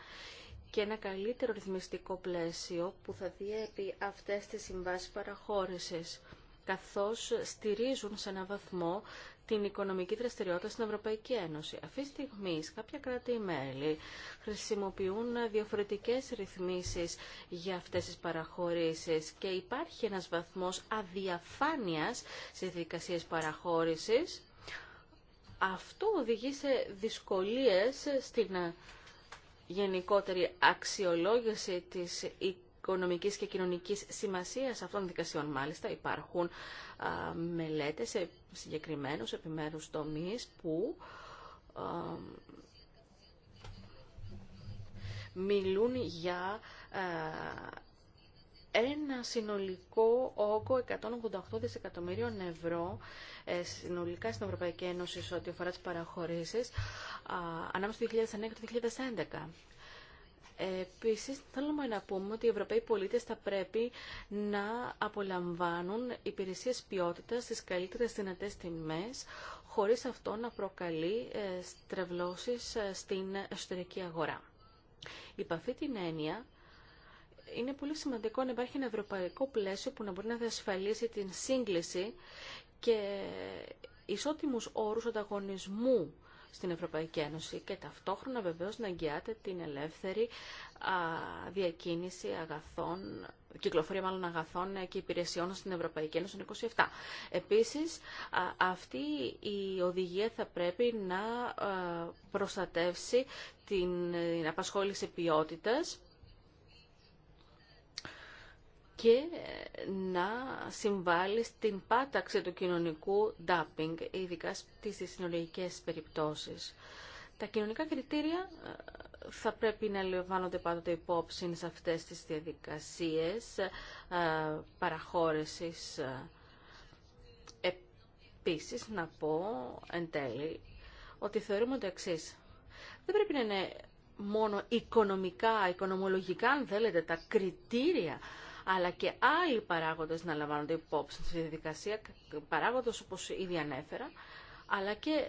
και ένα καλύτερο ρυθμιστικό πλαίσιο που θα διέπει αυτές τις συμβάσεις παραχώρησης, καθώς στηρίζουν σε ένα βαθμό την οικονομική δραστηριότητα στην Ευρωπαϊκή Ένωση. Αυτή τη στιγμή κάποια κράτη-μέλη χρησιμοποιούν διαφορετικές ρυθμίσεις για αυτές τις παραχωρήσεις και υπάρχει ένας βαθμός αδιαφάνειας στις δικασίες παραχώρησης. Αυτό οδηγεί σε δυσκολίες στην γενικότερη αξιολόγηση της οικονομικής και κοινωνικής σημασίας αυτών των δικασιών. Μάλιστα υπάρχουν α, μελέτες σε συγκεκριμένους επιμέρους τομείς που μιλούν για ένα συνολικό όγκο 188 δισεκατομμυρίων ευρώ ε, συνολικά στην Ευρωπαϊκή Ένωση σε ό,τι αφορά τις παραχωρήσεις ανάμεσα στο 2009 και το 2011. Επίσης, θέλουμε να πούμε ότι οι Ευρωπαίοι πολίτες θα πρέπει να απολαμβάνουν υπηρεσίες ποιότητας στις καλύτερες δυνατές τιμές, χωρίς αυτό να προκαλεί ε, στρεβλώσεις ε, στην εσωτερική αγορά. Υπ' αυτή την έννοια, είναι πολύ σημαντικό να υπάρχει ένα ευρωπαϊκό πλαίσιο που να μπορεί να διασφαλίσει την σύγκληση και ισότιμους όρους ανταγωνισμού στην Ευρωπαϊκή Ένωση και ταυτόχρονα βεβαίως να αγκιάται την ελεύθερη διακίνηση αγαθών, κυκλοφορία μάλλον αγαθών και υπηρεσιών στην Ευρωπαϊκή Ένωση 27. Επίσης, αυτή η οδηγία θα πρέπει να ε, προστατεύσει ε, την απασχόληση ποιότητας και να συμβάλλει στην πάταξη του κοινωνικού ντάπινγκ, ειδικά στις συνολογικέ περιπτώσεις. Τα κοινωνικά κριτήρια ε, θα πρέπει να λαμβάνονται πάντοτε υπόψη σε αυτές τις διαδικασίες ε, παραχώρησης. Ε. Επίσης, να πω εν τέλει ότι θεωρούμε το εξή. Δεν πρέπει να είναι μόνο οικονομικά, οικονομολογικά, αν θέλετε, τα κριτήρια αλλά και άλλοι παράγοντες να λαμβάνονται υπόψη στη διαδικασία, παράγοντες όπως ήδη ανέφερα, αλλά και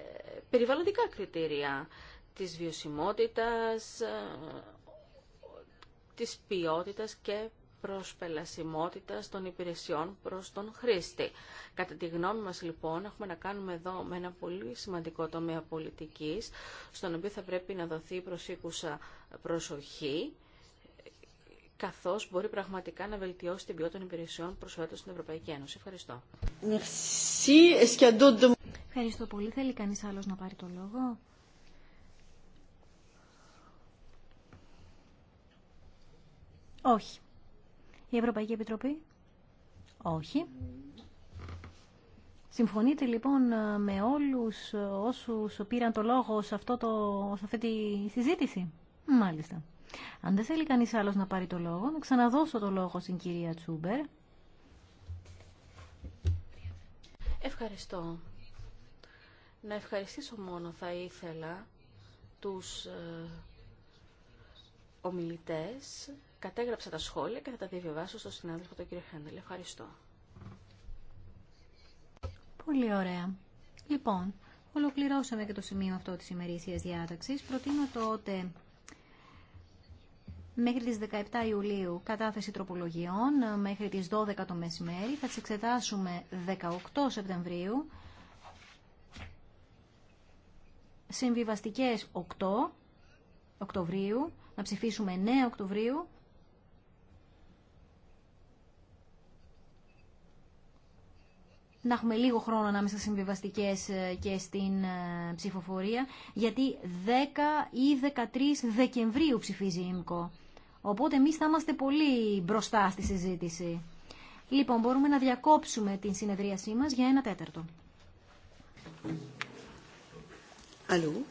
περιβαλλοντικά κριτήρια της βιωσιμότητας, ε, της ποιότητας και προσπελασιμότητας των υπηρεσιών προς τον χρήστη. Κατά τη γνώμη μας λοιπόν έχουμε να κάνουμε εδώ με ένα πολύ σημαντικό τομέα πολιτικής στον οποίο θα πρέπει να δοθεί προσήκουσα προσοχή καθώς μπορεί πραγματικά να βελτιώσει την ποιότητα των υπηρεσιών προσφέροντας στην Ευρωπαϊκή Ένωση. Ευχαριστώ. Ευχαριστώ πολύ. Θέλει κανείς άλλος να πάρει το λόγο. Όχι. Η Ευρωπαϊκή Επιτροπή. Όχι. Συμφωνείτε λοιπόν με όλους όσους πήραν το λόγο αυτό το, σε αυτή τη συζήτηση. Μάλιστα. Αν δεν θέλει κανείς άλλος να πάρει το λόγο, να ξαναδώσω το λόγο στην κυρία Τσούμπερ. Ευχαριστώ. Να ευχαριστήσω μόνο θα ήθελα τους ε, ομιλητές. Κατέγραψα τα σχόλια και θα τα διαβιβάσω στον συνάδελφο τον κύριο Χέντελ. Ευχαριστώ. Πολύ ωραία. Λοιπόν, ολοκληρώσαμε και το σημείο αυτό της ημερήσιας διάταξης. Προτείνω τότε μέχρι τις 17 Ιουλίου κατάθεση τροπολογιών, μέχρι τις 12 το μεσημέρι. Θα τις εξετάσουμε 18 Σεπτεμβρίου. Συμβιβαστικές 8 Οκτωβρίου, να ψηφίσουμε 9 Οκτωβρίου. να έχουμε λίγο χρόνο ανάμεσα στις συμβιβαστικές ε, και στην ε, ψηφοφορία, γιατί 10 ή 13 Δεκεμβρίου ψηφίζει η ΙΜΚΟ. Οπότε εμεί θα είμαστε πολύ μπροστά στη συζήτηση. Λοιπόν, μπορούμε να διακόψουμε την συνεδρίασή μας για ένα τέταρτο. Αλλού.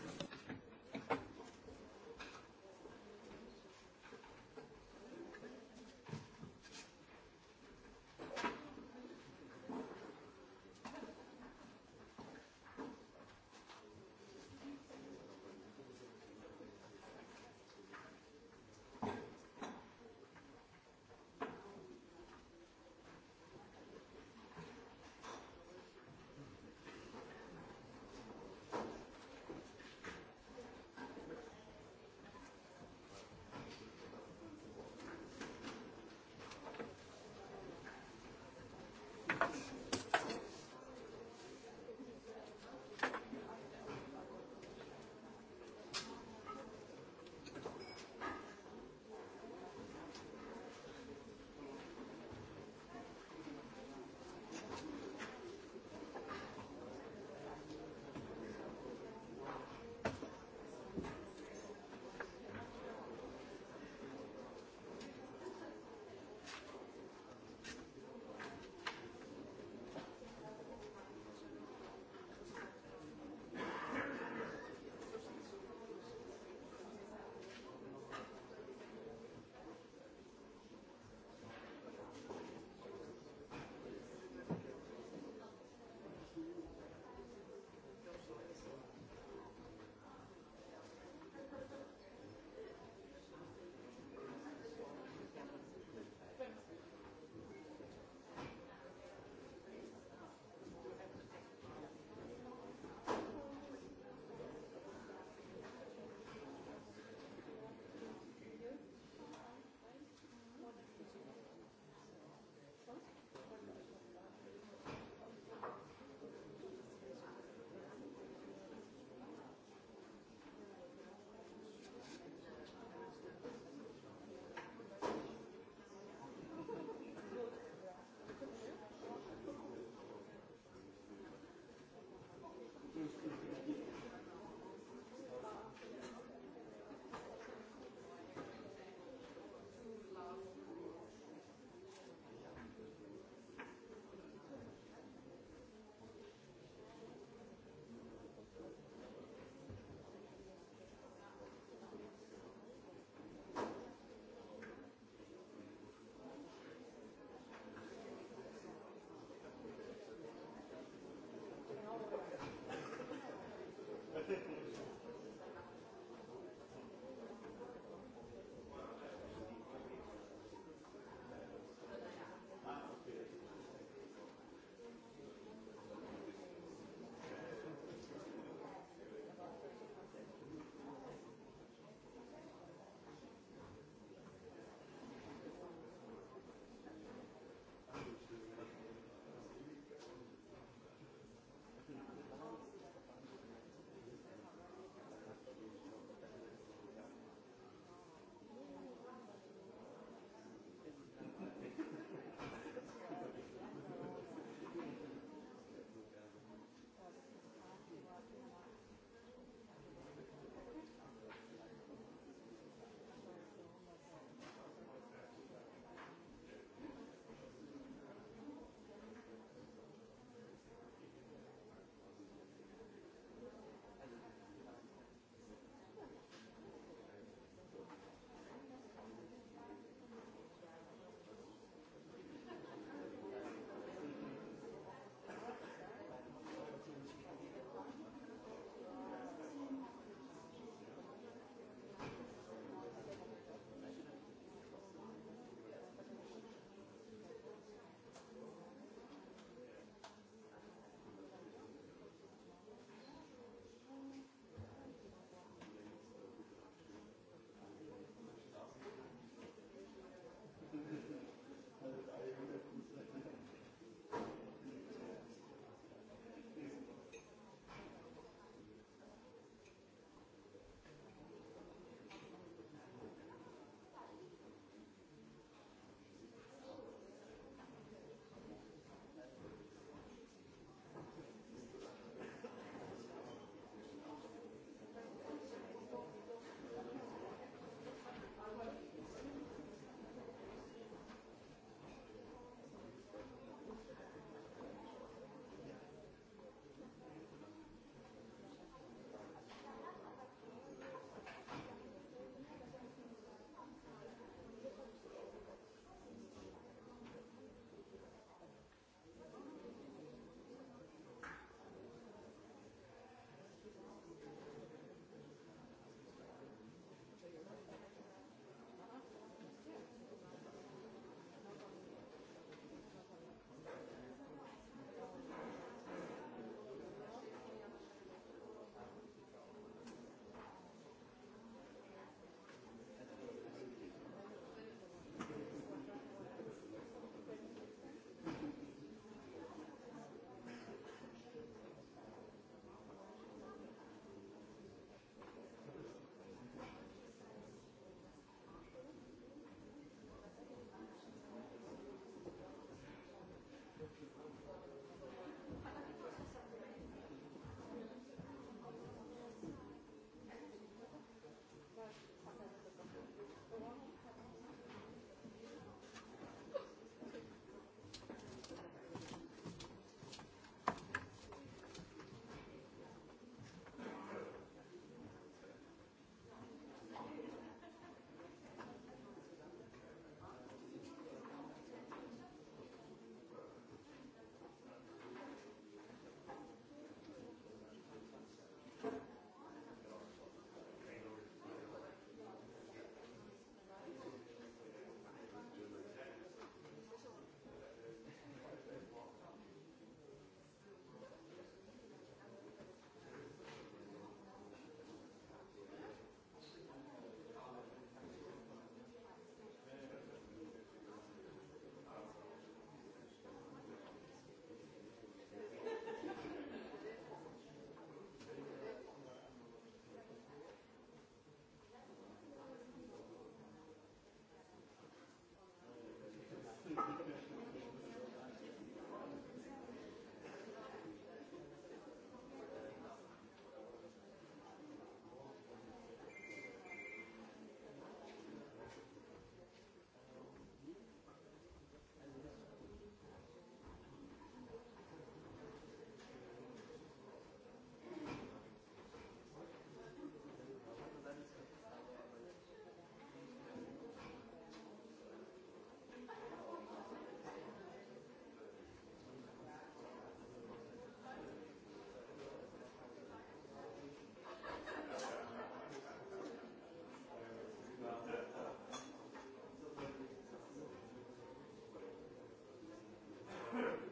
Υπότιτλοι AUTHORWAVE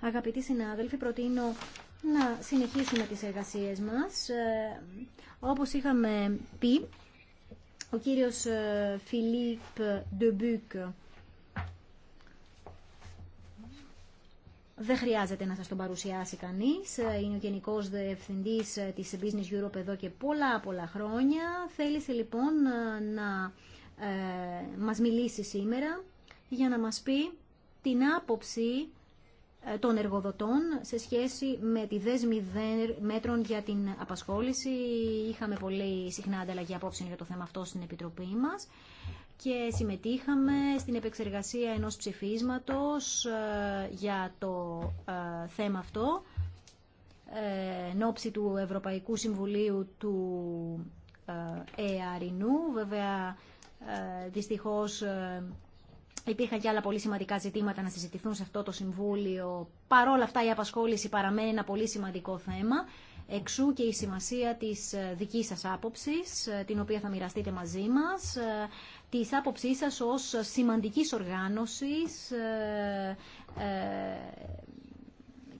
Αγαπητοί συνάδελφοι, προτείνω να συνεχίσουμε τις εργασίες μας. Ε, όπως είχαμε πει, ο κύριος Φιλίπ ε, Ντεμπούκ δεν χρειάζεται να σας τον παρουσιάσει κανείς. Ε, είναι ο Γενικός Διευθυντής ε, της Business Europe εδώ και πολλά πολλά χρόνια. Θέλησε λοιπόν να ε, μας μιλήσει σήμερα για να μας πει την άποψη ε, των εργοδοτών σε σχέση με τη δέσμη μέτρων για την απασχόληση. Είχαμε πολύ συχνά ανταλλαγή απόψεων για το θέμα αυτό στην Επιτροπή μας και συμμετείχαμε στην επεξεργασία ενός ψηφίσματος ε, για το ε, θέμα αυτό εν ώψη του Ευρωπαϊκού Συμβουλίου του ΕΑΡΙΝΟΥ. Βέβαια, δυστυχώς Υπήρχαν και άλλα πολύ σημαντικά ζητήματα να συζητηθούν σε αυτό το Συμβούλιο. Παρόλα αυτά η απασχόληση παραμένει ένα πολύ σημαντικό θέμα. Εξού και η σημασία της ε, δικής σας άποψης, ε, την οποία θα μοιραστείτε μαζί μας, ε, της άποψής σας ως σημαντικής οργάνωσης.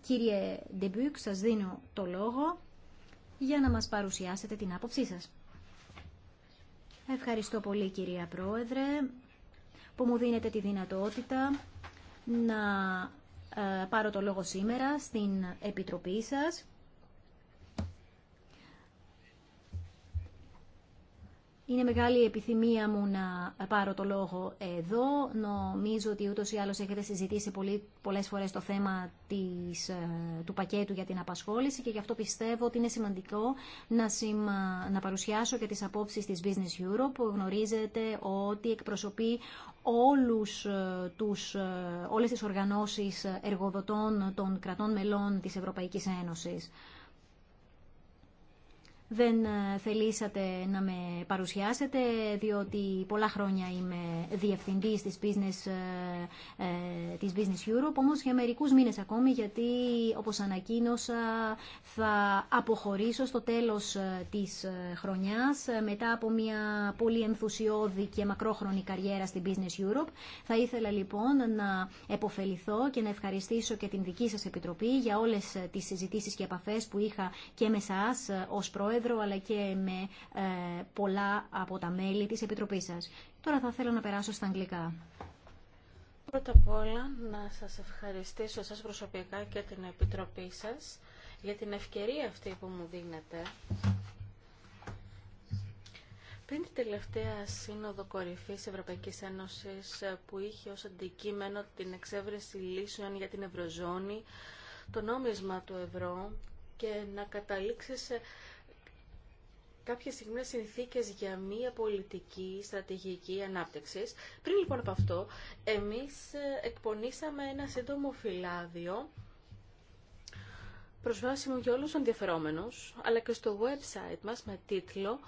Κύριε Ντεμπούκ, σας δίνω το λόγο για να μας παρουσιάσετε την άποψή σας. Ευχαριστώ πολύ κυρία Πρόεδρε που μου δίνετε τη δυνατότητα να ε, πάρω το λόγο σήμερα στην Επιτροπή σας. Είναι μεγάλη η επιθυμία μου να πάρω το λόγο εδώ. Νομίζω ότι ούτως ή άλλως έχετε συζητήσει πολύ, πολλές φορές το θέμα της, ε, του πακέτου για την απασχόληση και γι' αυτό πιστεύω ότι είναι σημαντικό να, να παρουσιάσω και τις απόψεις της Business Europe που γνωρίζετε ότι εκπροσωπεί όλους ε, τους, ε, όλες τις οργανώσεις εργοδοτών των κρατών μελών της Ευρωπαϊκής Ένωσης δεν ε, θελήσατε να με παρουσιάσετε, διότι πολλά χρόνια είμαι διευθυντής της Business, ε, ε, της business Europe, όμως για μερικούς μήνες ακόμη, γιατί όπως ανακοίνωσα θα αποχωρήσω στο τέλος της χρονιάς, μετά από μια πολύ ενθουσιώδη και μακρόχρονη καριέρα στην Business Europe. Θα ήθελα λοιπόν να επωφεληθώ και να ευχαριστήσω και την δική σας Επιτροπή για όλες τις συζητήσεις και επαφές που είχα και με εσά ως πρόεδρο Πρόεδρο αλλά και με ε, πολλά από τα μέλη της Επιτροπής σας. Τώρα θα θέλω να περάσω στα αγγλικά. Πρώτα απ' όλα να σας ευχαριστήσω σας προσωπικά και την Επιτροπή σας για την ευκαιρία αυτή που μου δίνετε. Πριν την τελευταία σύνοδο κορυφής Ευρωπαϊκής Ένωσης ε, που είχε ως αντικείμενο την εξέβρεση λύσεων για την Ευρωζώνη, το νόμισμα του ευρώ και να καταλήξει κάποιες στιγμές συνθήκες για μία πολιτική στρατηγική ανάπτυξης. Πριν λοιπόν από αυτό, εμείς ε, εκπονήσαμε ένα σύντομο φυλάδιο προσβάσιμο για όλους τους ενδιαφερόμενους, αλλά και στο website μας με τίτλο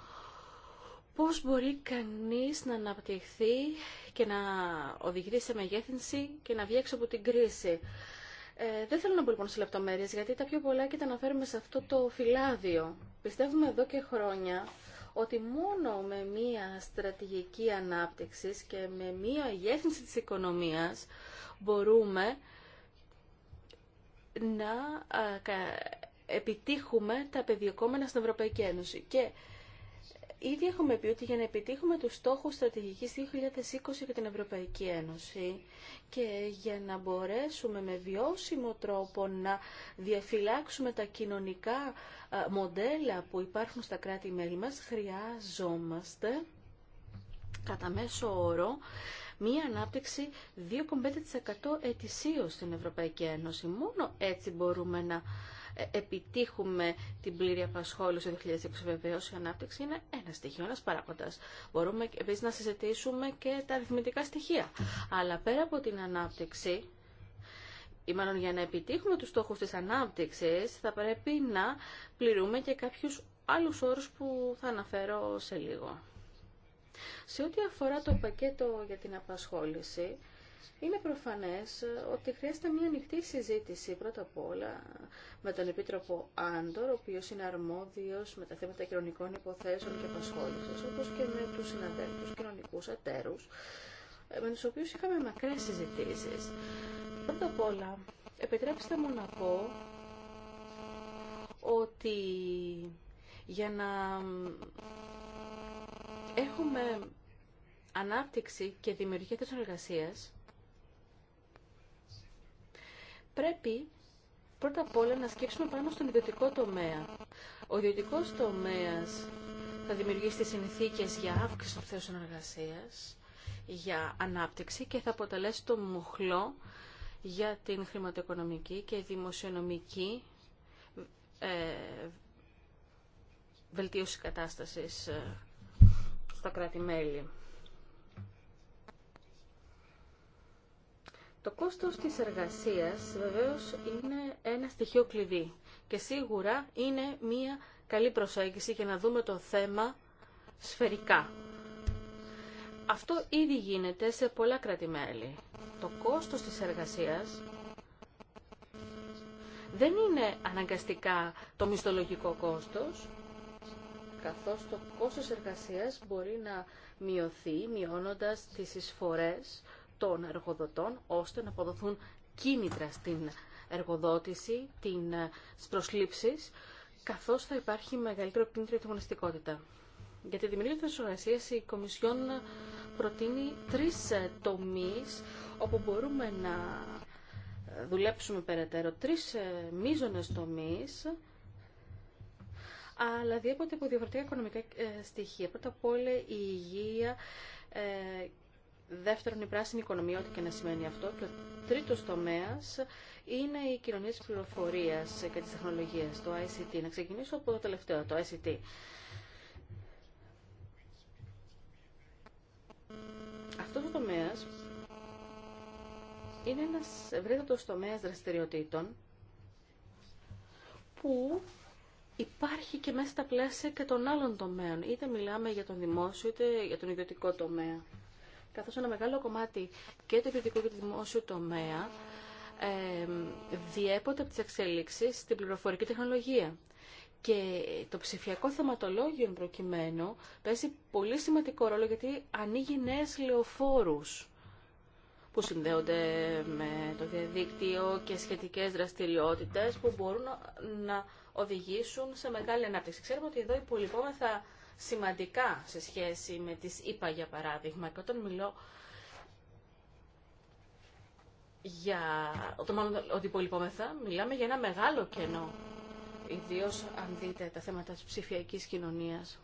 «Πώς μπορεί κανείς να αναπτυχθεί και να οδηγηθεί σε μεγέθυνση και να βγει έξω από την κρίση». Ε, δεν θέλω να μπω λοιπόν σε λεπτομέρειες, γιατί τα πιο πολλά και τα αναφέρουμε σε αυτό το φυλάδιο. Πιστεύουμε εδώ και χρόνια ότι μόνο με μία στρατηγική ανάπτυξης και με μία γέφυνση της οικονομίας μπορούμε να επιτύχουμε τα πεδιοκόμενα στην Ευρωπαϊκή Ένωση. Και Ήδη έχουμε πει ότι για να επιτύχουμε τους στόχους στρατηγικής 2020 για την Ευρωπαϊκή Ένωση και για να μπορέσουμε με βιώσιμο τρόπο να διαφυλάξουμε τα κοινωνικά μοντέλα που υπάρχουν στα κράτη-μέλη μας, χρειάζομαστε κατά μέσο όρο μία ανάπτυξη 2,5% ετησίως στην Ευρωπαϊκή Ένωση. Μόνο έτσι μπορούμε να ε, επιτύχουμε την πλήρη απασχόληση του 2020. Βεβαίω η ανάπτυξη είναι ένα στοιχείο, ένα παράγοντα. Μπορούμε επίση να συζητήσουμε και τα αριθμητικά στοιχεία. Αλλά πέρα από την ανάπτυξη, ή μάλλον για να επιτύχουμε τους στόχους της ανάπτυξης, θα πρέπει να πληρούμε και κάποιους άλλους όρους που θα αναφέρω σε λίγο. Σε ό,τι αφορά το πακέτο για την απασχόληση, είναι προφανές ε, ότι χρειάζεται μια ανοιχτή συζήτηση πρώτα απ' όλα με τον Επίτροπο Άντορ, ο οποίος είναι αρμόδιος με τα θέματα κοινωνικών υποθέσεων και απασχόλησης, όπως και με τους συναδέλφους κοινωνικούς εταίρους, ε, με τους οποίους είχαμε μακρές συζητήσεις. Πρώτα απ' όλα, επιτρέψτε μου να πω ότι για να έχουμε ανάπτυξη και δημιουργία τη εργασίας, πρέπει πρώτα απ' όλα να σκέψουμε πάνω στον ιδιωτικό τομέα. Ο ιδιωτικό τομέα θα δημιουργήσει τι συνθήκε για αύξηση των θέσεων εργασία, για ανάπτυξη και θα αποτελέσει το μοχλό για την χρηματοοικονομική και δημοσιονομική ε, βελτίωση κατάστασης ε, στα κράτη-μέλη. Το κόστος της εργασίας βεβαίως είναι ένα στοιχείο κλειδί και σίγουρα είναι μία καλή προσέγγιση για να δούμε το θέμα σφαιρικά. Αυτό ήδη γίνεται σε πολλά Το κόστος της εργασίας δεν είναι αναγκαστικά το μισθολογικό κόστος, καθώς το κόστος εργασίας μπορεί να μειωθεί μειώνοντας τις εισφορές των εργοδοτών ώστε να αποδοθούν κίνητρα στην εργοδότηση, την ε, προσλήψεις, καθώς θα υπάρχει μεγαλύτερο κίνητρο για τη Για τη δημιουργία της εργασίας η Κομισιόν προτείνει τρεις ε, τομείς όπου μπορούμε να ε, δουλέψουμε περαιτέρω. Τρεις μίζονες τομείς αλλά διέπονται από διαφορετικά οικονομικά στοιχεία. Πρώτα απ' όλα η υγεία Δεύτερον, η πράσινη οικονομία, ό,τι και να σημαίνει αυτό. Και ο τρίτος τομέας είναι η κοινωνία της πληροφορίας και της τεχνολογίας, το ICT. Να ξεκινήσω από το τελευταίο, το ICT. Αυτός ο τομέας είναι ένας ευρύτατος τομέας δραστηριοτήτων που υπάρχει και μέσα στα πλαίσια και των άλλων τομέων. Είτε μιλάμε για τον δημόσιο, είτε για τον ιδιωτικό τομέα καθώς ένα μεγάλο κομμάτι και του ιδιωτικού και του δημόσιου τομέα ε, διέπονται από τις εξέλιξεις στην πληροφορική τεχνολογία. Και το ψηφιακό θεματολόγιο προκειμένου παίζει πολύ σημαντικό ρόλο γιατί ανοίγει νέε λεωφόρους που συνδέονται με το διαδίκτυο και σχετικές δραστηριότητες που μπορούν να οδηγήσουν σε μεγάλη ανάπτυξη. Ξέρουμε ότι εδώ θα σημαντικά σε σχέση με τις ΙΠΑ για παράδειγμα. Και όταν μιλώ για... το μάλλον ότι υπολοιπόμεθα, μιλάμε για ένα μεγάλο κενό. Ιδίω αν δείτε τα θέματα της ψηφιακής κοινωνίας.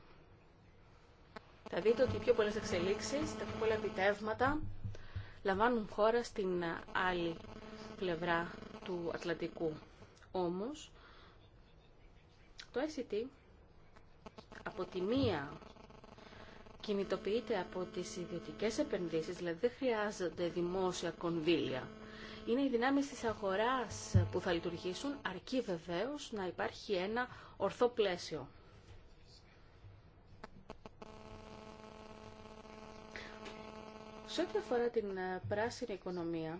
Θα δείτε ότι οι πιο πολλές εξελίξεις, τα πιο πολλά επιτεύγματα λαμβάνουν χώρα στην άλλη πλευρά του Ατλαντικού. Όμως, το ICT από τη μία κινητοποιείται από τις ιδιωτικές επενδύσεις, δηλαδή δεν χρειάζονται δημόσια κονδύλια. Είναι οι δυνάμεις της αγοράς που θα λειτουργήσουν, αρκεί βεβαίως να υπάρχει ένα ορθό πλαίσιο. Σε ό,τι αφορά την ε, πράσινη οικονομία,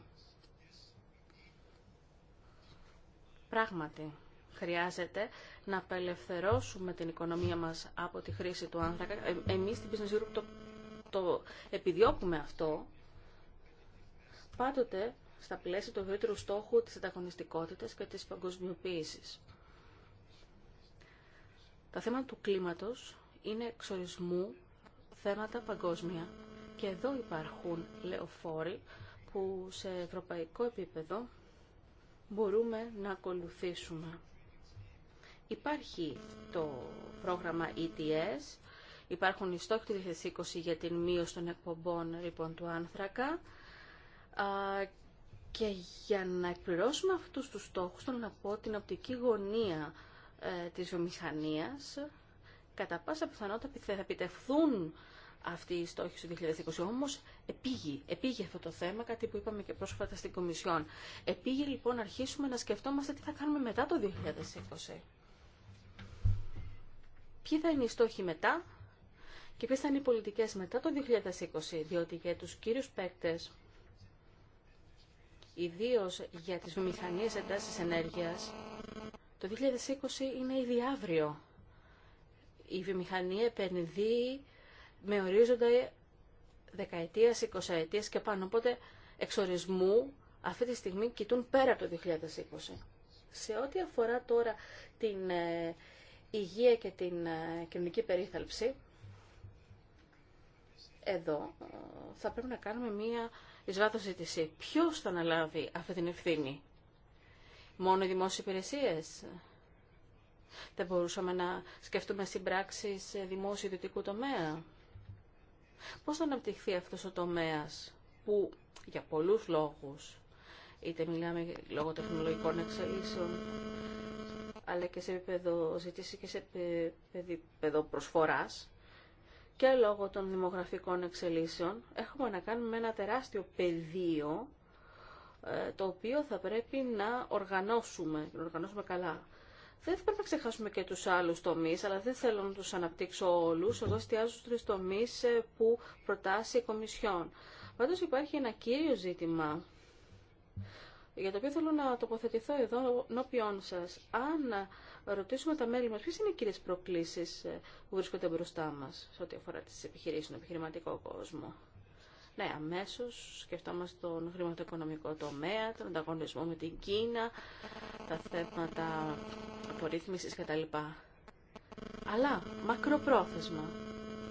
πράγματι, Χρειάζεται να απελευθερώσουμε την οικονομία μας από τη χρήση του άνθρακα. Ε, εμείς στην Business Group το, το επιδιώκουμε αυτό. Πάντοτε στα πλαίσια του ευρύτερου στόχου της ανταγωνιστικότητας και της παγκοσμιοποίησης. Τα θέματα του κλίματος είναι εξορισμού θέματα παγκόσμια. Και εδώ υπάρχουν λεωφόροι που σε ευρωπαϊκό επίπεδο μπορούμε να ακολουθήσουμε. Υπάρχει το πρόγραμμα ETS, υπάρχουν οι στόχοι του 2020 για την μείωση των εκπομπών λοιπόν, του άνθρακα και για να εκπληρώσουμε αυτούς τους στόχους, θέλω να πω την οπτική γωνία ε, της βιομηχανίας, κατά πάσα πιθανότητα θα επιτευχθούν αυτοί οι στόχοι του 2020. Όμως επήγει, αυτό το θέμα, κάτι που είπαμε και πρόσφατα στην Κομισιόν. Επήγει λοιπόν να αρχίσουμε να σκεφτόμαστε τι θα κάνουμε μετά το 2020 ποιοι θα είναι οι στόχοι μετά και ποιε θα είναι οι πολιτικές μετά το 2020, διότι για του κύριους παίκτε, ιδίω για τις βιομηχανίε εντάσεις ενέργειας, το 2020 είναι ήδη αύριο. Η βιομηχανία επενδύει με ορίζοντα δεκαετίας, εικοσαετίας και πάνω. Οπότε εξορισμού αυτή τη στιγμή κοιτούν πέρα από το 2020. Σε ό,τι αφορά τώρα την ε, υγεία και την ε, κοινωνική περίθαλψη, εδώ ε, θα πρέπει να κάνουμε μία εισβάθος ζήτηση. Ποιος θα αναλάβει αυτή την ευθύνη. Μόνο οι δημόσιες υπηρεσίες. Δεν μπορούσαμε να σκεφτούμε συμπράξεις δημόσιο ιδιωτικού τομέα. Πώς θα αναπτυχθεί αυτός ο τομέας που για πολλούς λόγους, είτε μιλάμε λόγω τεχνολογικών εξελίσσεων, αλλά και σε επίπεδο ζήτηση και σε επίπεδο προσφοράς και λόγω των δημογραφικών εξελίσεων έχουμε να κάνουμε ένα τεράστιο πεδίο ε, το οποίο θα πρέπει να οργανώσουμε, να οργανώσουμε καλά. Δεν θα πρέπει να ξεχάσουμε και τους άλλους τομείς, αλλά δεν θέλω να τους αναπτύξω όλους. Εγώ εστιάζω στους τρεις τομείς ε, που προτάσει η Κομισιόν. Πάντως υπάρχει ένα κύριο ζήτημα για το οποίο θέλω να τοποθετηθώ εδώ νόπιόν σας. Αν ρωτήσουμε τα μέλη μας, ποιες είναι οι κύριες προκλήσεις ε, που βρίσκονται μπροστά μας σε ό,τι αφορά τις επιχειρήσεις, τον επιχειρηματικό κόσμο. Ναι, αμέσως σκεφτόμαστε τον χρηματοοικονομικό τομέα, τον ανταγωνισμό με την Κίνα, τα θέματα απορρίθμισης κτλ. Αλλά μακροπρόθεσμα,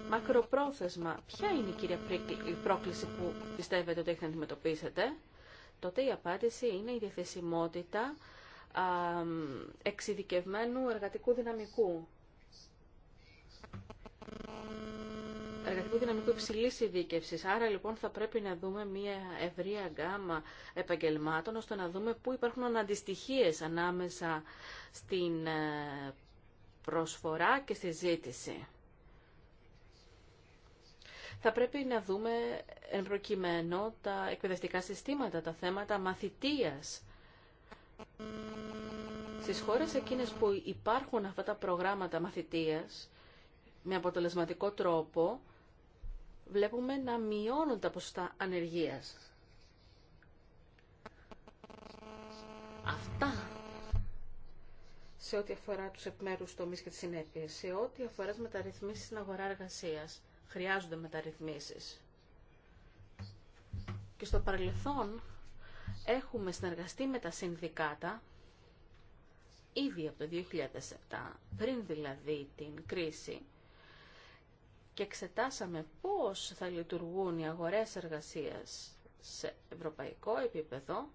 μακροπρόθεσμα, ποια είναι η κύρια πρόκληση που πιστεύετε ότι έχετε να αντιμετωπίσετε τότε η απάντηση είναι η διαθεσιμότητα εξειδικευμένου εργατικού δυναμικού. Εργατικού δυναμικού υψηλή ειδίκευση. Άρα λοιπόν θα πρέπει να δούμε μια ευρία γκάμα επαγγελμάτων ώστε να δούμε πού υπάρχουν αντιστοιχίες ανάμεσα στην ε, προσφορά και στη ζήτηση θα πρέπει να δούμε εν τα εκπαιδευτικά συστήματα, τα θέματα μαθητείας. Στις χώρες εκείνες που υπάρχουν αυτά τα προγράμματα μαθητείας, με αποτελεσματικό τρόπο, βλέπουμε να μειώνουν τα ποσοστά ανεργίας. Αυτά σε ό,τι αφορά τους επιμέρους τομείς και τις συνέπειες, σε ό,τι αφορά τις μεταρρυθμίσεις στην αγορά εργασίας χρειάζονται μεταρρυθμίσεις. Και στο παρελθόν έχουμε συνεργαστεί με τα συνδικάτα ήδη από το 2007, πριν δηλαδή την κρίση, και εξετάσαμε πώς θα λειτουργούν οι αγορές εργασίας σε ευρωπαϊκό επίπεδο,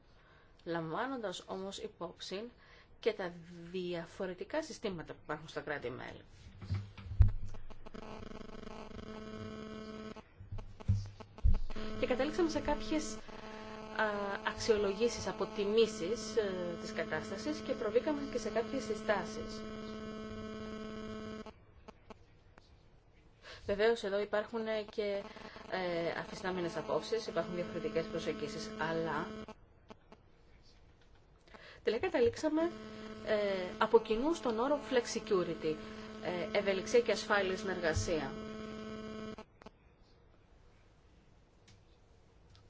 λαμβάνοντας όμως υπόψη και τα διαφορετικά συστήματα που υπάρχουν στα κράτη-μέλη. και καταλήξαμε σε κάποιες αξιολογήσεις, αποτιμήσεις ε, της κατάστασης και προβήκαμε και σε κάποιες συστάσεις. Βεβαίως εδώ υπάρχουν και ε, αφιστάμενες απόψεις, υπάρχουν διαφορετικές προσεγγίσει. αλλά τελικά καταλήξαμε ε, από κοινού στον όρο flexicurity, ε, ευελιξία και ασφάλεια στην εργασία.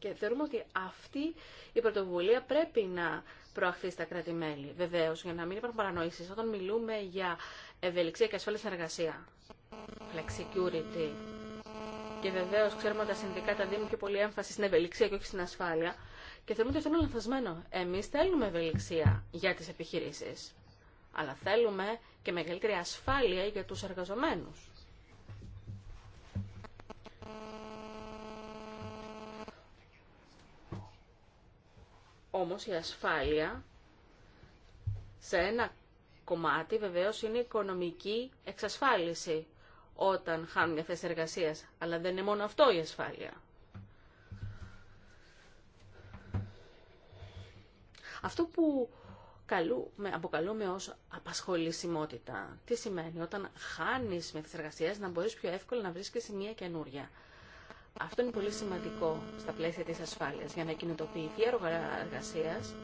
Και θεωρούμε ότι αυτή η πρωτοβουλία πρέπει να προαχθεί στα κράτη-μέλη. Βεβαίω, για να μην υπάρχουν παρανοήσει, όταν μιλούμε για ευελιξία και ασφάλεια στην εργασία, flexicurity, και βεβαίω ξέρουμε ότι τα συνδικάτα δίνουν πιο πολύ έμφαση στην ευελιξία και όχι στην ασφάλεια, και θεωρούμε ότι αυτό είναι λανθασμένο. Εμεί θέλουμε ευελιξία για τι επιχειρήσει, αλλά θέλουμε και μεγαλύτερη ασφάλεια για του εργαζομένου. Όμως η ασφάλεια σε ένα κομμάτι βεβαίως είναι η οικονομική εξασφάλιση όταν χάνουν μια θέση εργασίας. Αλλά δεν είναι μόνο αυτό η ασφάλεια. Αυτό που καλούμε, αποκαλούμε ως απασχολησιμότητα. Τι σημαίνει όταν χάνεις με τις εργασίες να μπορείς πιο εύκολα να βρίσκεις μια καινούρια. Αυτό είναι πολύ σημαντικό στα πλαίσια της ασφάλειας. Για να κινητοποιηθεί η έργα εργασίας.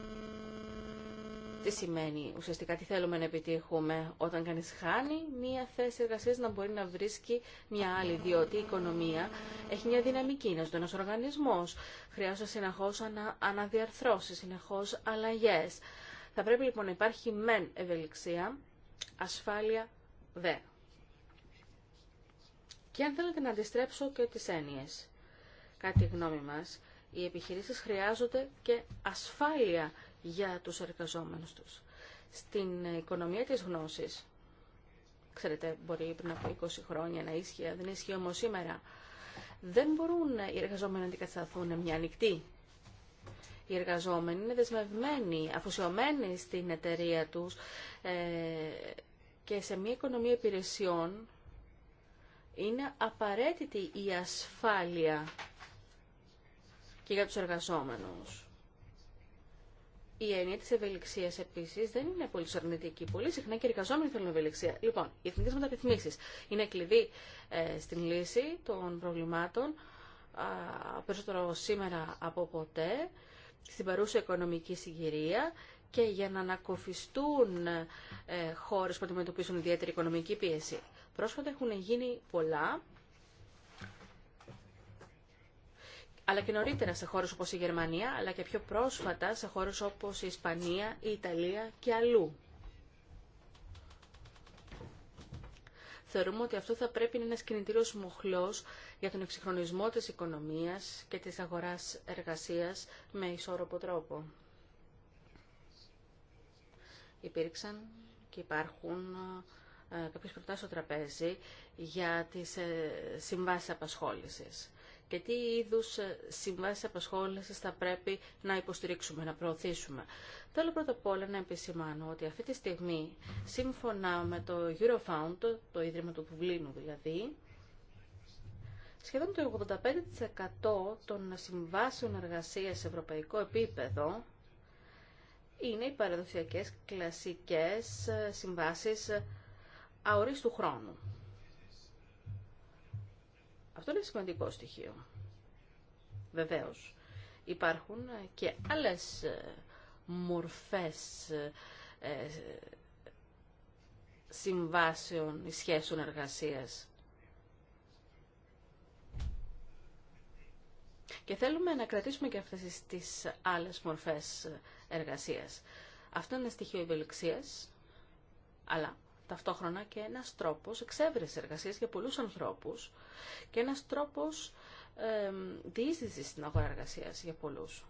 τι σημαίνει ουσιαστικά τι θέλουμε να επιτύχουμε όταν κανείς χάνει μία θέση εργασίας να μπορεί να βρίσκει μία άλλη, διότι η οικονομία έχει μία δυναμική, είναι ζωντανός οργανισμός, χρειάζεται συνεχώς ανα, αναδιαρθρώσεις, συνεχώς αλλαγές. Θα πρέπει λοιπόν να υπάρχει μεν ευελιξία, ασφάλεια δε. Και αν θέλετε να αντιστρέψω και τις έννοιες. Κάτι γνώμη μας, οι επιχειρήσεις χρειάζονται και ασφάλεια για τους εργαζόμενους τους. Στην οικονομία της γνώσης, ξέρετε, μπορεί πριν από 20 χρόνια να ίσχυε, δεν ίσχυε όμως σήμερα, δεν μπορούν οι εργαζόμενοι να αντικατασταθούν μια ανοιχτή. Οι εργαζόμενοι είναι δεσμευμένοι, αφοσιωμένοι στην εταιρεία τους ε, και σε μια οικονομία υπηρεσιών είναι απαραίτητη η ασφάλεια και για τους εργαζόμενους. Η έννοια τη ευελιξία επίση δεν είναι πολύ σαρνητική. Πολύ συχνά και οι εργαζόμενοι θέλουν ευελιξία. Λοιπόν, οι εθνικέ μεταρρυθμίσει είναι κλειδί ε, στην λύση των προβλημάτων, α, περισσότερο σήμερα από ποτέ, στην παρούσα οικονομική συγκυρία και για να ανακοφιστούν ε, χώρε που αντιμετωπίσουν ιδιαίτερη οικονομική πίεση. Πρόσφατα έχουν γίνει πολλά, αλλά και νωρίτερα σε χώρες όπως η Γερμανία, αλλά και πιο πρόσφατα σε χώρες όπως η Ισπανία, η Ιταλία και αλλού. Θεωρούμε ότι αυτό θα πρέπει να είναι ένας κινητήριος μοχλός για τον εξυγχρονισμό της οικονομίας και της αγοράς εργασίας με ισόρροπο τρόπο. Υπήρξαν και υπάρχουν ε, κάποιες προτάσει στο τραπέζι για τις ε, συμβάσει απασχόλησης και τι είδου ε, συμβάσει απασχόλησης θα πρέπει να υποστηρίξουμε, να προωθήσουμε. Θέλω πρώτα απ' όλα να επισημάνω ότι αυτή τη στιγμή, σύμφωνα με το Eurofound, το Ίδρυμα του Βουβλίνου δηλαδή, σχεδόν το 85% των συμβάσεων εργασίας σε ευρωπαϊκό επίπεδο είναι οι παραδοσιακές κλασικές συμβάσεις αορίστου χρόνου. Αυτό είναι σημαντικό στοιχείο. Βεβαίως, υπάρχουν και άλλες ε, μορφές ε, συμβάσεων ή σχέσεων εργασίας. Και θέλουμε να κρατήσουμε και αυτές τις άλλες μορφές εργασίας. Αυτό είναι στοιχείο ευελιξίας, αλλά ταυτόχρονα και ένας τρόπος εξέβρεση εργασίας για πολλούς ανθρώπους και ένας τρόπος ε, διείσδυσης στην αγορά εργασίας για πολλούς.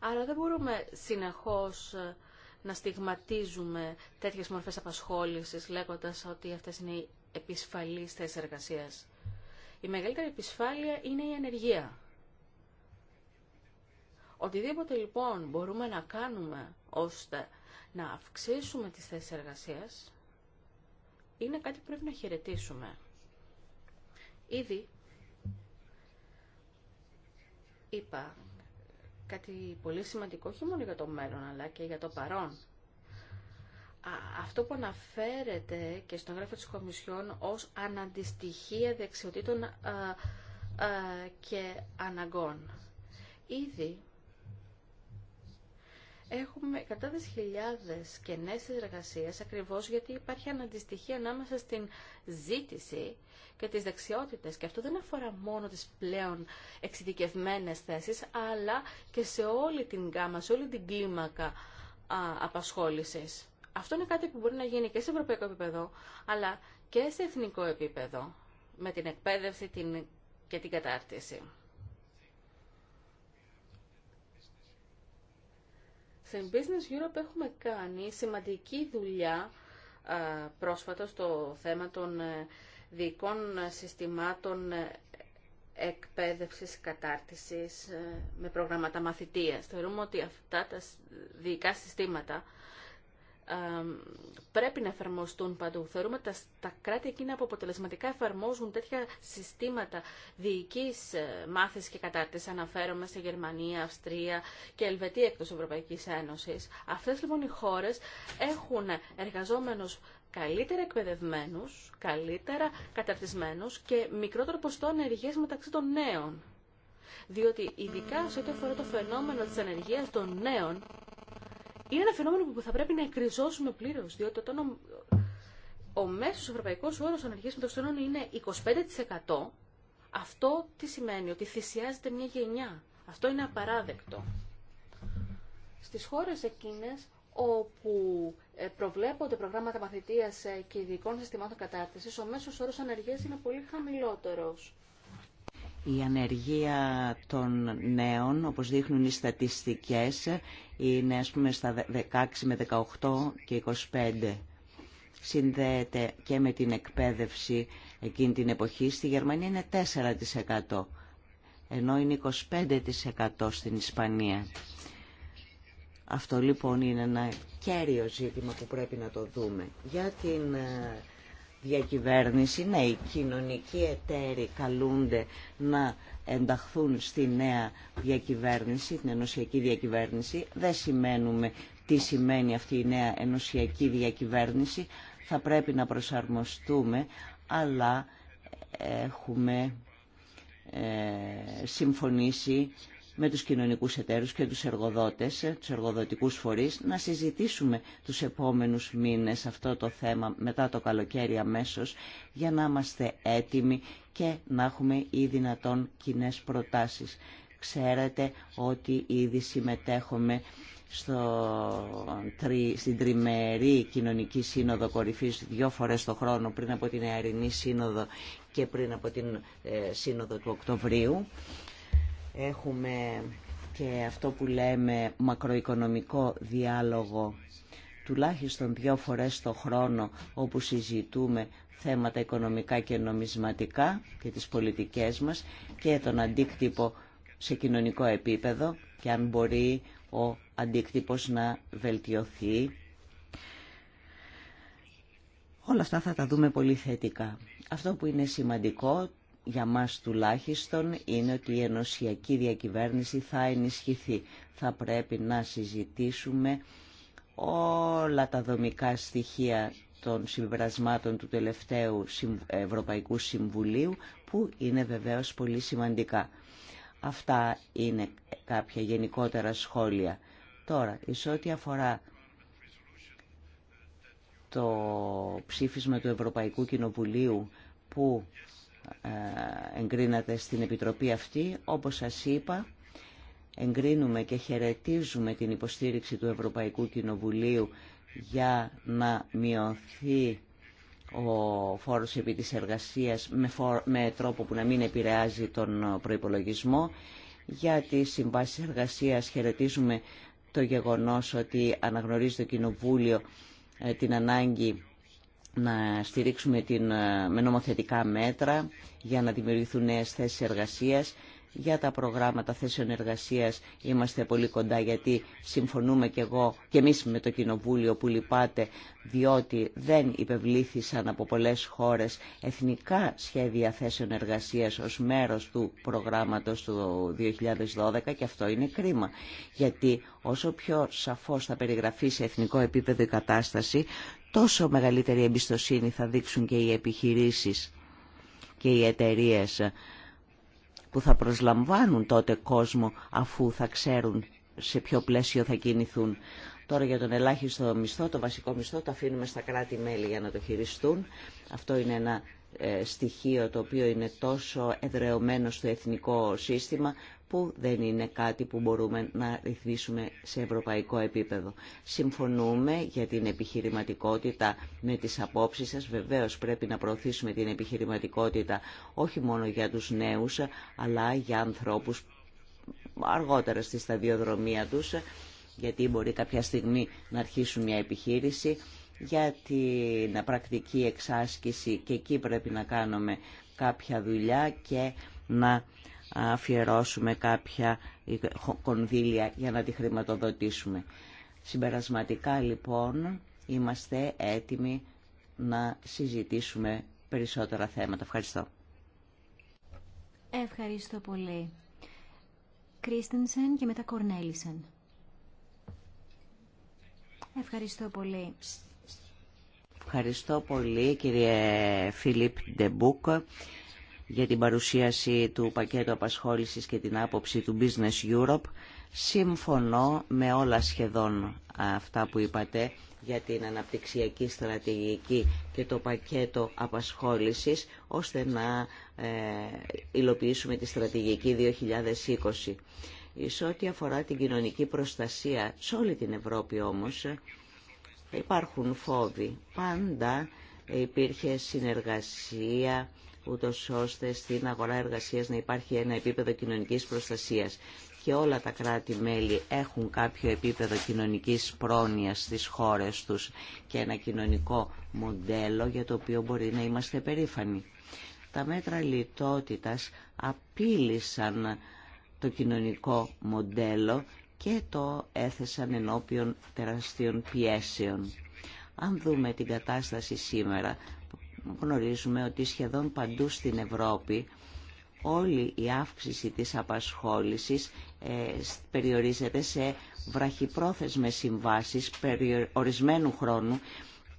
Άρα δεν μπορούμε συνεχώς ε, να στιγματίζουμε τέτοιες μορφές απασχόλησης λέγοντας ότι αυτές είναι οι επισφαλείς θέσεις εργασίας. Η μεγαλύτερη επισφάλεια είναι η ανεργία. Οτιδήποτε λοιπόν μπορούμε να κάνουμε ώστε να αυξήσουμε τις θέσεις εργασίας είναι κάτι που πρέπει να χαιρετήσουμε. Ήδη είπα κάτι πολύ σημαντικό όχι μόνο για το μέλλον αλλά και για το παρόν. Αυτό που αναφέρεται και στον γράφο της Κομισιόν ως αναντιστοιχεία δεξιοτήτων και αναγκών. Ήδη έχουμε εκατάδες χιλιάδες κενές εργασίες ακριβώς γιατί υπάρχει αναντιστοιχία ανάμεσα στην ζήτηση και τις δεξιότητες και αυτό δεν αφορά μόνο τις πλέον εξειδικευμένες θέσεις αλλά και σε όλη την γάμα, σε όλη την κλίμακα α, απασχόλησης. Αυτό είναι κάτι που μπορεί να γίνει και σε ευρωπαϊκό επίπεδο αλλά και σε εθνικό επίπεδο με την εκπαίδευση την, και την κατάρτιση. Στην Business Europe έχουμε κάνει σημαντική δουλειά πρόσφατα στο θέμα των ε, δικών συστημάτων ε, εκπαίδευσης, κατάρτισης ε, με προγράμματα μαθητείας. Θεωρούμε ότι αυτά τα δικά συστήματα πρέπει να εφαρμοστούν παντού. Θεωρούμε ότι τα κράτη εκείνα που αποτελεσματικά εφαρμόζουν τέτοια συστήματα διοικής ε, μάθηση και κατάρτιση αναφέρομαι σε Γερμανία, Αυστρία και Ελβετία εκτό Ευρωπαϊκή Ένωσης. Αυτέ λοιπόν οι χώρες έχουν εργαζόμενου καλύτερα εκπαιδευμένου, καλύτερα καταρτισμένου και μικρότερο ποστό ανεργίας μεταξύ των νέων. Διότι ειδικά σε ό,τι αφορά το φαινόμενο της ανεργίας των νέων, είναι ένα φαινόμενο που θα πρέπει να εκριζώσουμε πλήρω, διότι όταν ο, ο μέσο ευρωπαϊκό όρο ανεργία μεταξύ είναι 25%, αυτό τι σημαίνει, ότι θυσιάζεται μια γενιά. Αυτό είναι απαράδεκτο. Στις χώρες εκείνες όπου ε, προβλέπονται προγράμματα μαθητείας ε, και ειδικών συστημάτων κατάρτισης, ο μέσος όρος ανεργίας είναι πολύ χαμηλότερος. Η ανεργία των νέων, όπως δείχνουν οι στατιστικές, είναι ας πούμε στα 16 με 18 και 25. Συνδέεται και με την εκπαίδευση εκείνη την εποχή. Στη Γερμανία είναι 4%, ενώ είναι 25% στην Ισπανία. Αυτό λοιπόν είναι ένα κέριο ζήτημα που πρέπει να το δούμε. Για ε, διακυβέρνηση, ναι, οι κοινωνικοί εταίροι καλούνται να ενταχθούν στη νέα διακυβέρνηση, την ενωσιακή διακυβέρνηση. Δεν σημαίνουμε τι σημαίνει αυτή η νέα ενωσιακή διακυβέρνηση. Θα πρέπει να προσαρμοστούμε, αλλά έχουμε ε, συμφωνήσει με τους κοινωνικούς εταίρους και τους εργοδότες, τους εργοδοτικούς φορείς, να συζητήσουμε τους επόμενους μήνες αυτό το θέμα μετά το καλοκαίρι αμέσω για να είμαστε έτοιμοι και να έχουμε ή δυνατόν κοινέ προτάσεις. Ξέρετε ότι ήδη συμμετέχουμε στο, στην τριμερή κοινωνική σύνοδο κορυφής δύο φορές το χρόνο πριν από την αερινή σύνοδο και πριν από την ε, σύνοδο του Οκτωβρίου Έχουμε και αυτό που λέμε μακροοικονομικό διάλογο τουλάχιστον δύο φορές το χρόνο όπου συζητούμε θέματα οικονομικά και νομισματικά και τις πολιτικές μας και τον αντίκτυπο σε κοινωνικό επίπεδο και αν μπορεί ο αντίκτυπος να βελτιωθεί. Όλα αυτά θα τα δούμε πολύ θετικά. Αυτό που είναι σημαντικό για μας τουλάχιστον είναι ότι η ενωσιακή διακυβέρνηση θα ενισχυθεί. Θα πρέπει να συζητήσουμε όλα τα δομικά στοιχεία των συμπερασμάτων του τελευταίου Ευρωπαϊκού Συμβουλίου που είναι βεβαίως πολύ σημαντικά. Αυτά είναι κάποια γενικότερα σχόλια. Τώρα, εις ό,τι αφορά το ψήφισμα του Ευρωπαϊκού Κοινοβουλίου που ε, εγκρίνατε στην Επιτροπή αυτή. Όπως σας είπα, εγκρίνουμε και χαιρετίζουμε την υποστήριξη του Ευρωπαϊκού Κοινοβουλίου για να μειωθεί ο φόρος επί της εργασίας με τρόπο που να μην επηρεάζει τον προϋπολογισμό. Για τη συμβάσεις εργασίας χαιρετίζουμε το γεγονός ότι αναγνωρίζει το Κοινοβούλιο ε, την ανάγκη να στηρίξουμε την, ε, με νομοθετικά μέτρα για να δημιουργηθούν νέες θέσεις εργασίας για τα προγράμματα θέσεων εργασίας είμαστε πολύ κοντά γιατί συμφωνούμε και εγώ και εμείς με το Κοινοβούλιο που λυπάται διότι δεν υπευλήθησαν από πολλές χώρες εθνικά σχέδια θέσεων εργασίας ως μέρος του προγράμματος του 2012 και αυτό είναι κρίμα γιατί όσο πιο σαφώς θα περιγραφεί σε εθνικό επίπεδο η κατάσταση τόσο μεγαλύτερη εμπιστοσύνη θα δείξουν και οι επιχειρήσεις και οι εταιρείες που θα προσλαμβάνουν τότε κόσμο αφού θα ξέρουν σε ποιο πλαίσιο θα κινηθούν. Τώρα για τον ελάχιστο μισθό, το βασικό μισθό το αφήνουμε στα κράτη-μέλη για να το χειριστούν. Αυτό είναι ένα ε, στοιχείο το οποίο είναι τόσο εδρεωμένο στο εθνικό σύστημα που δεν είναι κάτι που μπορούμε να ρυθμίσουμε σε ευρωπαϊκό επίπεδο. Συμφωνούμε για την επιχειρηματικότητα με τις απόψεις σας. Βεβαίως πρέπει να προωθήσουμε την επιχειρηματικότητα όχι μόνο για τους νέους, αλλά για ανθρώπους αργότερα στη σταδιοδρομία τους, γιατί μπορεί κάποια στιγμή να αρχίσουν μια επιχείρηση, για την πρακτική εξάσκηση και εκεί πρέπει να κάνουμε κάποια δουλειά και να αφιερώσουμε κάποια κονδύλια για να τη χρηματοδοτήσουμε. Συμπερασματικά λοιπόν είμαστε έτοιμοι να συζητήσουμε περισσότερα θέματα. Ευχαριστώ. Ευχαριστώ πολύ. Κρίστενσεν και μετά Κορνέλισεν. Ευχαριστώ πολύ. Ευχαριστώ πολύ κύριε Φιλίπ Ντεμπούκ για την παρουσίαση του πακέτου απασχόλησης και την άποψη του Business Europe. Συμφωνώ με όλα σχεδόν αυτά που είπατε για την αναπτυξιακή στρατηγική και το πακέτο απασχόλησης, ώστε να ε, υλοποιήσουμε τη στρατηγική 2020. Σε ό,τι αφορά την κοινωνική προστασία, σε όλη την Ευρώπη όμως, υπάρχουν φόβοι. Πάντα υπήρχε συνεργασία ούτως ώστε στην αγορά εργασίας να υπάρχει ένα επίπεδο κοινωνικής προστασίας. Και όλα τα κράτη-μέλη έχουν κάποιο επίπεδο κοινωνικής πρόνοιας στις χώρες τους και ένα κοινωνικό μοντέλο για το οποίο μπορεί να είμαστε περήφανοι. Τα μέτρα λιτότητας απείλησαν το κοινωνικό μοντέλο και το έθεσαν ενώπιον τεραστίων πιέσεων. Αν δούμε την κατάσταση σήμερα, γνωρίζουμε ότι σχεδόν παντού στην Ευρώπη όλη η αύξηση της απασχόλησης ε, περιορίζεται σε βραχυπρόθεσμες συμβάσεις ορισμένου χρόνου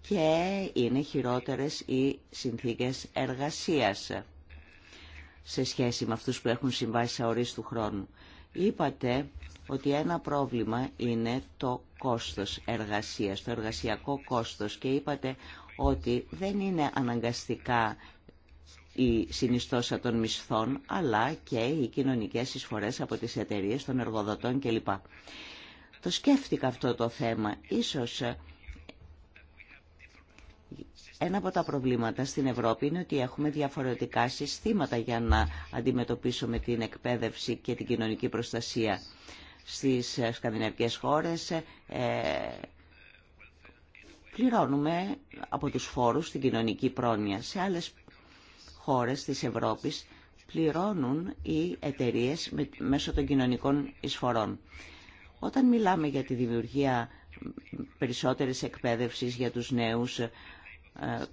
και είναι χειρότερες οι συνθήκες εργασίας σε σχέση με αυτούς που έχουν συμβάσει ορίστου χρόνου. Είπατε ότι ένα πρόβλημα είναι το κόστος εργασίας, το εργασιακό κόστος και είπατε ότι δεν είναι αναγκαστικά η συνιστόσα των μισθών, αλλά και οι κοινωνικές εισφορές από τις εταιρείες των εργοδοτών κλπ. Το σκέφτηκα αυτό το θέμα. Ίσως ε, ένα από τα προβλήματα στην Ευρώπη είναι ότι έχουμε διαφορετικά συστήματα για να αντιμετωπίσουμε την εκπαίδευση και την κοινωνική προστασία. Στις ε, σκανδιναβικές χώρες ε, πληρώνουμε από τους φόρους την κοινωνική πρόνοια. Σε άλλες χώρες της Ευρώπης πληρώνουν οι εταιρείε μέσω των κοινωνικών εισφορών. Όταν μιλάμε για τη δημιουργία περισσότερης εκπαίδευσης για τους νέους, ε,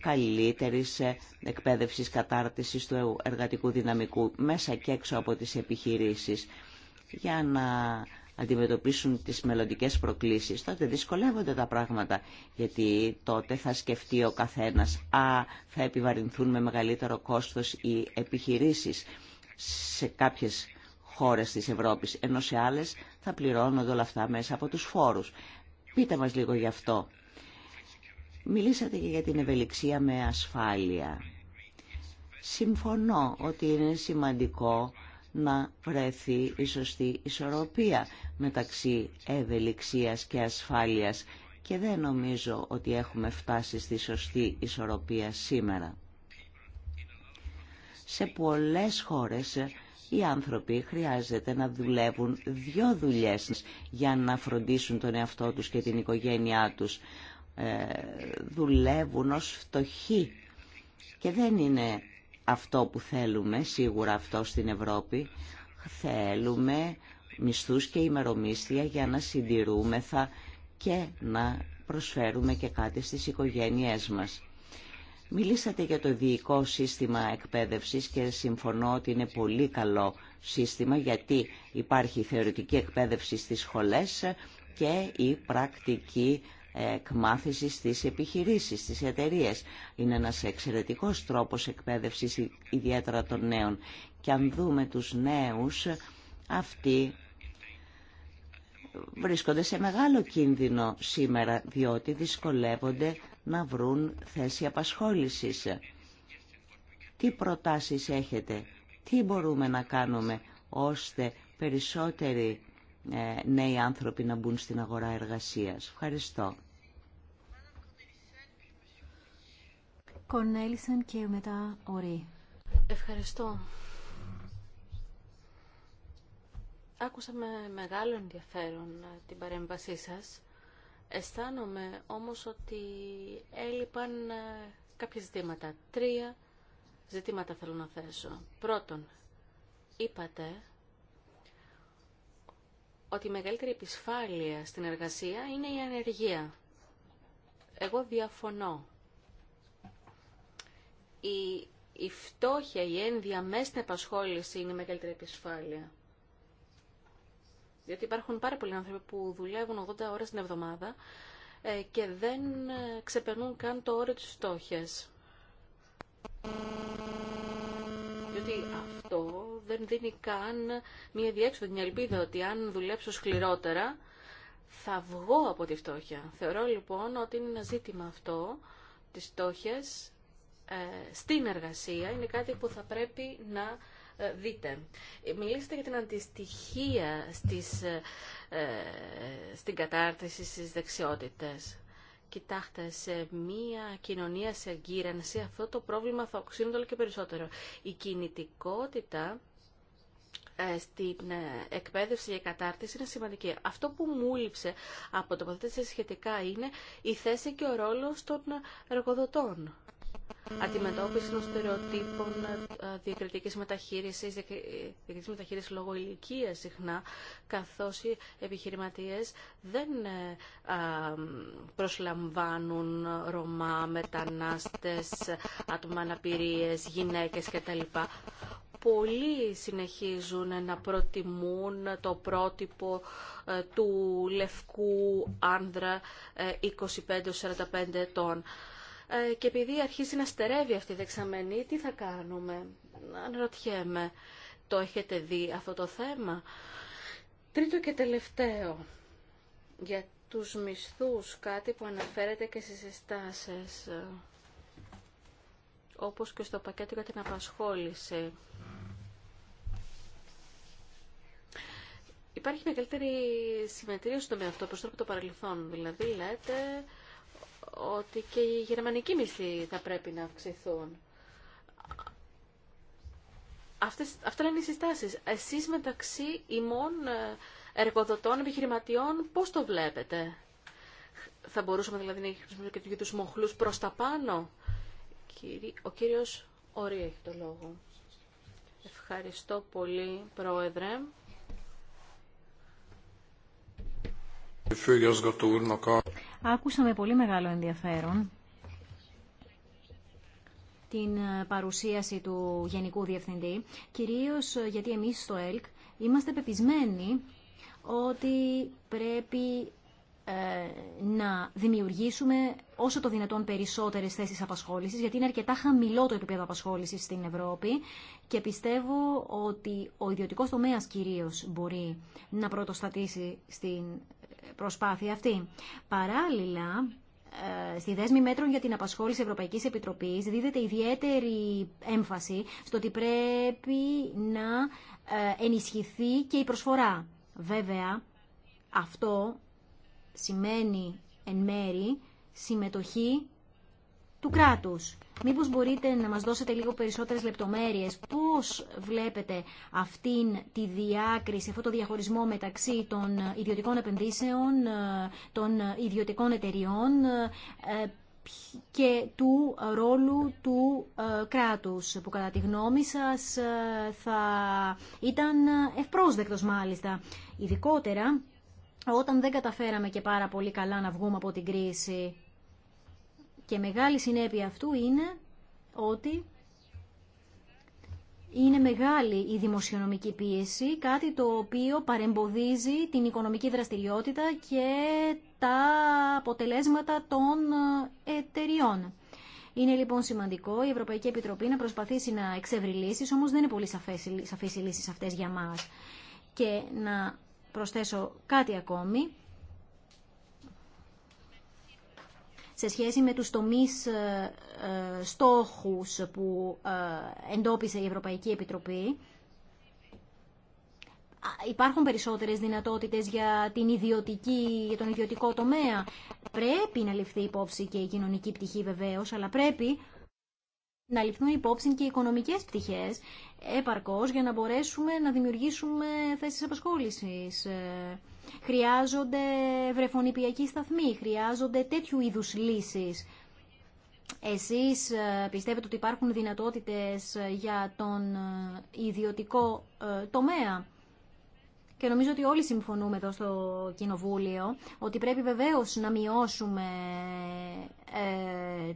καλύτερης εκπαίδευσης κατάρτισης του εργατικού δυναμικού μέσα και έξω από τις επιχειρήσεις, για να αντιμετωπίσουν τις μελλοντικές προκλήσεις, τότε δυσκολεύονται τα πράγματα, γιατί τότε θα σκεφτεί ο καθένας «Α, θα επιβαρυνθούν με μεγαλύτερο κόστος οι επιχειρήσεις σε κάποιες χώρες της Ευρώπης, ενώ σε άλλες θα πληρώνονται όλα αυτά μέσα από τους φόρους». Πείτε μας λίγο γι' αυτό. Μιλήσατε και για την ευελιξία με ασφάλεια. Συμφωνώ ότι είναι σημαντικό να βρεθεί η σωστή ισορροπία μεταξύ ευελιξίας και ασφάλειας και δεν νομίζω ότι έχουμε φτάσει στη σωστή ισορροπία σήμερα. Σε πολλές χώρες οι άνθρωποι χρειάζεται να δουλεύουν δύο δουλειές για να φροντίσουν τον εαυτό τους και την οικογένειά τους. Ε, δουλεύουν ως φτωχοί και δεν είναι αυτό που θέλουμε, σίγουρα αυτό στην Ευρώπη, θέλουμε μισθούς και ημερομίσθια για να συντηρούμεθα και να προσφέρουμε και κάτι στις οικογένειές μας. Μιλήσατε για το διοικό σύστημα εκπαίδευσης και συμφωνώ ότι είναι πολύ καλό σύστημα γιατί υπάρχει θεωρητική εκπαίδευση στις σχολές και η πρακτική εκμάθηση στις επιχειρήσεις, στις εταιρείες. Είναι ένας εξαιρετικός τρόπος εκπαίδευσης ιδιαίτερα των νέων. Και αν δούμε τους νέους, αυτοί βρίσκονται σε μεγάλο κίνδυνο σήμερα, διότι δυσκολεύονται να βρουν θέση απασχόλησης. Τι προτάσεις έχετε, τι μπορούμε να κάνουμε ώστε περισσότεροι ε, νέοι άνθρωποι να μπουν στην αγορά εργασίας. Ευχαριστώ. Κορνέλισεν και μετά Ρή. Ευχαριστώ. Άκουσα με μεγάλο ενδιαφέρον ε, την παρέμβασή σας. Αισθάνομαι όμως ότι έλειπαν ε, κάποια ζητήματα. Τρία ζητήματα θέλω να θέσω. Πρώτον, είπατε ότι η μεγαλύτερη επισφάλεια στην εργασία είναι η ανεργία. Εγώ διαφωνώ η, η φτώχεια, η ένδια μέσα στην επασχόληση είναι η μεγαλύτερη επισφάλεια. Διότι υπάρχουν πάρα πολλοί άνθρωποι που δουλεύουν 80 ώρες την εβδομάδα ε, και δεν ε, ξεπερνούν καν το όριο της φτώχειας. Διότι αυτό δεν δίνει καν μία διέξοδο την ελπίδα ότι αν δουλέψω σκληρότερα θα βγω από τη φτώχεια. Θεωρώ λοιπόν ότι είναι ένα ζήτημα αυτό τις φτώχειας ε, στην εργασία είναι κάτι που θα πρέπει να ε, δείτε. Ε, Μιλήσατε για την αντιστοιχία στις, στην κατάρτιση στις δεξιότητες. Κοιτάξτε, σε μία κοινωνία σε εγκύρανση αυτό το πρόβλημα θα οξύνεται όλο και περισσότερο. Η κινητικότητα στην εκπαίδευση για κατάρτιση είναι σημαντική. Αυτό που μου λείψε από τοποθέτηση σχετικά είναι η θέση και ο ρόλος των εργοδοτών αντιμετώπιση των στερεοτύπων ε, διακριτικής μεταχείρισης, διακριτικής μεταχείρισης λόγω ηλικία συχνά, καθώς οι επιχειρηματίες δεν ε, προσλαμβάνουν Ρωμά, μετανάστες, άτομα αναπηρίες, γυναίκες κτλ. Πολλοί συνεχίζουν να προτιμούν το πρότυπο ε, του λευκού άνδρα 25-45 ετών. Ε, και επειδή αρχίζει να στερεύει αυτή η δεξαμενή, τι θα κάνουμε. ρωτιέμαι. το έχετε δει αυτό το θέμα. Τρίτο και τελευταίο, για τους μισθούς, κάτι που αναφέρεται και στις συστάσεις, όπως και στο πακέτο για την απασχόληση. Υπάρχει μεγαλύτερη συμμετρία στο τομέα αυτό, προς το παρελθόν. Δηλαδή, λέτε, ότι και οι γερμανικοί μισθοί θα πρέπει να αυξηθούν. Αυτές, αυτά είναι οι συστάσεις. Εσείς μεταξύ ημών ε, εργοδοτών, επιχειρηματιών, πώς το βλέπετε. Θα μπορούσαμε δηλαδή να χρησιμοποιήσουμε και τους μοχλούς προς τα πάνω. Ο κύριος Ωρή έχει το λόγο. Ευχαριστώ πολύ, Πρόεδρε. Άκουσα με πολύ μεγάλο ενδιαφέρον την παρουσίαση του Γενικού Διευθυντή, κυρίως γιατί εμείς στο ΕΛΚ είμαστε πεπισμένοι ότι πρέπει ε, να δημιουργήσουμε όσο το δυνατόν περισσότερες θέσεις απασχόλησης, γιατί είναι αρκετά χαμηλό το επίπεδο απασχόλησης στην Ευρώπη και πιστεύω ότι ο ιδιωτικός τομέας κυρίως μπορεί να πρωτοστατήσει στην προσπάθεια αυτή. Παράλληλα, ε, στη δέσμη μέτρων για την απασχόληση Ευρωπαϊκής Επιτροπής δίδεται ιδιαίτερη έμφαση στο ότι πρέπει να ε, ενισχυθεί και η προσφορά. Βέβαια, αυτό σημαίνει εν μέρη συμμετοχή του κράτους. Μήπως μπορείτε να μας δώσετε λίγο περισσότερες λεπτομέρειες πώς βλέπετε αυτήν τη διάκριση, αυτό το διαχωρισμό μεταξύ των ιδιωτικών επενδύσεων, των ιδιωτικών εταιριών ε, και του ρόλου του ε, κράτους που κατά τη γνώμη σας ε, θα ήταν ευπρόσδεκτος μάλιστα. Ειδικότερα όταν δεν καταφέραμε και πάρα πολύ καλά να βγούμε από την κρίση και μεγάλη συνέπεια αυτού είναι ότι είναι μεγάλη η δημοσιονομική πίεση, κάτι το οποίο παρεμποδίζει την οικονομική δραστηριότητα και τα αποτελέσματα των ε, εταιριών. Είναι λοιπόν σημαντικό η Ευρωπαϊκή Επιτροπή να προσπαθήσει να εξεύρει λύσεις, όμως δεν είναι πολύ σαφές οι λύσει αυτές για μα Και να προσθέσω κάτι ακόμη, σε σχέση με τους τομείς ε, ε, στόχους που ε, εντόπισε η Ευρωπαϊκή Επιτροπή. Υπάρχουν περισσότερες δυνατότητες για, την ιδιωτική, για τον ιδιωτικό τομέα. Πρέπει να ληφθεί υπόψη και η κοινωνική πτυχή βεβαίως, αλλά πρέπει να ληφθούν υπόψη και οι οικονομικές πτυχές επαρκώς για να μπορέσουμε να δημιουργήσουμε θέσεις απασχόλησης χρειάζονται βρεφονιπιακοί σταθμοί, χρειάζονται τέτοιου είδους λύσεις. Εσείς ε, πιστεύετε ότι υπάρχουν δυνατότητες ε, για τον ε, ιδιωτικό τομέα. Και νομίζω ότι όλοι συμφωνούμε εδώ στο Κοινοβούλιο ότι πρέπει βεβαίως να μειώσουμε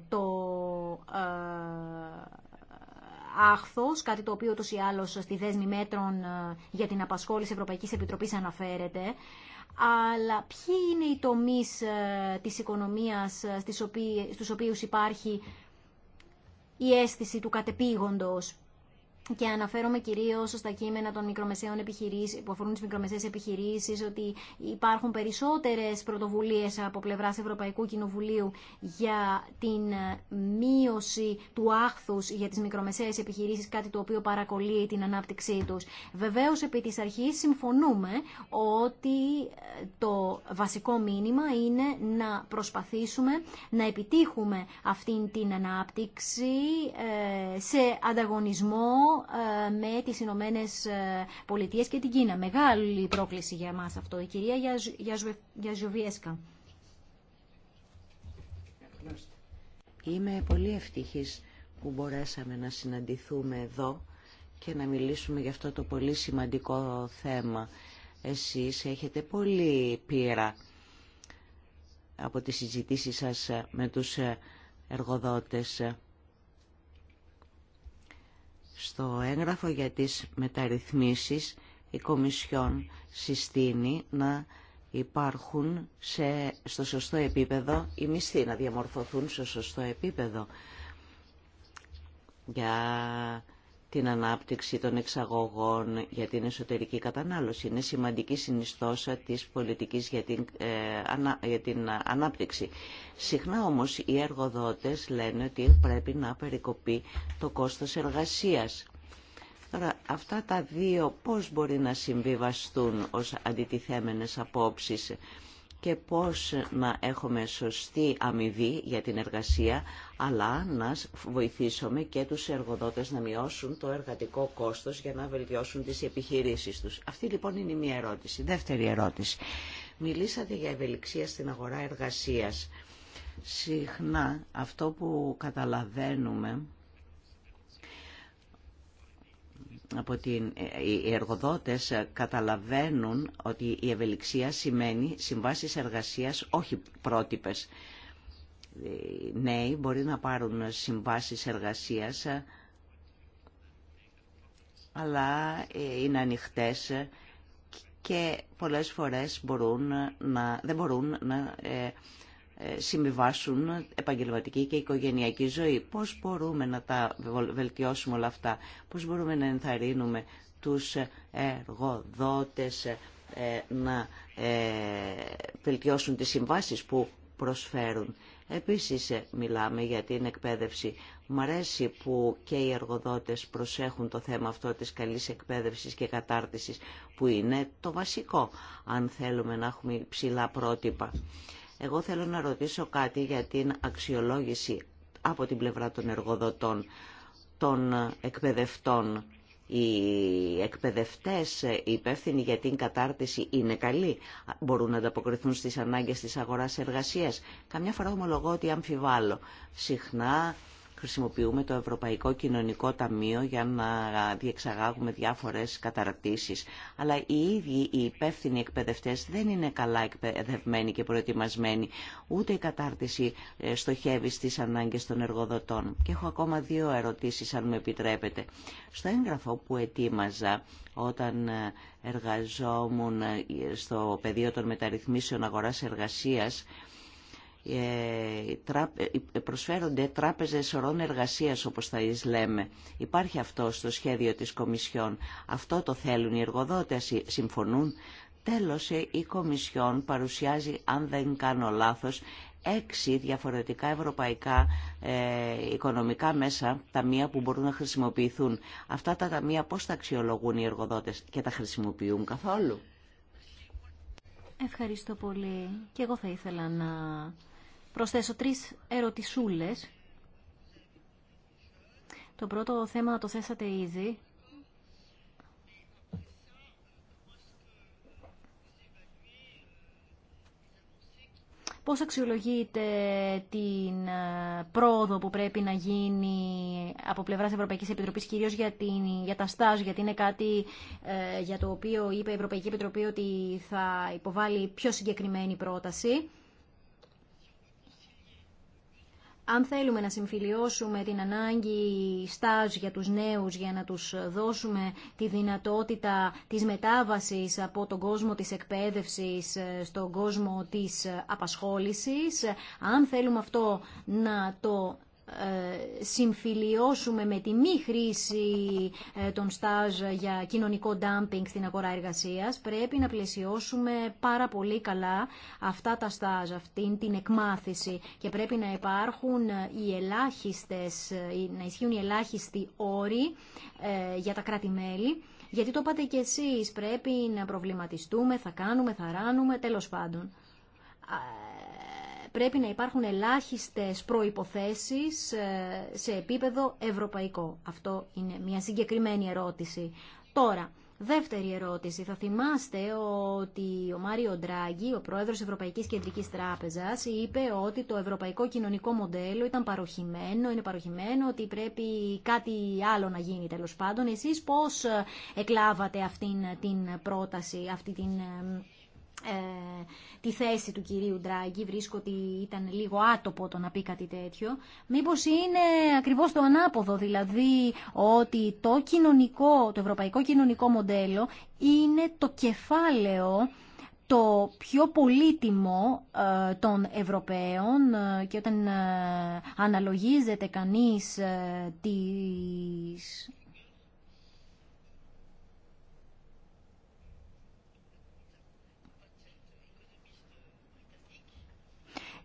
το κάτι το οποίο ούτως ή άλλως στη δέσμη μέτρων ε, για την απασχόληση Ευρωπαϊκής Επιτροπής αναφέρεται. Αλλά ποιοι είναι οι τομείς ε, της οικονομίας ε, στους οποίους υπάρχει η αίσθηση του κατεπήγοντος και αναφέρομαι κυρίω στα κείμενα των μικρομεσαίων επιχειρήσεων, που αφορούν τι μικρομεσαίες επιχειρήσεις, ότι υπάρχουν περισσότερες πρωτοβουλίε από πλευράς Ευρωπαϊκού Κοινοβουλίου για την ε, μείωση του άχθου για τις μικρομεσαίες επιχειρήσεις, κάτι το οποίο παρακολύει την ανάπτυξή τους. Βεβαίω, επί της αρχή, συμφωνούμε ότι ε, το βασικό μήνυμα είναι να προσπαθήσουμε να επιτύχουμε αυτή την ανάπτυξη ε, σε ανταγωνισμό με τις Ηνωμένε ε, Πολιτείες και την Κίνα. Μεγάλη πρόκληση για μας αυτό. Η κυρία Γιαζουβιέσκα. Είμαι πολύ ευτυχής που μπορέσαμε να συναντηθούμε εδώ και να μιλήσουμε για αυτό το πολύ σημαντικό θέμα. Εσείς έχετε πολύ πείρα από τις συζητήσεις σας με τους ε, εργοδότες. Στο έγγραφο για τις μεταρρυθμίσεις η Κομισιόν συστήνει να υπάρχουν σε, στο σωστό επίπεδο οι μισθοί να διαμορφωθούν στο σωστό επίπεδο για την ανάπτυξη των εξαγωγών για την εσωτερική κατανάλωση. Είναι σημαντική συνιστόσα της πολιτικής ε, για την, ανάπτυξη. Συχνά όμως οι εργοδότες λένε ότι πρέπει να περικοπεί το κόστος εργασίας. Τώρα, αυτά τα δύο πώς μπορεί να συμβιβαστούν ως αντιτιθέμενες απόψεις και πώς να έχουμε σωστή αμοιβή για την εργασία, αλλά να βοηθήσουμε και τους εργοδότες να μειώσουν το εργατικό κόστος για να βελτιώσουν τις επιχειρήσεις τους. Αυτή λοιπόν είναι η μία ερώτηση. Δεύτερη ερώτηση. Μιλήσατε για ευελιξία στην αγορά εργασίας. Συχνά αυτό που καταλαβαίνουμε από την, ε, οι εργοδότες καταλαβαίνουν ότι η ευελιξία σημαίνει συμβάσεις εργασίας όχι πρότυπες. Οι νέοι μπορεί να πάρουν συμβάσεις εργασίας αλλά ε, είναι ανοιχτές και πολλές φορές μπορούν να, δεν μπορούν να ε, συμβιβάσουν επαγγελματική και οικογενειακή ζωή. Πώς μπορούμε να τα βελτιώσουμε όλα αυτά, πώς μπορούμε να ενθαρρύνουμε τους εργοδότες ε, να ε, βελτιώσουν τις συμβάσεις που προσφέρουν. Επίσης ε, μιλάμε για την εκπαίδευση. Μ' αρέσει που και οι εργοδότες προσέχουν το θέμα αυτό της καλής εκπαίδευσης και κατάρτισης που είναι το βασικό αν θέλουμε να έχουμε ψηλά πρότυπα. Εγώ θέλω να ρωτήσω κάτι για την αξιολόγηση από την πλευρά των εργοδοτών, των εκπαιδευτών. Οι εκπαιδευτές, οι υπεύθυνοι για την κατάρτιση είναι καλοί, μπορούν να ανταποκριθούν στις ανάγκες της αγοράς εργασίας. Καμιά φορά ομολογώ ότι αμφιβάλλω. Συχνά χρησιμοποιούμε το Ευρωπαϊκό Κοινωνικό Ταμείο για να διεξαγάγουμε διάφορες καταρτήσεις. Αλλά οι ίδιοι οι υπεύθυνοι εκπαιδευτές δεν είναι καλά εκπαιδευμένοι και προετοιμασμένοι. Ούτε η κατάρτιση ε, στοχεύει στις ανάγκες των εργοδοτών. Και έχω ακόμα δύο ερωτήσεις αν μου επιτρέπετε. Στο έγγραφο που ετοίμαζα όταν ε, εργαζόμουν ε, στο πεδίο των μεταρρυθμίσεων αγοράς εργασίας, ε, ε, ε, προσφέρονται τράπεζες ορών εργασίας όπως θα εις λέμε. Υπάρχει αυτό στο σχέδιο της Κομισιόν. Αυτό το θέλουν οι εργοδότες, συμφωνούν. Τέλος, η Κομισιόν παρουσιάζει, αν δεν κάνω λάθος, έξι διαφορετικά ευρωπαϊκά οικονομικά μέσα ταμεία που μπορούν να χρησιμοποιηθούν. Αυτά τα ταμεία πώς τα αξιολογούν οι εργοδότες και τα χρησιμοποιούν καθόλου. Ευχαριστώ πολύ. Και εγώ θα ήθελα να προσθέσω τρεις ερωτησούλες. Το πρώτο θέμα το θέσατε ήδη. Πώς αξιολογείτε την ε, πρόοδο που πρέπει να γίνει από πλευράς Ευρωπαϊκής Επιτροπής, κυρίως για, την, για τα στάζ, γιατί είναι κάτι ε, για το οποίο είπε η Ευρωπαϊκή Επιτροπή ότι θα υποβάλει πιο συγκεκριμένη πρόταση αν θέλουμε να συμφιλιώσουμε την ανάγκη στάζ για τους νέους για να τους δώσουμε τη δυνατότητα της μετάβασης από τον κόσμο της εκπαίδευσης ε, στον κόσμο της απασχόλησης, αν θέλουμε αυτό να το ε, συμφιλιώσουμε με τη μη χρήση ε, των στάζ για κοινωνικό ντάμπινγκ στην αγορά εργασίας, πρέπει να πλαισιώσουμε πάρα πολύ καλά αυτά τα στάζ, αυτήν την εκμάθηση και πρέπει να υπάρχουν οι ελάχιστες, ε, να ισχύουν οι ελάχιστοι όροι για τα κρατη γιατί το είπατε και εσείς, πρέπει να προβληματιστούμε, θα κάνουμε, θα ράνουμε, τέλος πάντων πρέπει να υπάρχουν ελάχιστες προϋποθέσεις ε, σε επίπεδο ευρωπαϊκό. Αυτό είναι μια συγκεκριμένη ερώτηση. Τώρα, δεύτερη ερώτηση. Θα θυμάστε ότι ο Μάριο Ντράγκη, ο πρόεδρος Ευρωπαϊκής Κεντρικής Τράπεζας, είπε ότι το ευρωπαϊκό κοινωνικό μοντέλο ήταν παροχημένο, είναι παροχημένο, ότι πρέπει κάτι άλλο να γίνει τέλος πάντων. Εσείς πώς ε, εκλάβατε αυτή την πρόταση, αυτή την ε, ε, τη θέση του κυρίου Ντράγκη, βρίσκω ότι ήταν λίγο άτοπο το να πει κάτι τέτοιο, μήπως είναι ακριβώς το ανάποδο, δηλαδή ότι το, κοινωνικό, το ευρωπαϊκό κοινωνικό μοντέλο είναι το κεφάλαιο το πιο πολύτιμο ε, των Ευρωπαίων ε, και όταν αναλογίζεται κανείς τις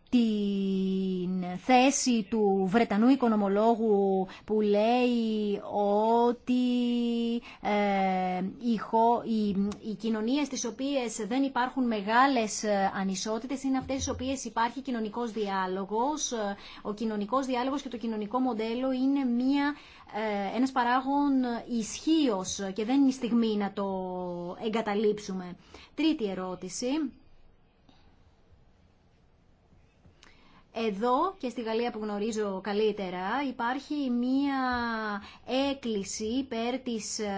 την θέση του Βρετανού οικονομολόγου που λέει ότι ε, οι κοινωνίες τις οποίες δεν υπάρχουν μεγάλες ε, ανισότητες είναι αυτές τις οποίες υπάρχει κοινωνικός διάλογος. Ο κοινωνικός διάλογος και το κοινωνικό μοντέλο είναι μια ε, ένας παράγων ισχύος και δεν είναι η στιγμή να το εγκαταλείψουμε. Τρίτη ερώτηση. Εδώ και στη Γαλλία που γνωρίζω καλύτερα υπάρχει μία έκκληση υπέρ της ε,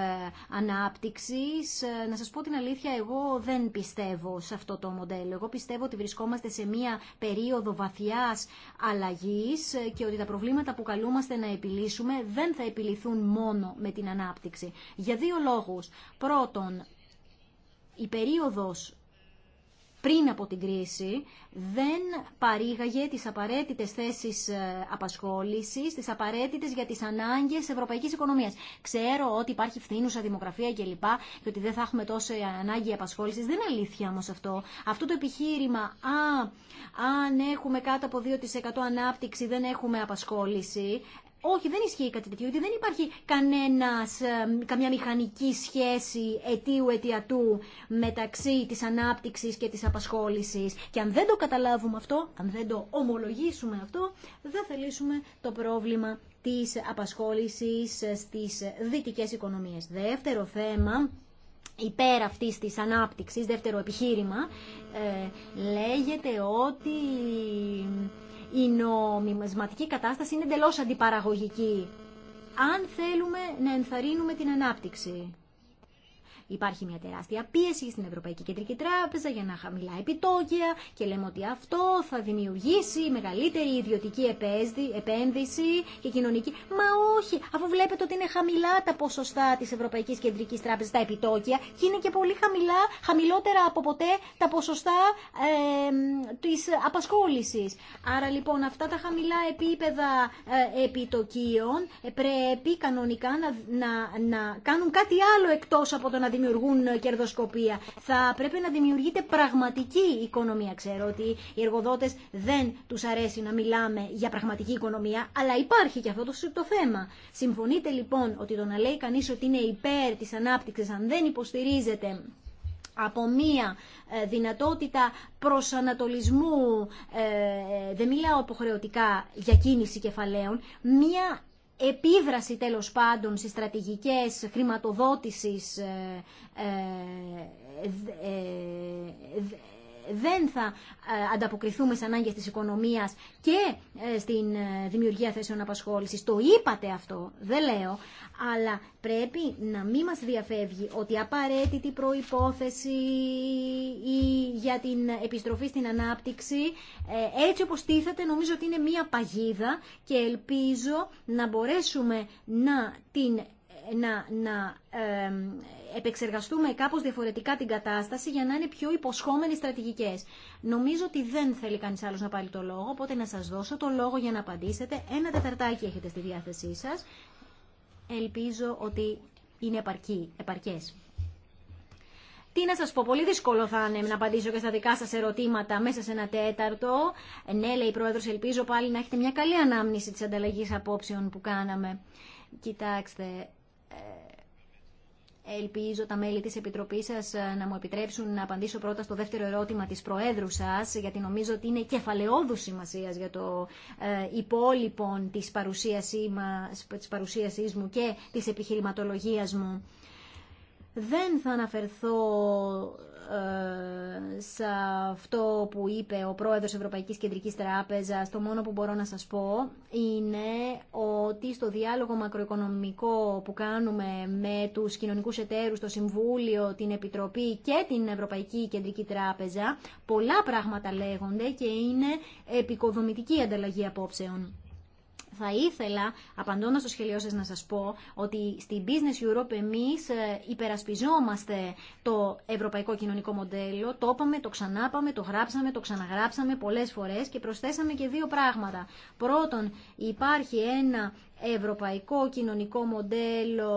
ανάπτυξης. Ε, να σας πω την αλήθεια, εγώ δεν πιστεύω σε αυτό το μοντέλο. Εγώ πιστεύω ότι βρισκόμαστε σε μία περίοδο βαθιάς αλλαγής ε, και ότι τα προβλήματα που καλούμαστε να επιλύσουμε δεν θα επιληθούν μόνο με την ανάπτυξη. Για δύο λόγους. Πρώτον, η περίοδος πριν από την κρίση δεν παρήγαγε τις απαραίτητες θέσεις ε, απασχόλησης, τις απαραίτητες για τις ανάγκες ευρωπαϊκής οικονομίας. Ξέρω ότι υπάρχει φθήνουσα δημογραφία κλπ. και ότι δεν θα έχουμε τόσο ανάγκη απασχόλησης. Δεν είναι αλήθεια όμως αυτό. Αυτό το επιχείρημα, α, αν έχουμε κάτω από 2% ανάπτυξη δεν έχουμε απασχόληση, όχι, δεν ισχύει κάτι τέτοιο, δεν υπάρχει κανένας, ε, καμιά μηχανική σχέση αιτίου-αιτιατού μεταξύ της ανάπτυξη και της απασχόλησης. Και αν δεν το καταλάβουμε αυτό, αν δεν το ομολογήσουμε αυτό, δεν θα λύσουμε το πρόβλημα της απασχόλησης στις δυτικές οικονομίες. Δεύτερο θέμα υπέρ αυτής της ανάπτυξη, δεύτερο επιχείρημα, ε, λέγεται ότι η νομισματική κατάσταση είναι εντελώ αντιπαραγωγική αν θέλουμε να ενθαρρύνουμε την ανάπτυξη. Υπάρχει μια τεράστια πίεση στην Ευρωπαϊκή Κεντρική Τράπεζα για να χαμηλά επιτόκια και λέμε ότι αυτό θα δημιουργήσει μεγαλύτερη ιδιωτική επένδυση και κοινωνική. Μα όχι, αφού βλέπετε ότι είναι χαμηλά τα ποσοστά τη Ευρωπαϊκή Κεντρική Τράπεζα, τα επιτόκια και είναι και πολύ χαμηλά, χαμηλότερα από ποτέ τα ποσοστά ε, τη απασχόληση. Άρα λοιπόν αυτά τα χαμηλά επίπεδα ε, επιτοκίων ε, πρέπει κανονικά να, να, να κάνουν κάτι άλλο εκτό από το να δημιουργούν κερδοσκοπία. Θα πρέπει να δημιουργείται πραγματική οικονομία. Ξέρω ότι οι εργοδότες δεν τους αρέσει να μιλάμε για πραγματική οικονομία, αλλά υπάρχει και αυτό το θέμα. Συμφωνείτε λοιπόν ότι το να λέει κανείς ότι είναι υπέρ τη ανάπτυξης, αν δεν υποστηρίζεται από μία ε, δυνατότητα προσανατολισμού, ε, ε, δεν μιλάω υποχρεωτικά για κίνηση κεφαλαίων, μία επίδραση τέλος πάντων στις στρατηγικές χρηματοδότησης ε, ε, ε, δεν θα ε, ανταποκριθούμε στι ανάγκες της οικονομίας και ε, στην ε, δημιουργία θέσεων απασχόλησης. Το είπατε αυτό, δεν λέω, αλλά πρέπει να μην μας διαφεύγει ότι απαραίτητη προϋπόθεση για την επιστροφή στην ανάπτυξη, έτσι όπως τίθεται νομίζω ότι είναι μία παγίδα και ελπίζω να μπορέσουμε να την να, επεξεργαστούμε κάπως διαφορετικά την κατάσταση για να είναι πιο υποσχόμενοι στρατηγικές. Νομίζω ότι δεν θέλει κανείς άλλος να πάρει το λόγο, οπότε να σας δώσω το λόγο για να απαντήσετε. Ένα τεταρτάκι έχετε στη διάθεσή σας. Ελπίζω ότι είναι επαρκή, επαρκές. Τι να σας πω, πολύ δύσκολο θα είναι να απαντήσω και στα δικά σας ερωτήματα μέσα σε ένα τέταρτο. Ναι, λέει η Πρόεδρος, ελπίζω πάλι να έχετε μια καλή ανάμνηση της ανταλλαγής απόψεων που κάναμε. Κοιτάξτε, ε, ελπίζω τα μέλη της Επιτροπής σας ε, να μου επιτρέψουν να απαντήσω πρώτα στο δεύτερο ερώτημα της Προέδρου σας, γιατί νομίζω ότι είναι κεφαλαιόδου σημασίας για το ε, υπόλοιπο της παρουσίασής μου και της επιχειρηματολογίας μου. Δεν θα αναφερθώ ε, σε αυτό που είπε ο πρόεδρος Ευρωπαϊκής Κεντρικής Τράπεζας. Το μόνο που μπορώ να σας πω είναι ότι στο διάλογο μακροοικονομικό που κάνουμε με τους κοινωνικούς εταίρους, το Συμβούλιο, την Επιτροπή και την Ευρωπαϊκή Κεντρική Τράπεζα, πολλά πράγματα λέγονται και είναι επικοδομητική ανταλλαγή απόψεων. Θα ήθελα, απαντώντας στο σχολείο να σας πω ότι στην Business Europe εμείς ε, υπερασπιζόμαστε το ευρωπαϊκό κοινωνικό μοντέλο. Το είπαμε, το ξανάπαμε, το γράψαμε, το ξαναγράψαμε πολλές φορές και προσθέσαμε και δύο πράγματα. Πρώτον, υπάρχει ένα ευρωπαϊκό κοινωνικό μοντέλο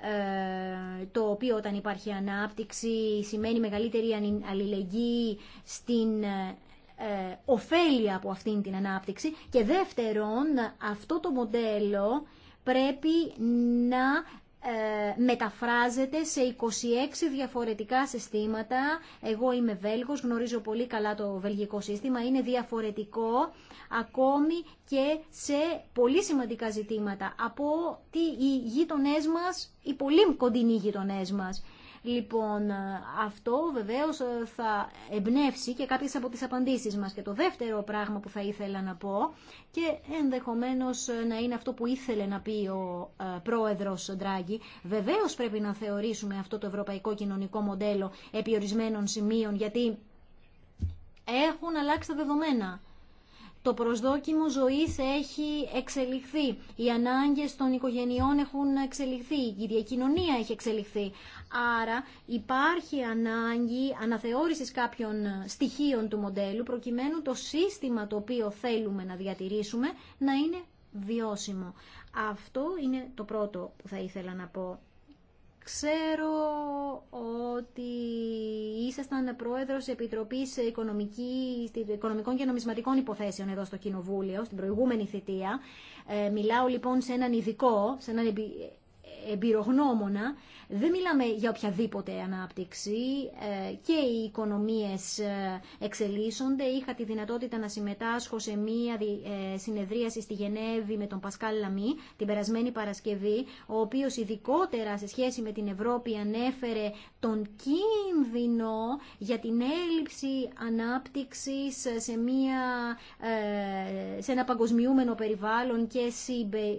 ε, το οποίο όταν υπάρχει ανάπτυξη σημαίνει μεγαλύτερη αλληλεγγύη στην ε, ε, ωφέλει από αυτήν την ανάπτυξη και δεύτερον αυτό το μοντέλο πρέπει να ε, μεταφράζεται σε 26 διαφορετικά συστήματα. Εγώ είμαι Βέλγος, γνωρίζω πολύ καλά το βελγικό σύστημα, είναι διαφορετικό ακόμη και σε πολύ σημαντικά ζητήματα από τι οι γείτονές μας, οι πολύ κοντινοί γείτονές μας. Λοιπόν, ε, αυτό βεβαίως ε, θα εμπνεύσει και κάποιες από τις απαντήσεις μας. Και το δεύτερο πράγμα που θα ήθελα να πω και ενδεχομένως ε, να είναι αυτό που ήθελε να πει ο πρόεδρος Ντράγκη. Βεβαίως πρέπει να θεωρήσουμε αυτό το ευρωπαϊκό κοινωνικό μοντέλο επί σημείων γιατί έχουν αλλάξει τα δεδομένα. Το προσδόκιμο ζωής έχει εξελιχθεί. Οι ανάγκες των οικογενειών έχουν εξελιχθεί. Η διακοινωνία έχει εξελιχθεί. Άρα υπάρχει ανάγκη αναθεώρησης κάποιων στοιχείων του μοντέλου προκειμένου το σύστημα το οποίο θέλουμε να διατηρήσουμε να είναι βιώσιμο. Αυτό είναι το πρώτο που θα ήθελα να πω. Ξέρω ότι ήσασταν πρόεδρος Επιτροπής Οικονομικών και Νομισματικών Υποθέσεων εδώ στο Κοινοβούλιο, στην προηγούμενη θητεία. Ε, μιλάω λοιπόν σε έναν ειδικό, σε έναν εμπειρογνώμονα. Δεν μιλάμε για οποιαδήποτε ανάπτυξη ε, και οι οικονομίες ε, εξελίσσονται. Είχα τη δυνατότητα να συμμετάσχω σε μία ε, συνεδρίαση στη Γενέβη με τον Πασκάλ Λαμή την περασμένη Παρασκευή, ο οποίος ειδικότερα σε σχέση με την Ευρώπη ανέφερε τον κίνδυνο για την έλλειψη ανάπτυξης σε, μία, σε ένα παγκοσμιούμενο περιβάλλον και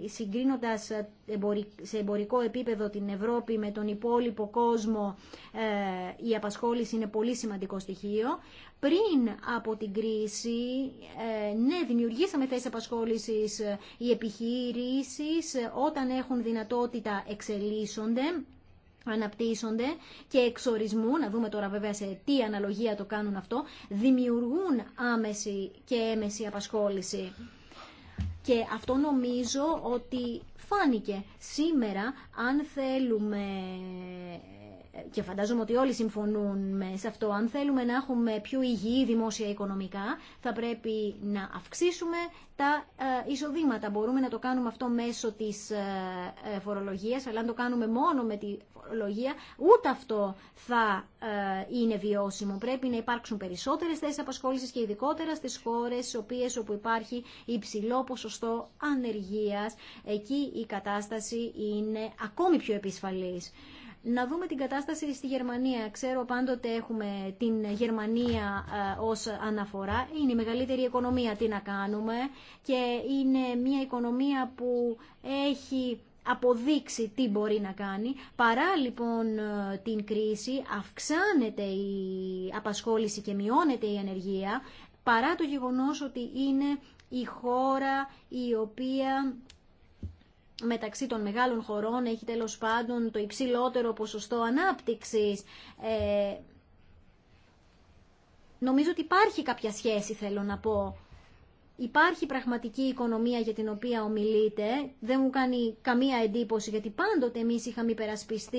συγκρίνοντας σε εμπορικό επίπεδο την Ευρώπη με τον υπόλοιπο κόσμο ε, η απασχόληση είναι πολύ σημαντικό στοιχείο. Πριν από την κρίση, ε, ναι, δημιουργήσαμε θέσεις απασχόλησης, ε, οι επιχείρησεις όταν έχουν δυνατότητα εξελίσσονται αναπτύσσονται και εξορισμού, να δούμε τώρα βέβαια σε τι αναλογία το κάνουν αυτό, δημιουργούν άμεση και έμεση απασχόληση. Και αυτό νομίζω ότι φάνηκε σήμερα αν θέλουμε και φαντάζομαι ότι όλοι συμφωνούν σε αυτό, αν θέλουμε να έχουμε πιο υγιή δημόσια οικονομικά, θα πρέπει να αυξήσουμε τα ε, εισοδήματα. Μπορούμε να το κάνουμε αυτό μέσω της ε, ε, φορολογίας, αλλά αν το κάνουμε μόνο με τη φορολογία, ούτε αυτό θα είναι βιώσιμο. Πρέπει να υπάρξουν περισσότερες θέσεις απασχόλησης και ειδικότερα στις χώρες όπου υπάρχει υψηλό ποσοστό ανεργίας. Εκεί η κατάσταση είναι ακόμη πιο επισφαλής. Να δούμε την κατάσταση στη Γερμανία. Ξέρω πάντοτε έχουμε την Γερμανία ε, ως αναφορά. Είναι η μεγαλύτερη οικονομία, τι να κάνουμε. Και είναι μια οικονομία που έχει αποδείξει τι μπορεί να κάνει. Παρά λοιπόν ε, την κρίση αυξάνεται η απασχόληση και μειώνεται η ανεργία παρά το γεγονός ότι είναι η χώρα η οποία μεταξύ των μεγάλων χωρών έχει τέλος πάντων το υψηλότερο ποσοστό ανάπτυξης. Ε, νομίζω ότι υπάρχει κάποια σχέση, θέλω να πω υπάρχει πραγματική οικονομία για την οποία ομιλείτε. Δεν μου κάνει καμία εντύπωση γιατί πάντοτε εμεί είχαμε υπερασπιστεί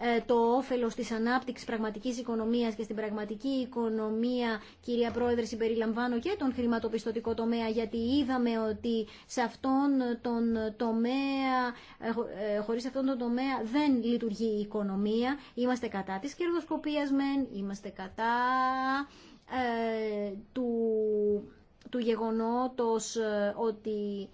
ε, το όφελο τη ανάπτυξη πραγματική οικονομία και στην πραγματική οικονομία, κυρία Πρόεδρε, συμπεριλαμβάνω και τον χρηματοπιστωτικό τομέα γιατί είδαμε ότι σε αυτόν τον τομέα, ε, ε, χωρί αυτόν τον τομέα δεν λειτουργεί η οικονομία. Είμαστε κατά τη κερδοσκοπία μεν, είμαστε κατά του του γεγονότος ε, ότι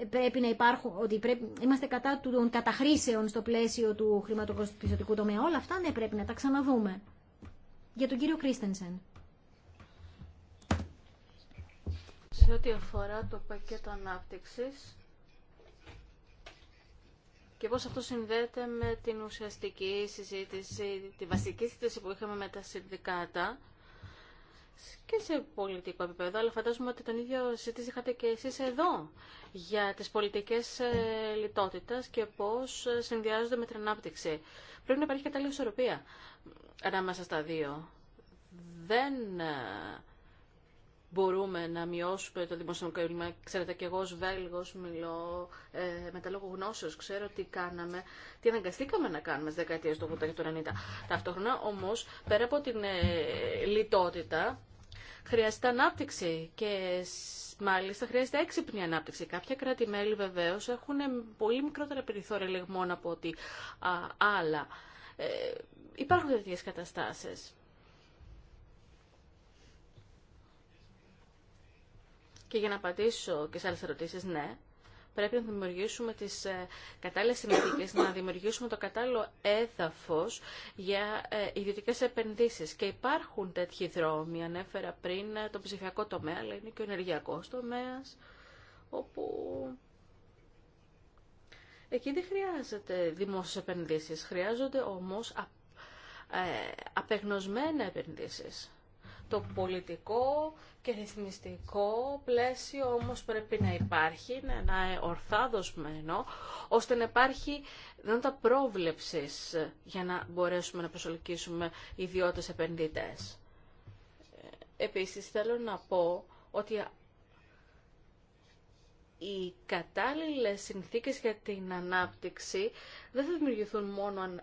ε, πρέπει να υπάρχουν, ότι είμαστε κατά των καταχρήσεων στο πλαίσιο του χρηματοπιστωτικού τομέα. Όλα αυτά ναι πρέπει να τα ξαναδούμε. Για τον κύριο Κρίστενσεν. Σε ό,τι αφορά το πακέτο ανάπτυξης και πώς αυτό συνδέεται με την ουσιαστική συζήτηση, τη βασική συζήτηση που είχαμε με τα συνδικάτα, και σε πολιτικό επίπεδο, αλλά φαντάζομαι ότι τον ίδιο συζήτηση είχατε και εσείς εδώ για τις πολιτικές ε, λιτότητας και πώς ε, συνδυάζονται με την ανάπτυξη. Πρέπει να υπάρχει κατάλληλη ισορροπία ανάμεσα στα δύο. Δεν ε, μπορούμε να μειώσουμε το δημοσιονομικό έλλειμμα. Ξέρετε και εγώ ως Βέλγος μιλώ ε, με τα λόγω γνώσεως, ξέρω τι κάναμε, τι αναγκαστήκαμε να κάνουμε στις δεκαετίες του 80 και του 90. Ταυτόχρονα όμως, πέρα από την λιτότητα, χρειάζεται ανάπτυξη και μάλιστα χρειάζεται έξυπνη ανάπτυξη. Κάποια κράτη-μέλη βεβαίως έχουν πολύ μικρότερα περιθώρια λεγμών από ότι άλλα. Ε, υπάρχουν τέτοιες καταστάσεις. Και για να απαντήσω και σε άλλες ερωτήσεις, ναι πρέπει να δημιουργήσουμε τις ε, κατάλληλες συνθήκε να δημιουργήσουμε το κατάλληλο έδαφος για ε, ιδιωτικές επενδύσεις. Και υπάρχουν τέτοιοι δρόμοι, ανέφερα πριν ε, το ψηφιακό τομέα, αλλά είναι και ο ενεργειακός τομέας, όπου εκεί δεν χρειάζεται δημόσιες επενδύσεις, χρειάζονται όμως απεγνωσμένα επενδύσεις. Το πολιτικό και ρυθμιστικό πλαίσιο όμως πρέπει να υπάρχει, να είναι ε, ορθά δοσμένο, ώστε να υπάρχει δυνατότητα πρόβλεψης για να μπορέσουμε να προσελκύσουμε ιδιώτες επενδυτές. Ε, επίσης θέλω να πω ότι οι κατάλληλες συνθήκες για την ανάπτυξη δεν θα δημιουργηθούν μόνο αν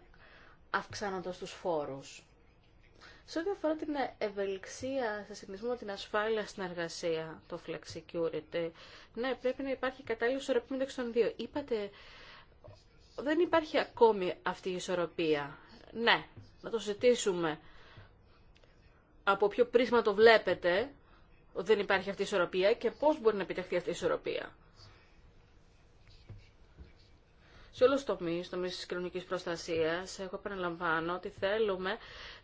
αυξάνοντας τους φόρους. Σε ό,τι αφορά την ευελιξία σε συνδυασμό με την ασφάλεια στην εργασία, το flex security, ναι, πρέπει να υπάρχει κατάλληλη ισορροπία μεταξύ των δύο. Είπατε, δεν υπάρχει ακόμη αυτή η ισορροπία. Ναι, να το ζητήσουμε Από ποιο πρίσμα το βλέπετε, ότι δεν υπάρχει αυτή η ισορροπία και πώς μπορεί να επιτευχθεί αυτή η ισορροπία. σε όλους τους τομείς, της κοινωνικής προστασίας. Εγώ επαναλαμβάνω ότι θέλουμε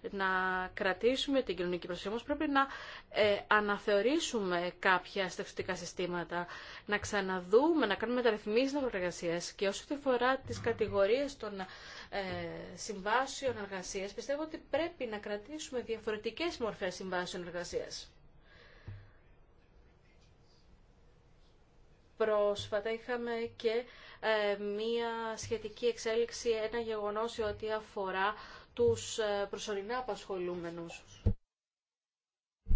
να κρατήσουμε την κοινωνική προστασία, όμως πρέπει να ε, αναθεωρήσουμε κάποια στεξιωτικά συστήματα, να ξαναδούμε, να κάνουμε μεταρρυθμίσεις Εργασία. και όσο φορά τις κατηγορίες των ε, συμβάσεων εργασία, πιστεύω ότι πρέπει να κρατήσουμε διαφορετικές μορφές συμβάσεων εργασία. Πρόσφατα είχαμε και ε, μία σχετική εξέλιξη, ένα γεγονός ότι αφορά τους ε, προσωρινά απασχολούμενους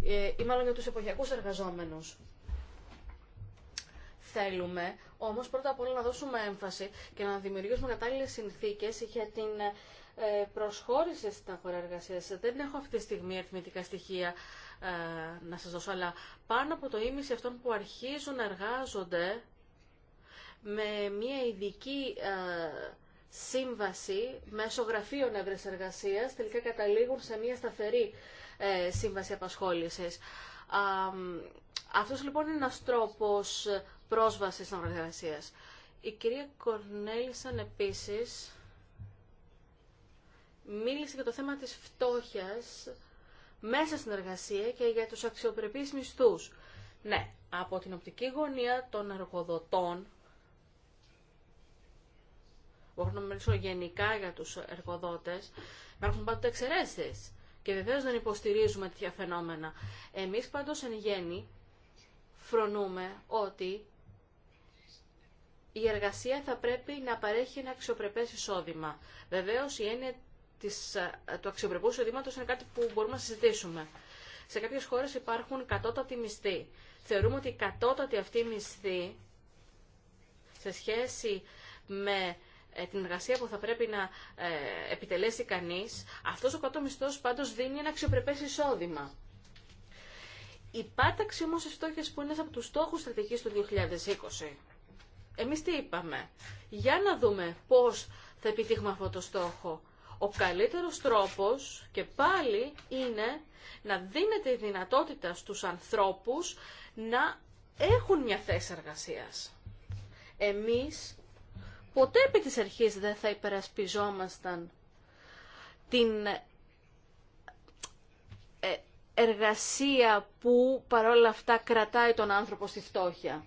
ε, ή μάλλον για τους εποχιακούς εργαζόμενους. Θέλουμε όμως πρώτα απ' όλα να δώσουμε έμφαση και να δημιουργήσουμε κατάλληλες συνθήκες για την προσχώρηση στην αγορά εργασία. Δεν έχω αυτή τη στιγμή αριθμητικά στοιχεία να σας δώσω, αλλά πάνω από το ίμιση αυτών που αρχίζουν να εργάζονται με μια ειδική ε, σύμβαση μέσω γραφείων έδρας εργασίας τελικά καταλήγουν σε μια σταθερή ε, σύμβαση απασχόλησης. Αυτός λοιπόν είναι ένας τρόπος πρόσβασης στην εργασία. Η κυρία Κορνέλησαν επίσης μίλησε για το θέμα της φτώχειας μέσα στην εργασία και για τους αξιοπρεπείς μισθούς. Ναι, από την οπτική γωνία των εργοδοτών μπορώ να μιλήσω γενικά για τους εργοδότες, υπάρχουν πάντοτε εξαιρέσει. Και βεβαίω δεν υποστηρίζουμε τέτοια φαινόμενα. Εμείς πάντως εν γέννη φρονούμε ότι η εργασία θα πρέπει να παρέχει ένα αξιοπρεπές εισόδημα. Βεβαίω η έννοια του αξιοπρεπού εισοδήματο είναι κάτι που μπορούμε να συζητήσουμε. Σε κάποιες χώρες υπάρχουν κατώτατοι μισθοί. Θεωρούμε ότι η κατώτατη αυτή μισθή σε σχέση με ε, την εργασία που θα πρέπει να ε, επιτελέσει κανείς, αυτός ο κάτω μισθός πάντως δίνει ένα αξιοπρεπές εισόδημα. Η πάταξη όμως της φτώχειας που είναι από τους στόχους στρατηγικής του 2020. Εμείς τι είπαμε. Για να δούμε πώς θα επιτύχουμε αυτό το στόχο. Ο καλύτερος τρόπος και πάλι είναι να δίνεται η δυνατότητα στους ανθρώπους να έχουν μια θέση εργασίας. Εμείς ποτέ επί της αρχής δεν θα υπερασπιζόμασταν την ε, εργασία που παρόλα αυτά κρατάει τον άνθρωπο στη φτώχεια.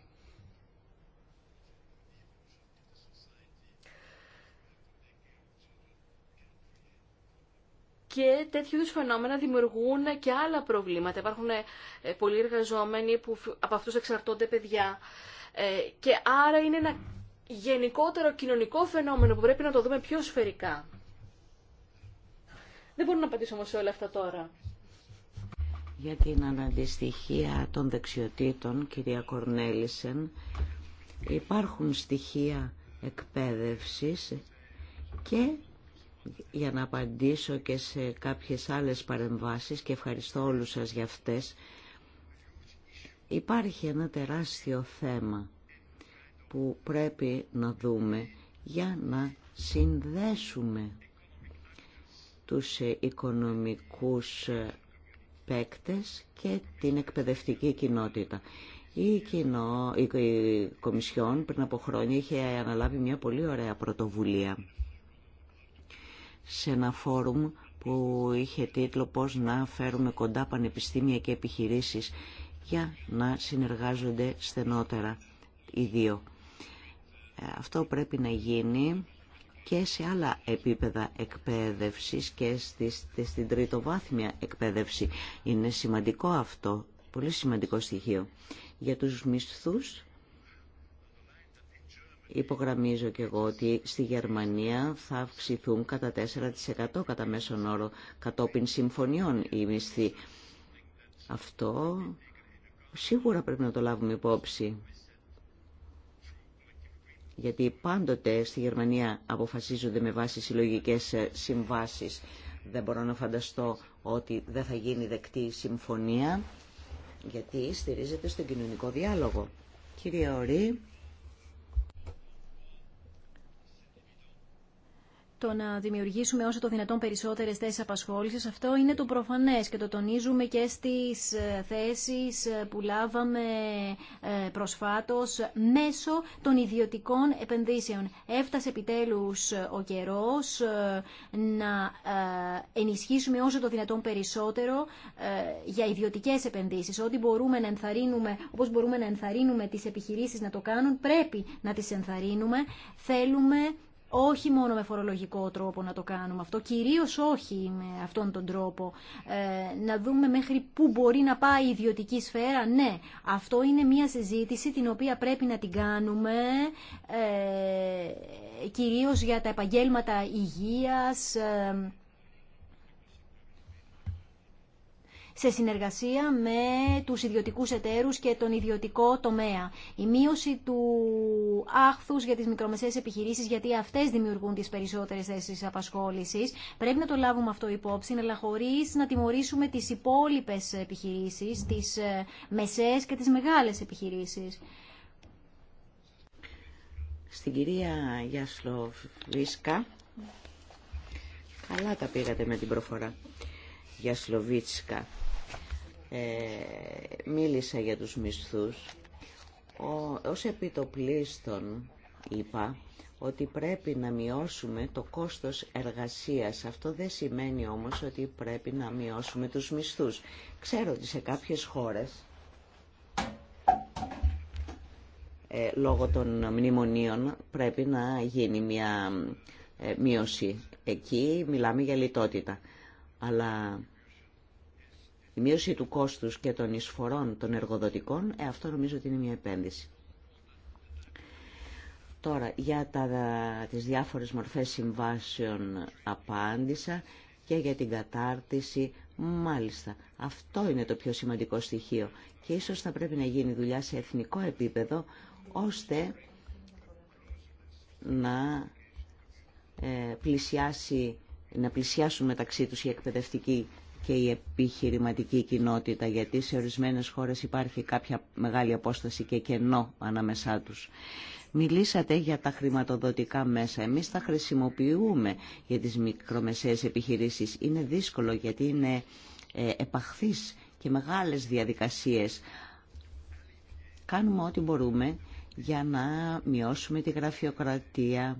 Και τέτοιου είδου φαινόμενα δημιουργούν και άλλα προβλήματα. Υπάρχουν ε, πολλοί εργαζόμενοι που από αυτούς εξαρτώνται παιδιά. Ε, και άρα είναι ένα γενικότερο κοινωνικό φαινόμενο που πρέπει να το δούμε πιο σφαιρικά. Δεν μπορώ να απαντήσω σε όλα αυτά τώρα. Για την αναντιστοιχεία των δεξιοτήτων, κυρία Κορνέλισεν, υπάρχουν στοιχεία εκπαίδευσης και για να απαντήσω και σε κάποιες άλλες παρεμβάσεις και ευχαριστώ όλους σας για αυτές, υπάρχει ένα τεράστιο θέμα που πρέπει να δούμε για να συνδέσουμε τους οικονομικούς πέκτες και την εκπαιδευτική κοινότητα. Η, κοινό, η Κομισιόν πριν από χρόνια είχε αναλάβει μια πολύ ωραία πρωτοβουλία σε ένα φόρουμ που είχε τίτλο «Πώς να φέρουμε κοντά πανεπιστήμια και επιχειρήσεις για να συνεργάζονται στενότερα οι δύο αυτό πρέπει να γίνει και σε άλλα επίπεδα εκπαίδευσης και στην βάθμια εκπαίδευση. Είναι σημαντικό αυτό, πολύ σημαντικό στοιχείο. Για τους μισθούς υπογραμμίζω και εγώ ότι στη Γερμανία θα αυξηθούν κατά 4% κατά μέσον όρο κατόπιν συμφωνιών οι μισθοί. Αυτό σίγουρα πρέπει να το λάβουμε υπόψη γιατί πάντοτε στη Γερμανία αποφασίζονται με βάση συλλογικές ε, συμβάσεις. Δεν μπορώ να φανταστώ ότι δεν θα γίνει δεκτή συμφωνία, γιατί στηρίζεται στον κοινωνικό διάλογο. Κύριε Ορί. το να δημιουργήσουμε όσο το δυνατόν περισσότερες θέσει απασχόληση. αυτό είναι το προφανές και το τονίζουμε και στις ε, θέσει ε, που λάβαμε ε, προσφάτως μέσω των ιδιωτικών επενδύσεων. Έφτασε επιτέλους ο καιρό να ενισχύσουμε όσο το δυνατόν περισσότερο για ιδιωτικέ επενδύσεις. Ό,τι μπορούμε να ενθαρρύνουμε, όπως μπορούμε να ενθαρρύνουμε τις επιχειρήσεις να το κάνουν, πρέπει να τι ενθαρρύνουμε. Θέλουμε όχι μόνο με φορολογικό τρόπο να το κάνουμε αυτό, κυρίως όχι με αυτόν τον τρόπο. Ε, να δούμε μέχρι πού μπορεί να πάει η ιδιωτική σφαίρα. Ναι, αυτό είναι μια συζήτηση την οποία πρέπει να την κάνουμε ε, κυρίως για τα επαγγέλματα υγείας, ε, σε συνεργασία με τους ιδιωτικούς εταίρους και τον ιδιωτικό τομέα. Η μείωση του άχθους για τις μικρομεσαίες επιχειρήσεις, γιατί αυτές δημιουργούν τις περισσότερες θέσεις απασχόλησης. Πρέπει να το λάβουμε αυτό υπόψη, αλλά χωρί να τιμωρήσουμε τις υπόλοιπες επιχειρήσεις, τις ε, μεσαίες και τις μεγάλες επιχειρήσεις. Στην κυρία Γιασλοβίσκα, καλά τα πήγατε με την προφορά. Γιασλοβίτσκα. Ε, μίλησα για τους μισθούς. Ο, ως επιτοπλίστων είπα ότι πρέπει να μειώσουμε το κόστος εργασίας. Αυτό δεν σημαίνει όμως ότι πρέπει να μειώσουμε τους μισθούς. Ξέρω ότι σε κάποιες χώρες, ε, λόγω των μνημονίων, πρέπει να γίνει μια ε, μείωση. Εκεί μιλάμε για λιτότητα. Αλλά η μείωση του κόστου και των εισφορών των εργοδοτικών, ε, αυτό νομίζω ότι είναι μια επένδυση. Τώρα, για τα, τις διάφορες μορφές συμβάσεων απάντησα και για την κατάρτιση, μάλιστα. Αυτό είναι το πιο σημαντικό στοιχείο και ίσως θα πρέπει να γίνει δουλειά σε εθνικό επίπεδο, ώστε να ε, πλησιάσει να πλησιάσουν μεταξύ του οι εκπαιδευτικοί και η επιχειρηματική κοινότητα, γιατί σε ορισμένες χώρες υπάρχει κάποια μεγάλη απόσταση και κενό ανάμεσά τους. Μιλήσατε για τα χρηματοδοτικά μέσα. Εμείς τα χρησιμοποιούμε για τις μικρομεσαίες επιχειρήσεις. Είναι δύσκολο γιατί είναι ε, επαχθείς και μεγάλες διαδικασίες. Κάνουμε ό,τι μπορούμε για να μειώσουμε τη γραφειοκρατία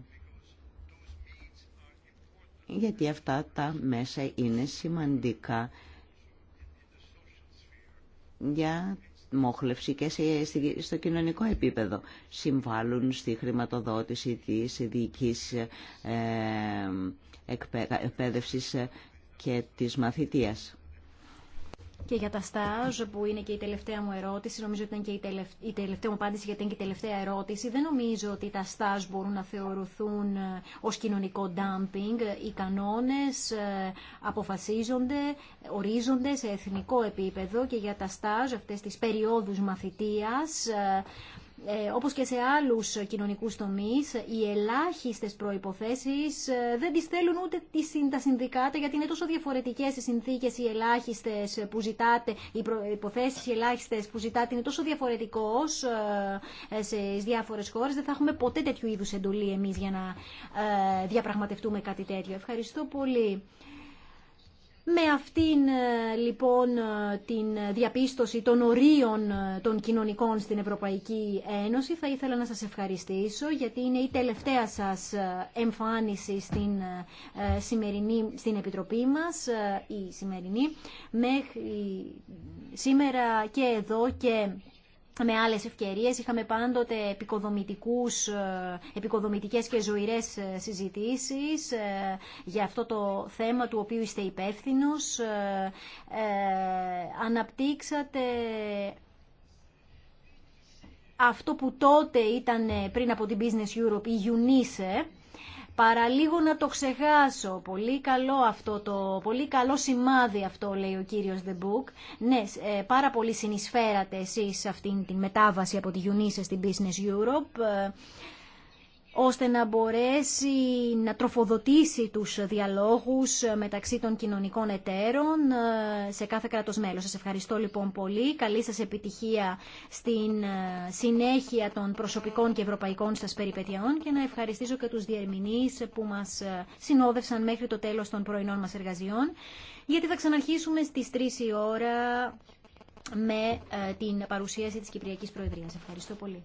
γιατί αυτά τα μέσα είναι σημαντικά για μόχλευση και στο κοινωνικό επίπεδο. Συμβάλλουν στη χρηματοδότηση της ειδικής ε, εκπαίδευσης και της μαθητείας. Και για τα στάζ, που είναι και η τελευταία μου ερώτηση, νομίζω ότι ήταν και η τελευταία, η τελευταία μου απάντηση, γιατί είναι και η τελευταία ερώτηση, δεν νομίζω ότι τα στάζ μπορούν να θεωρηθούν ε, ω κοινωνικό dumping Οι κανόνες ε, αποφασίζονται, ορίζονται σε εθνικό επίπεδο και για τα στάζ, αυτές τις περιόδους μαθητεία, ε, ε, όπως και σε άλλους κοινωνικούς τομείς, οι ελάχιστες προϋποθέσεις ε, δεν τις θέλουν ούτε τα συνδικάτα, γιατί είναι τόσο διαφορετικές οι συνθήκες οι ελάχιστες που ζητάτε, οι προϋποθέσεις οι ελάχιστες που ζητάτε είναι τόσο διαφορετικός ε, σε διάφορες χώρες. Δεν θα έχουμε ποτέ τέτοιου είδους εντολή εμείς για να διαπραγματευτούμε κάτι τέτοιο. Ευχαριστώ πολύ. Με αυτήν ε, λοιπόν ε, την διαπίστωση των ορίων ε, των κοινωνικών στην Ευρωπαϊκή Ένωση θα ήθελα να σας ευχαριστήσω γιατί είναι η τελευταία σας εμφάνιση στην, σημερινή, στην Επιτροπή μας, η σημερινή, μέχρι σήμερα και εδώ και με άλλες ευκαιρίες είχαμε πάντοτε επικοδομητικούς, ε, επικοδομητικές και ζωηρές ε, συζητήσεις ε, για αυτό το θέμα του οποίου είστε υπεύθυνο. αναπτύξατε αυτό που τότε ήταν πριν από την Business Europe η UNICEF Παραλίγο να το ξεχάσω. Πολύ καλό αυτό το, πολύ καλό σημάδι αυτό λέει ο κύριος The Book. Ναι, ε, πάρα πολύ συνεισφέρατε εσείς σε αυτήν την μετάβαση από τη UNICEF στην Business Europe. Ε, ώστε να μπορέσει να τροφοδοτήσει τους διαλόγους μεταξύ των κοινωνικών εταίρων ε, σε κάθε κράτος μέλος. Σας ευχαριστώ λοιπόν πολύ. Καλή σας επιτυχία στην ε, συνέχεια των προσωπικών και ευρωπαϊκών σας περιπετειών και να ευχαριστήσω και τους διερμηνείς που μας ε, συνόδευσαν μέχρι το τέλος των πρωινών μας εργαζιών γιατί θα ξαναρχίσουμε στις 3 η ώρα με την παρουσίαση της Κυπριακής Προεδρίας. Ευχαριστώ πολύ.